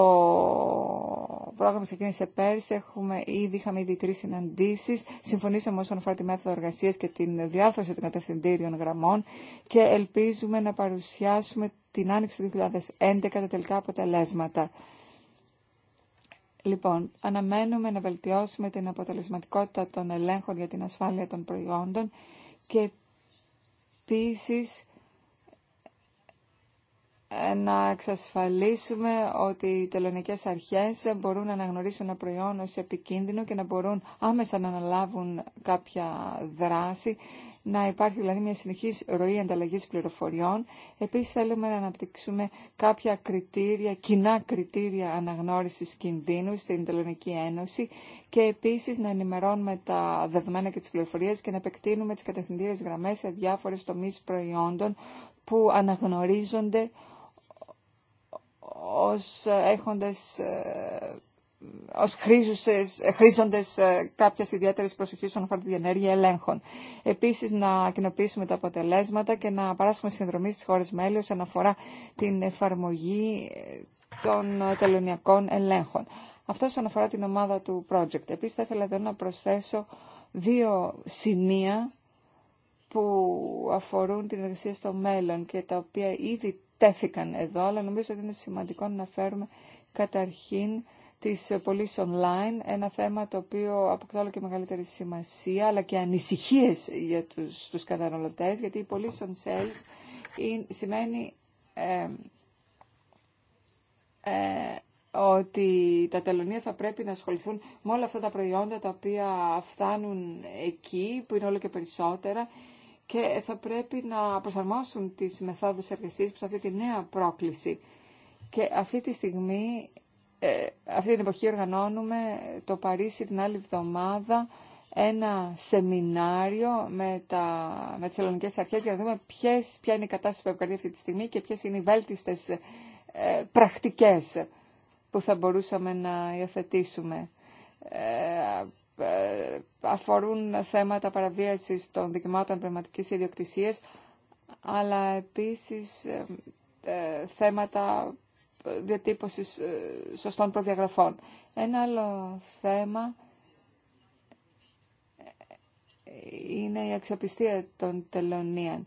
πρόγραμμα ξεκίνησε πέρσι, έχουμε ήδη, είχαμε ήδη τρεις συναντήσεις, συμφωνήσαμε όσον αφορά τη μέθοδο εργασίας και την διάρθρωση των κατευθυντήριων γραμμών και ελπίζουμε να παρουσιάσουμε την άνοιξη του 2011 τα τελικά αποτελέσματα. Λοιπόν, αναμένουμε να βελτιώσουμε την αποτελεσματικότητα των ελέγχων για την ασφάλεια των προϊόντων και επίση ε, να εξασφαλίσουμε ότι οι τελωνικές αρχές μπορούν να αναγνωρίσουν ένα προϊόν ως επικίνδυνο και να μπορούν άμεσα να αναλάβουν κάποια δράση να υπάρχει δηλαδή μια συνεχής ροή ανταλλαγής πληροφοριών. Επίσης θέλουμε να αναπτύξουμε κάποια κριτήρια, κοινά κριτήρια αναγνώρισης κινδύνου στην Τελωνική Ένωση και επίσης να ενημερώνουμε τα δεδομένα και τις πληροφορίες και να επεκτείνουμε τις κατευθυντήρες γραμμές σε διάφορες τομείς προϊόντων που αναγνωρίζονται ως έχοντας ε, ως χρήζουσες, ε, χρήζοντες ε, κάποιας ιδιαίτερης προσοχής όσον αφορά τη διενέργεια ελέγχων. Επίσης, να κοινοποιήσουμε τα αποτελέσματα και να παράσχουμε συνδρομή στις χώρες μέλη όσον αφορά την εφαρμογή ε, των τελωνιακών ελέγχων. Αυτό όσον αφορά την ομάδα του project. Επίσης, θα ήθελα εδώ να προσθέσω δύο σημεία που αφορούν την εργασία στο μέλλον και τα οποία ήδη τέθηκαν εδώ, αλλά νομίζω ότι είναι σημαντικό να φέρουμε καταρχήν της ε, πωλήσει online, ένα θέμα το οποίο αποκτά όλο και μεγαλύτερη σημασία, αλλά και ανησυχίες για τους, τους γιατί η police on sales σημαίνει ε, ότι τα τελωνία θα πρέπει να ασχοληθούν με όλα αυτά τα προϊόντα τα οποία φτάνουν εκεί, που είναι όλο και περισσότερα, και θα πρέπει να προσαρμόσουν τις μεθόδους εργασίας σε αυτή τη νέα πρόκληση. Και αυτή τη στιγμή ε, αυτή την εποχή οργανώνουμε το Παρίσι την άλλη εβδομάδα ένα σεμινάριο με, τα, με τις ελληνικές αρχές για να δούμε ποιες, ποια είναι η κατάσταση που επικρατεί αυτή τη στιγμή και ποιες είναι οι βέλτιστες ε, πρακτικές που θα μπορούσαμε να υιοθετήσουμε. Ε, αφορούν θέματα παραβίασης των δικαιωμάτων πνευματικής ιδιοκτησίας, αλλά επίσης θέματα διατύπωσης ε, σωστών προδιαγραφών. Ένα άλλο θέμα είναι η αξιοπιστία των τελωνίων.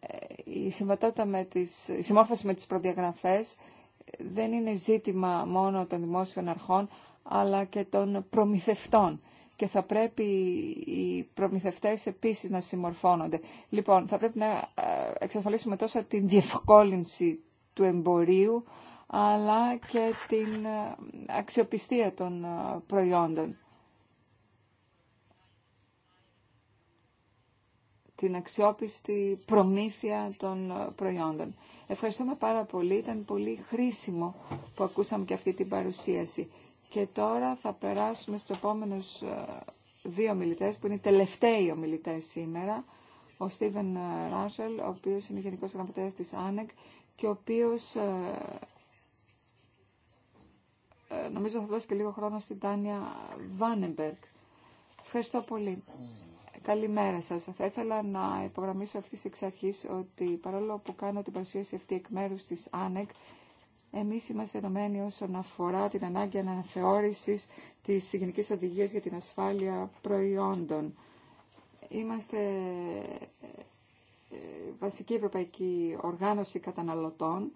Ε, η, συμβατότητα με τις, συμμόρφωση με τις προδιαγραφές δεν είναι ζήτημα μόνο των δημόσιων αρχών, αλλά και των προμηθευτών. Και θα πρέπει οι προμηθευτές επίσης να συμμορφώνονται. Λοιπόν, θα πρέπει να ε, εξασφαλίσουμε τόσο την διευκόλυνση του εμπορίου αλλά και την ε, αξιοπιστία των ε, προϊόντων. την αξιόπιστη προμήθεια των ε, προϊόντων. Ευχαριστούμε πάρα πολύ. Ήταν πολύ χρήσιμο που ακούσαμε και αυτή την παρουσίαση. Και τώρα θα περάσουμε στους επόμενους δύο μιλητές, που είναι οι τελευταίοι ομιλητές σήμερα. Ο Στίβεν Ράσελ, ο οποίος είναι Γενικός Γραμματέας της ΆΝΕΚ και ο οποίος ε, ε, νομίζω θα δώσει και λίγο χρόνο στην Τάνια Βάνεμπεργκ. Ευχαριστώ πολύ. Καλημέρα σας. Θα ήθελα να υπογραμμίσω αυτή εξ αρχής ότι παρόλο που κάνω την παρουσίαση αυτή εκ μέρους της ΆΝΕΚ, εμείς είμαστε ενωμένοι όσον αφορά την ανάγκη αναθεώρησης της Γενικής Οδηγίας για την Ασφάλεια Προϊόντων. Είμαστε βασική ευρωπαϊκή οργάνωση καταναλωτών.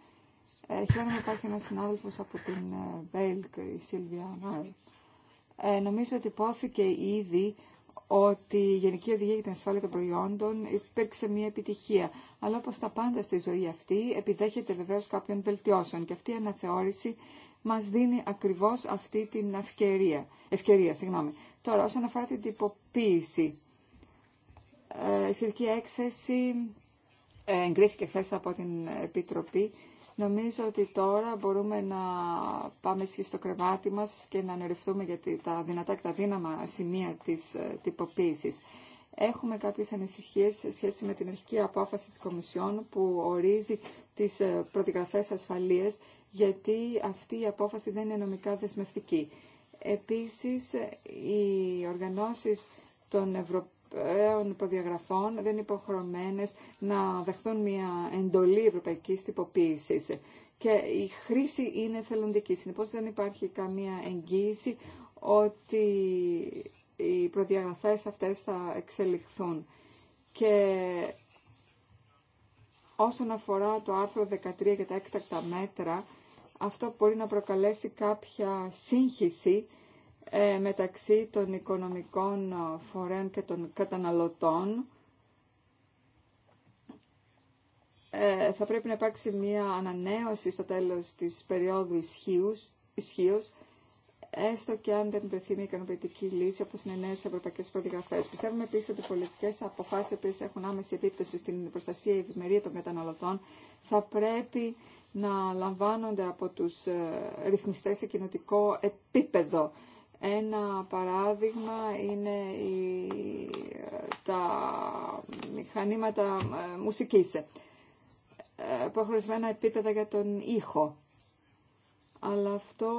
Ε, χαίρομαι υπάρχει ένα συνάδελφο από την ε, Βέλκ, η Σίλβια Νάρ. Ε, νομίζω ότι υπόθηκε ήδη ότι η Γενική Οδηγία για την Ασφάλεια των Προϊόντων υπήρξε μια επιτυχία. Αλλά όπω τα πάντα στη ζωή αυτή επιδέχεται βεβαίω κάποιων βελτιώσεων και αυτή η αναθεώρηση μα δίνει ακριβώ αυτή την ευκαιρία. ευκαιρία Τώρα, όσον αφορά την τυποποίηση, ε, η σχετική έκθεση ε, εγκρίθηκε χθε από την Επιτροπή. Νομίζω ότι τώρα μπορούμε να πάμε στο κρεβάτι μας και να ανερευτούμε για τα δυνατά και τα δύναμα σημεία της ε, τυποποίησης. Έχουμε κάποιες ανησυχίες σε σχέση με την αρχική απόφαση της Κομισιόν που ορίζει τις προδιαγραφές ασφαλείες γιατί αυτή η απόφαση δεν είναι νομικά δεσμευτική. Επίσης, οι οργανώσεις των Ευρωπαίων προδιαγραφών υποδιαγραφών δεν είναι να δεχθούν μια εντολή ευρωπαϊκής τυποποίησης. Και η χρήση είναι θελοντική. Συνεπώς δεν υπάρχει καμία εγγύηση ότι οι προδιαγραφές αυτές θα εξελιχθούν. Και όσον αφορά το άρθρο 13 και τα έκτακτα μέτρα, αυτό μπορεί να προκαλέσει κάποια σύγχυση ε, μεταξύ των οικονομικών ε, φορέων και των καταναλωτών. Ε, θα πρέπει να υπάρξει μια ανανέωση στο τέλος της περίοδου ισχύω, έστω και αν δεν βρεθεί μια ικανοποιητική λύση όπως είναι νέες ευρωπαϊκές Πιστεύουμε επίσης ότι οι πολιτικές αποφάσεις που έχουν άμεση επίπτωση στην προστασία ευημερία των καταναλωτών θα πρέπει να λαμβάνονται από τους ρυθμιστές σε κοινοτικό επίπεδο ένα παράδειγμα είναι η, τα μηχανήματα ε, μουσικής ε, που έχουν ορισμένα επίπεδα για τον ήχο. Αλλά αυτό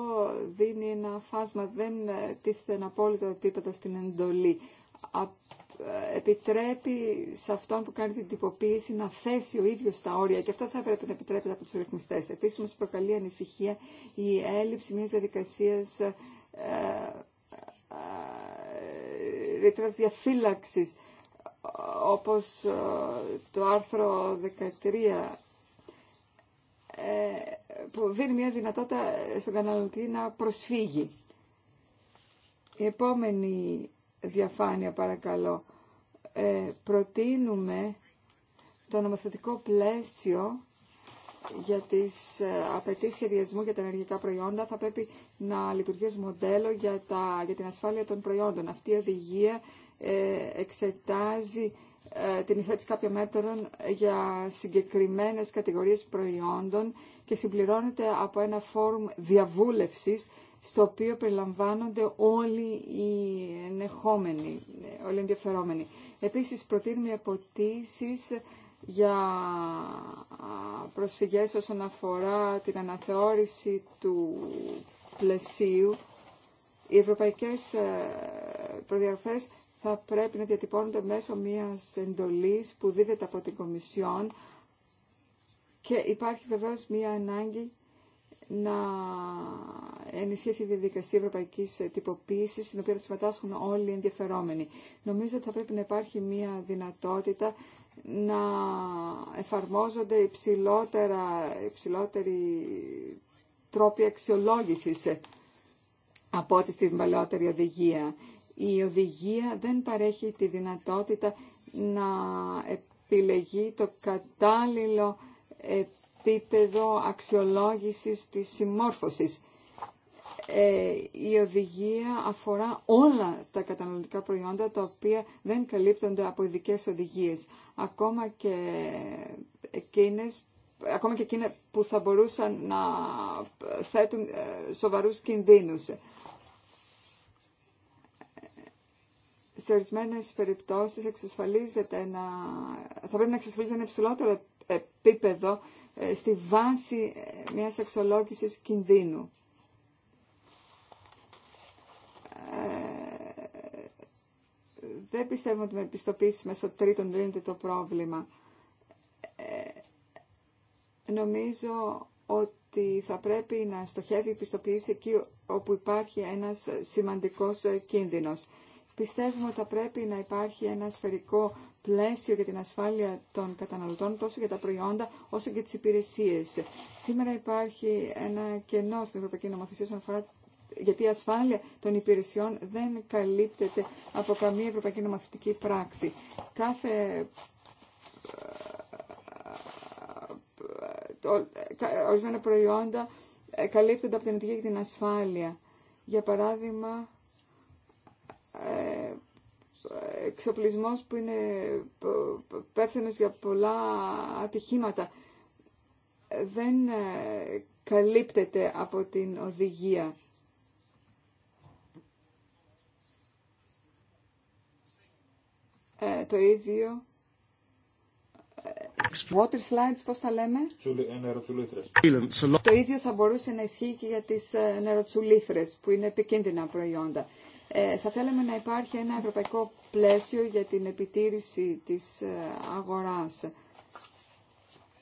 δίνει ένα φάσμα, δεν ε, τίθεται ένα απόλυτο επίπεδο στην εντολή. Επιτρέπει σε αυτόν που κάνει την τυποποίηση να θέσει ο ίδιο τα όρια και αυτό θα έπρεπε να επιτρέπεται από τους ρυθμιστές. Επίση, μα προκαλεί ανησυχία η έλλειψη μια διαδικασία ε, ε, ε, ρήτρας διαφύλαξης όπως το άρθρο 13 που δίνει μια δυνατότητα στον καταναλωτή να προσφύγει. Η επόμενη διαφάνεια παρακαλώ. Ε, προτείνουμε το νομοθετικό πλαίσιο για τι ε, απαιτήσει σχεδιασμού για τα ενεργειακά προϊόντα θα πρέπει να λειτουργεί ως μοντέλο για, τα, για την ασφάλεια των προϊόντων. Αυτή η οδηγία ε, εξετάζει ε, την υφέτηση κάποιων μέτρων για συγκεκριμένε κατηγορίε προϊόντων και συμπληρώνεται από ένα φόρουμ διαβούλευση, στο οποίο περιλαμβάνονται όλοι οι ενεχόμενοι, όλοι οι ενδιαφερόμενοι. Επίσης, προτείνουμε αποτήσεις για προσφυγές όσον αφορά την αναθεώρηση του πλαισίου, οι ευρωπαϊκές ε, προδιαγραφές θα πρέπει να διατυπώνονται μέσω μιας εντολής που δίδεται από την Κομισιόν και υπάρχει βεβαίως μια ανάγκη να ενισχύσει η διαδικασία ευρωπαϊκή τυποποίηση, στην οποία θα συμμετάσχουν όλοι οι ενδιαφερόμενοι. Νομίζω ότι θα πρέπει να υπάρχει μια δυνατότητα να εφαρμόζονται υψηλότερα, υψηλότεροι τρόποι αξιολόγησης από ό,τι στην παλαιότερη οδηγία. Η οδηγία δεν παρέχει τη δυνατότητα να επιλεγεί το κατάλληλο επίπεδο αξιολόγησης της συμμόρφωσης. Ε, η οδηγία αφορά όλα τα καταναλωτικά προϊόντα τα οποία δεν καλύπτονται από ειδικέ οδηγίες. Ακόμα και εκείνες ακόμα και εκείνα που θα μπορούσαν να θέτουν ε, σοβαρούς κινδύνους. Σε ορισμένε περιπτώσεις εξασφαλίζεται ένα, θα πρέπει να εξασφαλίζεται ένα υψηλότερο επίπεδο ε, στη βάση μιας αξιολόγησης κινδύνου. δεν πιστεύουμε ότι με επιστοποίηση μέσω τρίτων λύνεται το πρόβλημα. Ε, νομίζω ότι θα πρέπει να στοχεύει η πιστοποίηση εκεί όπου υπάρχει ένας σημαντικός κίνδυνος. Πιστεύουμε ότι θα πρέπει να υπάρχει ένα σφαιρικό πλαίσιο για την ασφάλεια των καταναλωτών τόσο για τα προϊόντα όσο και τις υπηρεσίες. Σήμερα υπάρχει ένα κενό στην Ευρωπαϊκή Νομοθεσία όσον αφορά γιατί η ασφάλεια των υπηρεσιών δεν καλύπτεται από καμία ευρωπαϊκή νομοθετική πράξη. Κάθε ορισμένα προϊόντα καλύπτονται από την ειδική και την ασφάλεια. Για παράδειγμα, εξοπλισμός που είναι υπεύθυνο για πολλά ατυχήματα δεν καλύπτεται από την οδηγία. Ε, το ίδιο. Water slides, πώς τα λέμε. Ε, το ίδιο θα μπορούσε να ισχύει και για τις ε, νεροτσουλήθρες, που είναι επικίνδυνα προϊόντα. Ε, θα θέλαμε να υπάρχει ένα ευρωπαϊκό πλαίσιο για την επιτήρηση της αγοράς.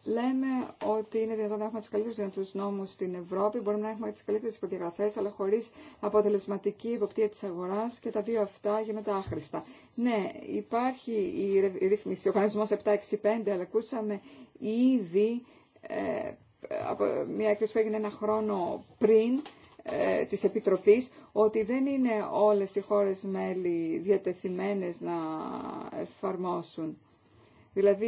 Λέμε ότι είναι δυνατόν να έχουμε του καλύτερου δυνατού νόμου στην Ευρώπη, μπορούμε να έχουμε τι καλύτερε υποδιαγραφέ, αλλά χωρί αποτελεσματική υποπτία τη αγορά και τα δύο αυτά γίνονται άχρηστα. Ναι, υπάρχει η ρύθμιση, ο κανονισμό 765, αλλά ακούσαμε ήδη ε, από μια έκθεση που έγινε ένα χρόνο πριν ε, της Επιτροπής ότι δεν είναι όλες οι χώρες μέλη διατεθειμένες να εφαρμόσουν. Δηλαδή,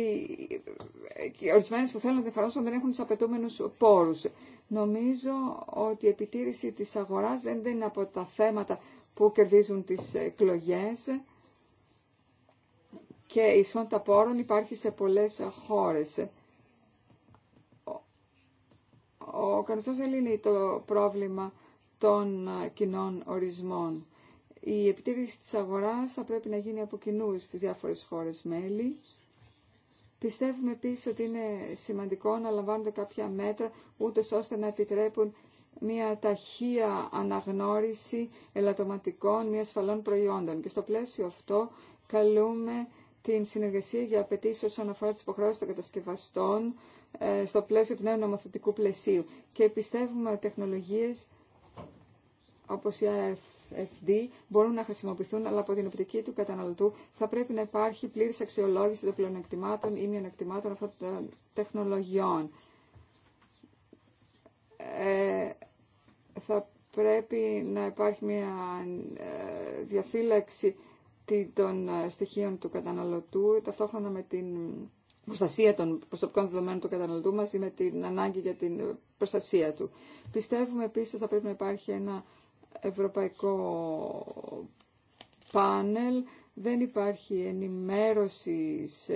οι ε, ορισμένες που θέλουν να δεν έχουν τους απαιτούμενους πόρους. Νομίζω ότι η επιτήρηση της αγοράς δεν είναι από τα θέματα που κερδίζουν τις εκλογές και η ισότητα πόρων υπάρχει σε πολλές χώρες. Ο κανονισμός δεν το πρόβλημα των κοινών ορισμών. Η επιτήρηση της αγοράς θα πρέπει να γίνει από κοινού στις διάφορες χώρες μέλη Πιστεύουμε επίση ότι είναι σημαντικό να λαμβάνονται κάποια μέτρα ούτε ώστε να επιτρέπουν μια ταχεία αναγνώριση ελαττωματικών μη ασφαλών προϊόντων. Και στο πλαίσιο αυτό καλούμε την συνεργασία για απαιτήσει όσον αφορά τι υποχρεώσει των κατασκευαστών ε, στο πλαίσιο του νέου νομοθετικού πλαισίου. Και πιστεύουμε ότι τεχνολογίε όπω η ΑΕΦ μπορούν να χρησιμοποιηθούν, αλλά από την οπτική του καταναλωτού θα πρέπει να υπάρχει πλήρης αξιολόγηση των πλεονεκτημάτων ή μειονεκτημάτων αυτών των τεχνολογιών. Ε, θα πρέπει να υπάρχει μια ε, διαφύλαξη των ε, στοιχείων του καταναλωτού, ταυτόχρονα με την προστασία των προσωπικών δεδομένων του καταναλωτού μαζί με την ανάγκη για την ε, προστασία του. Πιστεύουμε επίσης ότι θα πρέπει να υπάρχει ένα ευρωπαϊκό πάνελ, δεν υπάρχει ενημέρωση σε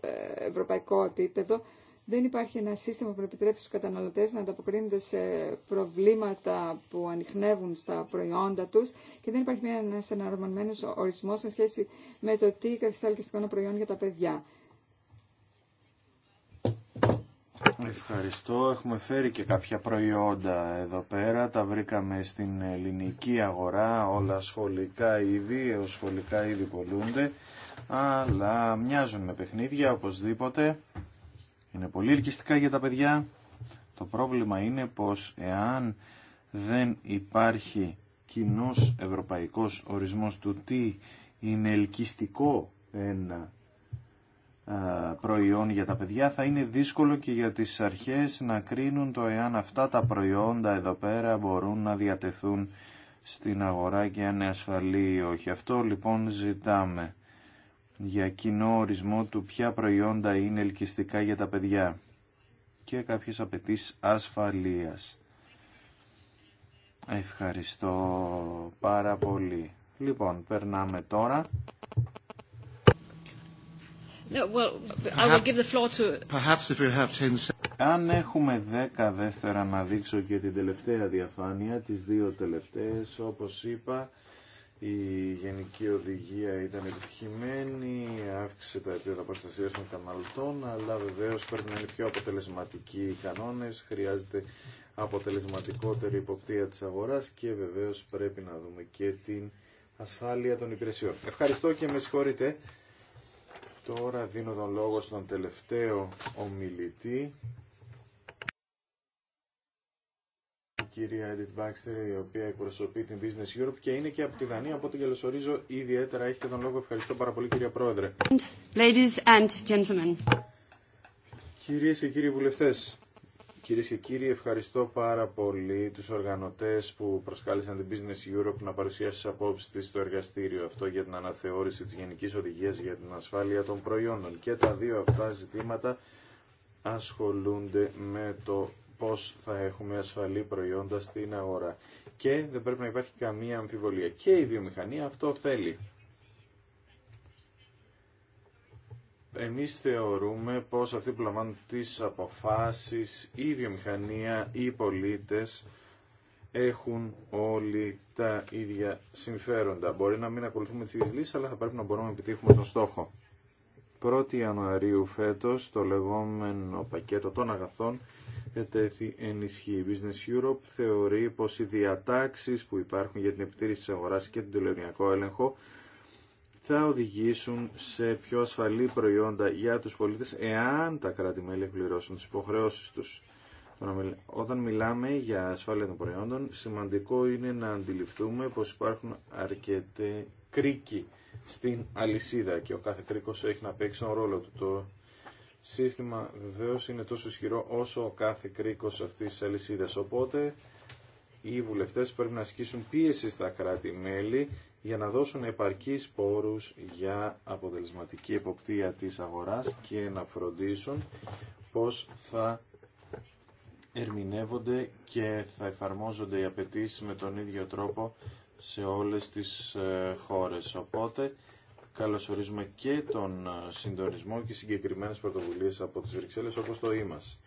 ε, ευρωπαϊκό επίπεδο, δεν υπάρχει ένα σύστημα που επιτρέψει στους καταναλωτές να ανταποκρίνονται σε προβλήματα που ανοιχνεύουν στα προϊόντα τους και δεν υπάρχει ένας εναρμονμένος ορισμός σε σχέση με το τι καθιστά ελκυστικό προϊόν για τα παιδιά. Ευχαριστώ. Έχουμε φέρει και κάποια προϊόντα εδώ πέρα. Τα βρήκαμε στην ελληνική αγορά. Όλα σχολικά ήδη, ε, σχολικά ήδη πολλούνται. Αλλά μοιάζουν με παιχνίδια οπωσδήποτε. Είναι πολύ ελκυστικά για τα παιδιά. Το πρόβλημα είναι πως εάν δεν υπάρχει κοινός ευρωπαϊκός ορισμός του τι είναι ελκυστικό ένα ε, προϊόν για τα παιδιά θα είναι δύσκολο και για τις αρχές να κρίνουν το εάν αυτά τα προϊόντα εδώ πέρα μπορούν να διατεθούν στην αγορά και αν είναι ασφαλή ή όχι. Αυτό λοιπόν ζητάμε για κοινό ορισμό του ποια προϊόντα είναι ελκυστικά για τα παιδιά και κάποιες απαιτήσει ασφαλείας. Ευχαριστώ πάρα πολύ. Λοιπόν, περνάμε τώρα αν έχουμε 10 δεύτερα να δείξω και την τελευταία διαφάνεια, τις δύο τελευταίες, όπως είπα, η γενική οδηγία ήταν επιτυχημένη, αύξησε τα επίπεδα προστασία των καταναλωτών, αλλά βεβαίως πρέπει να είναι πιο αποτελεσματικοί οι κανόνες, χρειάζεται αποτελεσματικότερη υποπτία της αγοράς και βεβαίως πρέπει να δούμε και την ασφάλεια των υπηρεσιών. Ευχαριστώ και με συγχωρείτε. Τώρα δίνω τον λόγο στον τελευταίο ομιλητή. Η κυρία Edith Baxter, η οποία εκπροσωπεί την Business Europe και είναι και από τη Δανία, από ό,τι καλωσορίζω ιδιαίτερα. Έχετε τον λόγο. Ευχαριστώ πάρα πολύ, κυρία Πρόεδρε. Ladies and gentlemen. Κυρίες και κύριοι βουλευτές, Κυρίε και κύριοι, ευχαριστώ πάρα πολύ τους οργανωτές που προσκάλεσαν την Business Europe να παρουσιάσει τι απόψει τη στο εργαστήριο αυτό για την αναθεώρηση της Γενικής Οδηγίας για την Ασφάλεια των Προϊόντων. Και τα δύο αυτά ζητήματα ασχολούνται με το πώς θα έχουμε ασφαλή προϊόντα στην αγορά. Και δεν πρέπει να υπάρχει καμία αμφιβολία. Και η βιομηχανία αυτό θέλει. Εμείς θεωρούμε πως αυτοί που λαμβάνουν τις αποφάσεις, η βιομηχανία, οι πολίτες έχουν όλοι τα ίδια συμφέροντα. Μπορεί να μην ακολουθούμε τις ίδιες λύσεις, αλλά θα πρέπει να μπορούμε να επιτύχουμε τον στόχο. 1η Ιανουαρίου φέτος το λεγόμενο πακέτο των αγαθών ετέθη ενισχύ. Η Business Europe θεωρεί πως οι διατάξεις που υπάρχουν για την επιτήρηση της αγοράς και τον τηλεωνιακό έλεγχο θα οδηγήσουν σε πιο ασφαλή προϊόντα για τους πολίτες εάν τα κράτη-μέλη εκπληρώσουν τις υποχρεώσεις τους. Όταν μιλάμε για ασφάλεια των προϊόντων, σημαντικό είναι να αντιληφθούμε πως υπάρχουν αρκετοί κρίκοι στην αλυσίδα και ο κάθε κρίκος έχει να παίξει τον ρόλο του. Το σύστημα βεβαίως είναι τόσο ισχυρό όσο ο κάθε κρίκος αυτής της αλυσίδας. Οπότε οι βουλευτές πρέπει να ασκήσουν πίεση στα κράτη-μέλη για να δώσουν επαρκείς πόρους για αποτελεσματική εποπτεία της αγοράς και να φροντίσουν πώς θα ερμηνεύονται και θα εφαρμόζονται οι απαιτήσει με τον ίδιο τρόπο σε όλες τις ε, χώρες. Οπότε, καλωσορίζουμε και τον ε, συντονισμό και συγκεκριμένες πρωτοβουλίες από τις Βρυξέλλες όπως το είμαστε.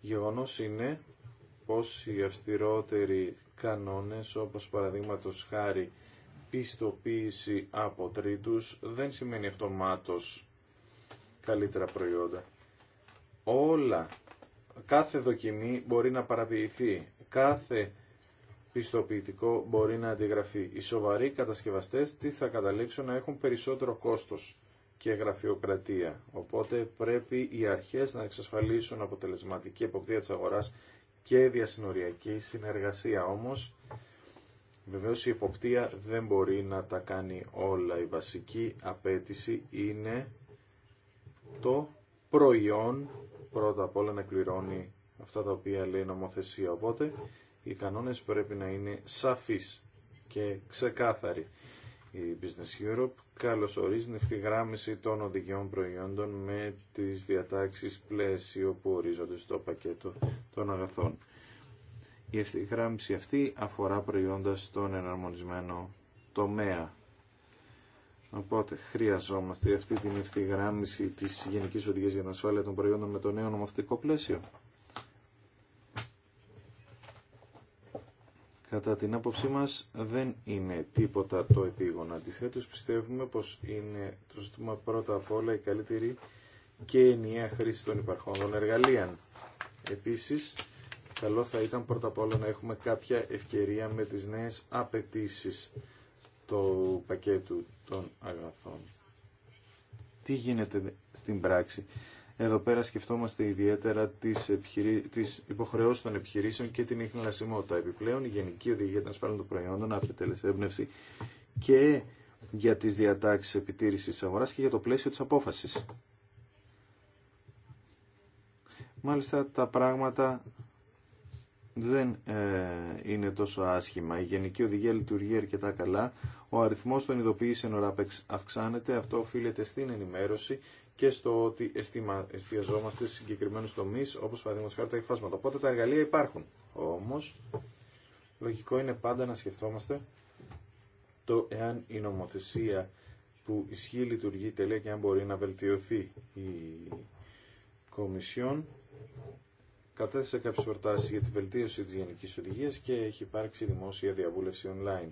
Γεγονός είναι πως οι αυστηρότεροι κανόνες όπως παραδείγματος χάρη πιστοποίηση από τρίτους δεν σημαίνει αυτομάτως καλύτερα προϊόντα. Όλα, κάθε δοκιμή μπορεί να παραποιηθεί, κάθε πιστοποιητικό μπορεί να αντιγραφεί. Οι σοβαροί κατασκευαστές τι θα καταλήξουν να έχουν περισσότερο κόστος και γραφειοκρατία. Οπότε πρέπει οι αρχές να εξασφαλίσουν αποτελεσματική εποπτεία της αγοράς και διασυνοριακή συνεργασία. Όμως, βεβαίως η εποπτεία δεν μπορεί να τα κάνει όλα. Η βασική απέτηση είναι το προϊόν πρώτα απ' όλα να κληρώνει αυτά τα οποία λέει η νομοθεσία. Οπότε οι κανόνες πρέπει να είναι σαφείς και ξεκάθαροι η Business Europe καλωσορίζει την ευθυγράμμιση των οδηγιών προϊόντων με τις διατάξεις πλαίσιο που ορίζονται στο πακέτο των αγαθών. Η ευθυγράμμιση αυτή αφορά προϊόντα στον εναρμονισμένο τομέα. Οπότε χρειαζόμαστε αυτή την ευθυγράμμιση της Γενικής Οδηγίας για την Ασφάλεια των Προϊόντων με το νέο νομοθετικό πλαίσιο. Κατά την άποψή μας δεν είναι τίποτα το επίγον. Αντιθέτως πιστεύουμε πως είναι το ζήτημα πρώτα απ' όλα η καλύτερη και ενιαία χρήση των υπαρχόντων εργαλείων. Επίσης, καλό θα ήταν πρώτα απ' όλα να έχουμε κάποια ευκαιρία με τις νέες απαιτήσει του πακέτου των αγαθών. Τι γίνεται στην πράξη. Εδώ πέρα σκεφτόμαστε ιδιαίτερα τις, επιχειρή... υποχρεώσεις των επιχειρήσεων και την ίχνηλασιμότητα. Επιπλέον, η Γενική Οδηγία των Ασφάλων των Προϊόντων απαιτέλεσε έμπνευση και για τις διατάξεις επιτήρησης της αγοράς και για το πλαίσιο της απόφασης. Μάλιστα, τα πράγματα δεν ε, είναι τόσο άσχημα. Η Γενική Οδηγία λειτουργεί αρκετά καλά. Ο αριθμός των ειδοποιήσεων ΡΑΠΕΞ αυξάνεται. Αυτό οφείλεται στην ενημέρωση και στο ότι εστιαζόμαστε σε συγκεκριμένου τομεί, όπω παραδείγματο χάρη τα υφάσματα. Οπότε τα εργαλεία υπάρχουν. Όμω, λογικό είναι πάντα να σκεφτόμαστε το εάν η νομοθεσία που ισχύει λειτουργεί τελεία και αν μπορεί να βελτιωθεί η Κομισιόν. Κατέθεσε κάποιε προτάσει για τη βελτίωση τη Γενική Οδηγία και έχει υπάρξει δημόσια διαβούλευση online.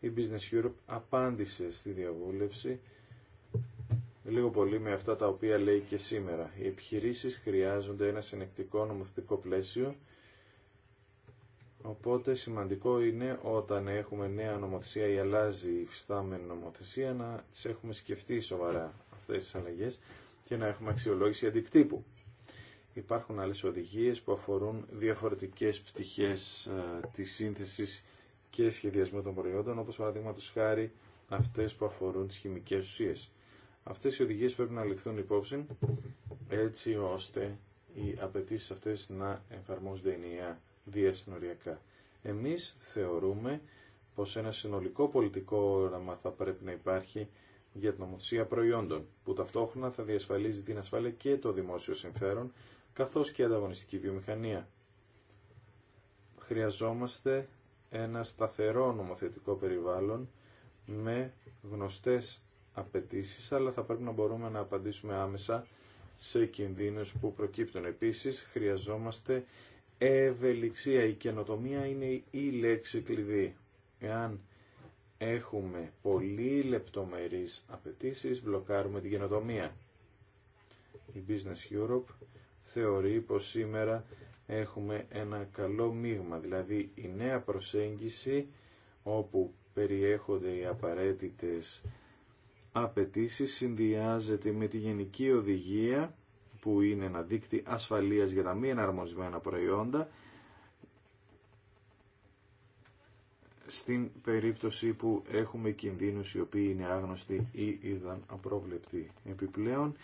Η Business Europe απάντησε στη διαβούλευση λίγο πολύ με αυτά τα οποία λέει και σήμερα. Οι επιχειρήσεις χρειάζονται ένα συνεκτικό νομοθετικό πλαίσιο, οπότε σημαντικό είναι όταν έχουμε νέα νομοθεσία ή αλλάζει η φυστάμενη νομοθεσία να τις έχουμε σκεφτεί σοβαρά αυτές τις αλλαγές και να έχουμε αξιολόγηση αντικτύπου. Υπάρχουν άλλες οδηγίες που αφορούν διαφορετικές πτυχές ε, της σύνθεσης και σχεδιασμού των προϊόντων, όπως παραδείγματος χάρη αυτές που αφορούν τις χημικές ουσίες. Αυτές οι οδηγίες πρέπει να ληφθούν υπόψη έτσι ώστε οι απαιτήσει αυτές να εφαρμόζονται ενιαία διασυνοριακά. Εμείς θεωρούμε πως ένα συνολικό πολιτικό όραμα θα πρέπει να υπάρχει για την ομοθεσία προϊόντων, που ταυτόχρονα θα διασφαλίζει την ασφάλεια και το δημόσιο συμφέρον, καθώς και η ανταγωνιστική βιομηχανία. Χρειαζόμαστε ένα σταθερό νομοθετικό περιβάλλον με γνωστές απαιτήσει, αλλά θα πρέπει να μπορούμε να απαντήσουμε άμεσα σε κινδύνους που προκύπτουν. Επίσης, χρειαζόμαστε ευελιξία. Η καινοτομία είναι η λέξη κλειδί. Εάν έχουμε πολύ λεπτομερείς απαιτήσει, μπλοκάρουμε την καινοτομία. Η Business Europe θεωρεί πως σήμερα έχουμε ένα καλό μείγμα, δηλαδή η νέα προσέγγιση όπου περιέχονται οι απαραίτητες απαιτήσει συνδυάζεται με τη Γενική Οδηγία που είναι ένα δίκτυο ασφαλείας για τα μη εναρμοσμένα προϊόντα στην περίπτωση που έχουμε κινδύνους οι οποίοι είναι άγνωστοι ή είδαν απρόβλεπτοι. Επιπλέον,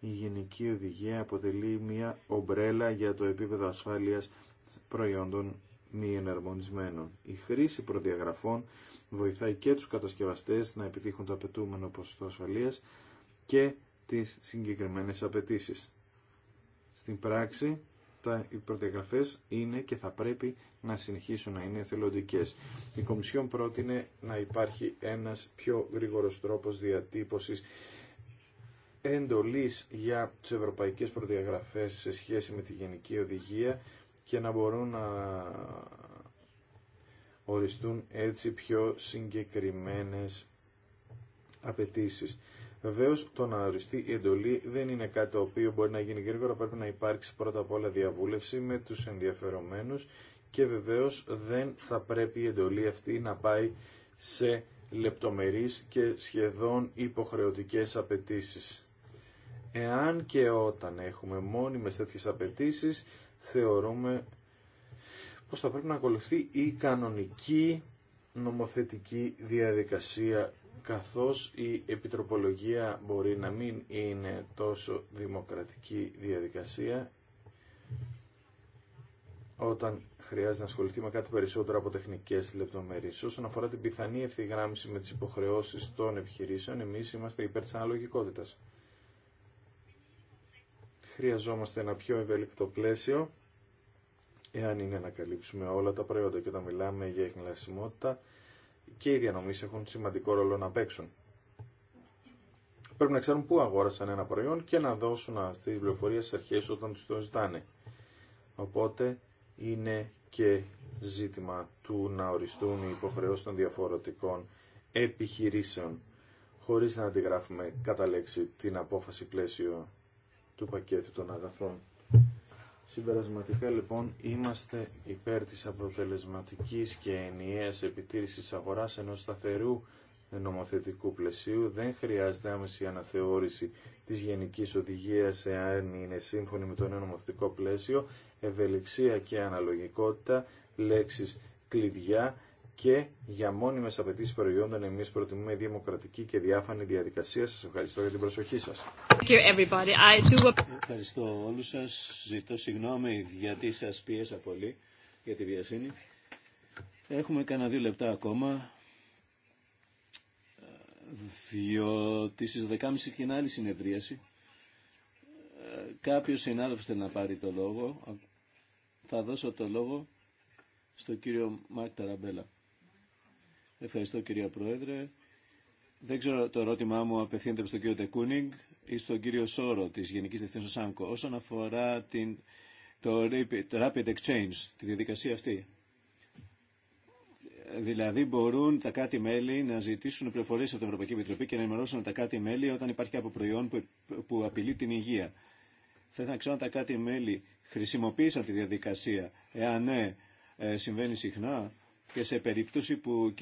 η Γενική Οδηγία αποτελεί μια ομπρέλα για το επίπεδο ασφάλειας προϊόντων μη εναρμονισμένων. Η χρήση προδιαγραφών βοηθάει και τους κατασκευαστές να επιτύχουν το απαιτούμενο ποσοστό ασφαλείας και τις συγκεκριμένες απαιτήσεις. Στην πράξη, τα, οι είναι και θα πρέπει να συνεχίσουν να είναι εθελοντικές. Η Κομισιόν πρότεινε να υπάρχει ένας πιο γρήγορος τρόπος διατύπωσης εντολής για τις ευρωπαϊκές προδιαγραφές σε σχέση με τη Γενική Οδηγία και να μπορούν να οριστούν έτσι πιο συγκεκριμένες απαιτήσεις. Βεβαίω, το να οριστεί η εντολή δεν είναι κάτι το οποίο μπορεί να γίνει γρήγορα. Πρέπει να υπάρξει πρώτα απ' όλα διαβούλευση με του ενδιαφερομένους και βεβαίω δεν θα πρέπει η εντολή αυτή να πάει σε λεπτομερείς και σχεδόν υποχρεωτικές απαιτήσει. Εάν και όταν έχουμε μόνιμες τέτοιες απαιτήσει, θεωρούμε πως θα πρέπει να ακολουθεί η κανονική νομοθετική διαδικασία καθώς η επιτροπολογία μπορεί να μην είναι τόσο δημοκρατική διαδικασία όταν χρειάζεται να ασχοληθεί με κάτι περισσότερο από τεχνικέ λεπτομέρειε. Όσον αφορά την πιθανή ευθυγράμμιση με τι υποχρεώσει των επιχειρήσεων, εμεί είμαστε υπέρ τη αναλογικότητα. Χρειαζόμαστε ένα πιο ευέλικτο πλαίσιο εάν είναι να καλύψουμε όλα τα προϊόντα και όταν μιλάμε για εχνηλασιμότητα και οι διανομής έχουν σημαντικό ρόλο να παίξουν. Πρέπει να ξέρουν πού αγόρασαν ένα προϊόν και να δώσουν αυτή τη πληροφορία στις αρχές όταν τους το ζητάνε. Οπότε είναι και ζήτημα του να οριστούν οι υποχρεώσεις των διαφορετικών επιχειρήσεων χωρίς να αντιγράφουμε κατά λέξη την απόφαση πλαίσιο του πακέτου των αγαθών. Συμπερασματικά λοιπόν είμαστε υπέρ της αποτελεσματικής και ενιαίας επιτήρησης αγοράς ενός σταθερού νομοθετικού πλαισίου. Δεν χρειάζεται άμεση αναθεώρηση της γενικής οδηγίας εάν είναι σύμφωνη με το νέο νομοθετικό πλαίσιο, ευελιξία και αναλογικότητα, λέξεις κλειδιά και για μόνιμε απαιτήσει προϊόντων εμεί προτιμούμε δημοκρατική και διάφανη διαδικασία. Σα ευχαριστώ για την προσοχή σα. Ευχαριστώ όλου σα. Ζητώ συγγνώμη γιατί σα πίεσα πολύ για τη βιασύνη. Έχουμε κανένα δύο λεπτά ακόμα διότι στι 12.30 και είναι άλλη συνεδρίαση. Κάποιος συνάδελφο θέλει να πάρει το λόγο. Θα δώσω το λόγο στον κύριο Μάρκ Ταραμπέλα. Ευχαριστώ κυρία Πρόεδρε. Δεν ξέρω το ερώτημά μου απευθύνεται προς τον κύριο Τεκούνιγκ ή στον κύριο Σόρο της Γενικής Διευθύνσης ΣΑΜΚΟ όσον αφορά την, το Rapid Exchange, τη διαδικασία αυτή. Δηλαδή μπορούν τα κάτι μελη να ζητήσουν πληροφορίες από την Ευρωπαϊκή Επιτροπή και να ενημερώσουν τα κάτι μελη όταν υπάρχει από προϊόν που, που απειλεί την υγεία. Θα ήθελα να ξέρω αν τα κάτι μελη χρησιμοποίησαν τη διαδικασία. Εάν ναι, ε, συμβαίνει συχνά και σε περίπτωση που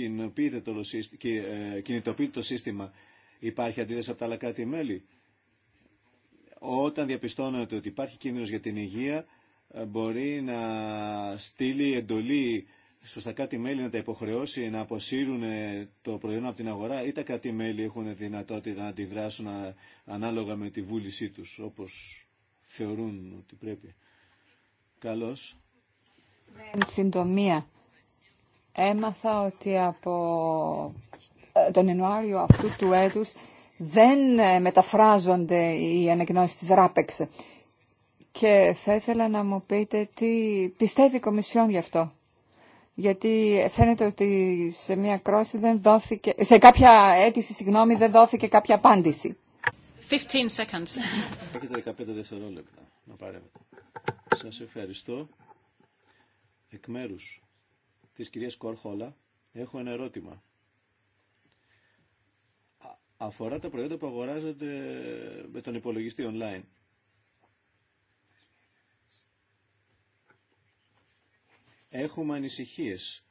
ε, κινητοποιείται το, σύστημα υπάρχει αντίδραση από τα άλλα κράτη-μέλη. Όταν διαπιστώνεται ότι υπάρχει κίνδυνος για την υγεία ε, μπορεί να στείλει εντολή στο κράτη-μέλη να τα υποχρεώσει να αποσύρουν ε, το προϊόν από την αγορά ή τα κράτη-μέλη έχουν δυνατότητα να αντιδράσουν ανάλογα με τη βούλησή τους όπως θεωρούν ότι πρέπει. Καλώς. συντομία, έμαθα ότι από ε, τον Ιανουάριο αυτού του έτους δεν ε, μεταφράζονται οι ανακοινώσει της ΡΑΠΕΞ. Και θα ήθελα να μου πείτε τι πιστεύει η Κομισιόν γι' αυτό. Γιατί φαίνεται ότι σε μια κρόση δεν δόθηκε, σε κάποια αίτηση, συγγνώμη, δεν δόθηκε κάποια απάντηση. 15 seconds. Έχετε 15 δευτερόλεπτα να Σας ευχαριστώ. Εκ μέρους της κυρίας Κορχόλα, έχω ένα ερώτημα. Αφορά τα προϊόντα που αγοράζονται με τον υπολογιστή online. Έχουμε ανησυχίες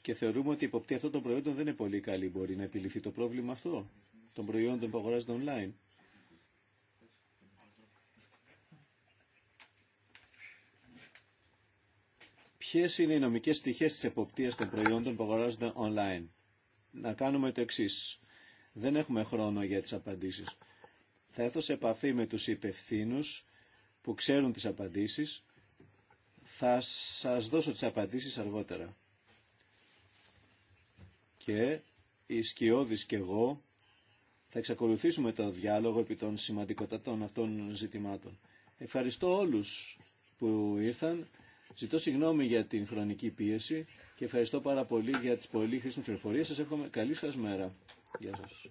και θεωρούμε ότι η υποπτή αυτών των προϊόντων δεν είναι πολύ καλή. Μπορεί να επιληθεί το πρόβλημα αυτό των προϊόντων που αγοράζονται online. Ποιε είναι οι νομικές στοιχείες τη εποπτεία των προϊόντων που αγοράζονται online. Να κάνουμε το εξή. Δεν έχουμε χρόνο για τις απαντήσεις. Θα έρθω σε επαφή με τους υπευθύνου που ξέρουν τις απαντήσεις. Θα σα δώσω τις απαντήσεις αργότερα. Και οι Σκιώδης και εγώ θα εξακολουθήσουμε το διάλογο επί των σημαντικότατων αυτών ζητημάτων. Ευχαριστώ όλους που ήρθαν. Ζητώ συγγνώμη για την χρονική πίεση και ευχαριστώ πάρα πολύ για τις πολύ χρήσιμες πληροφορίες. Σας εύχομαι καλή σας μέρα. Γεια σας.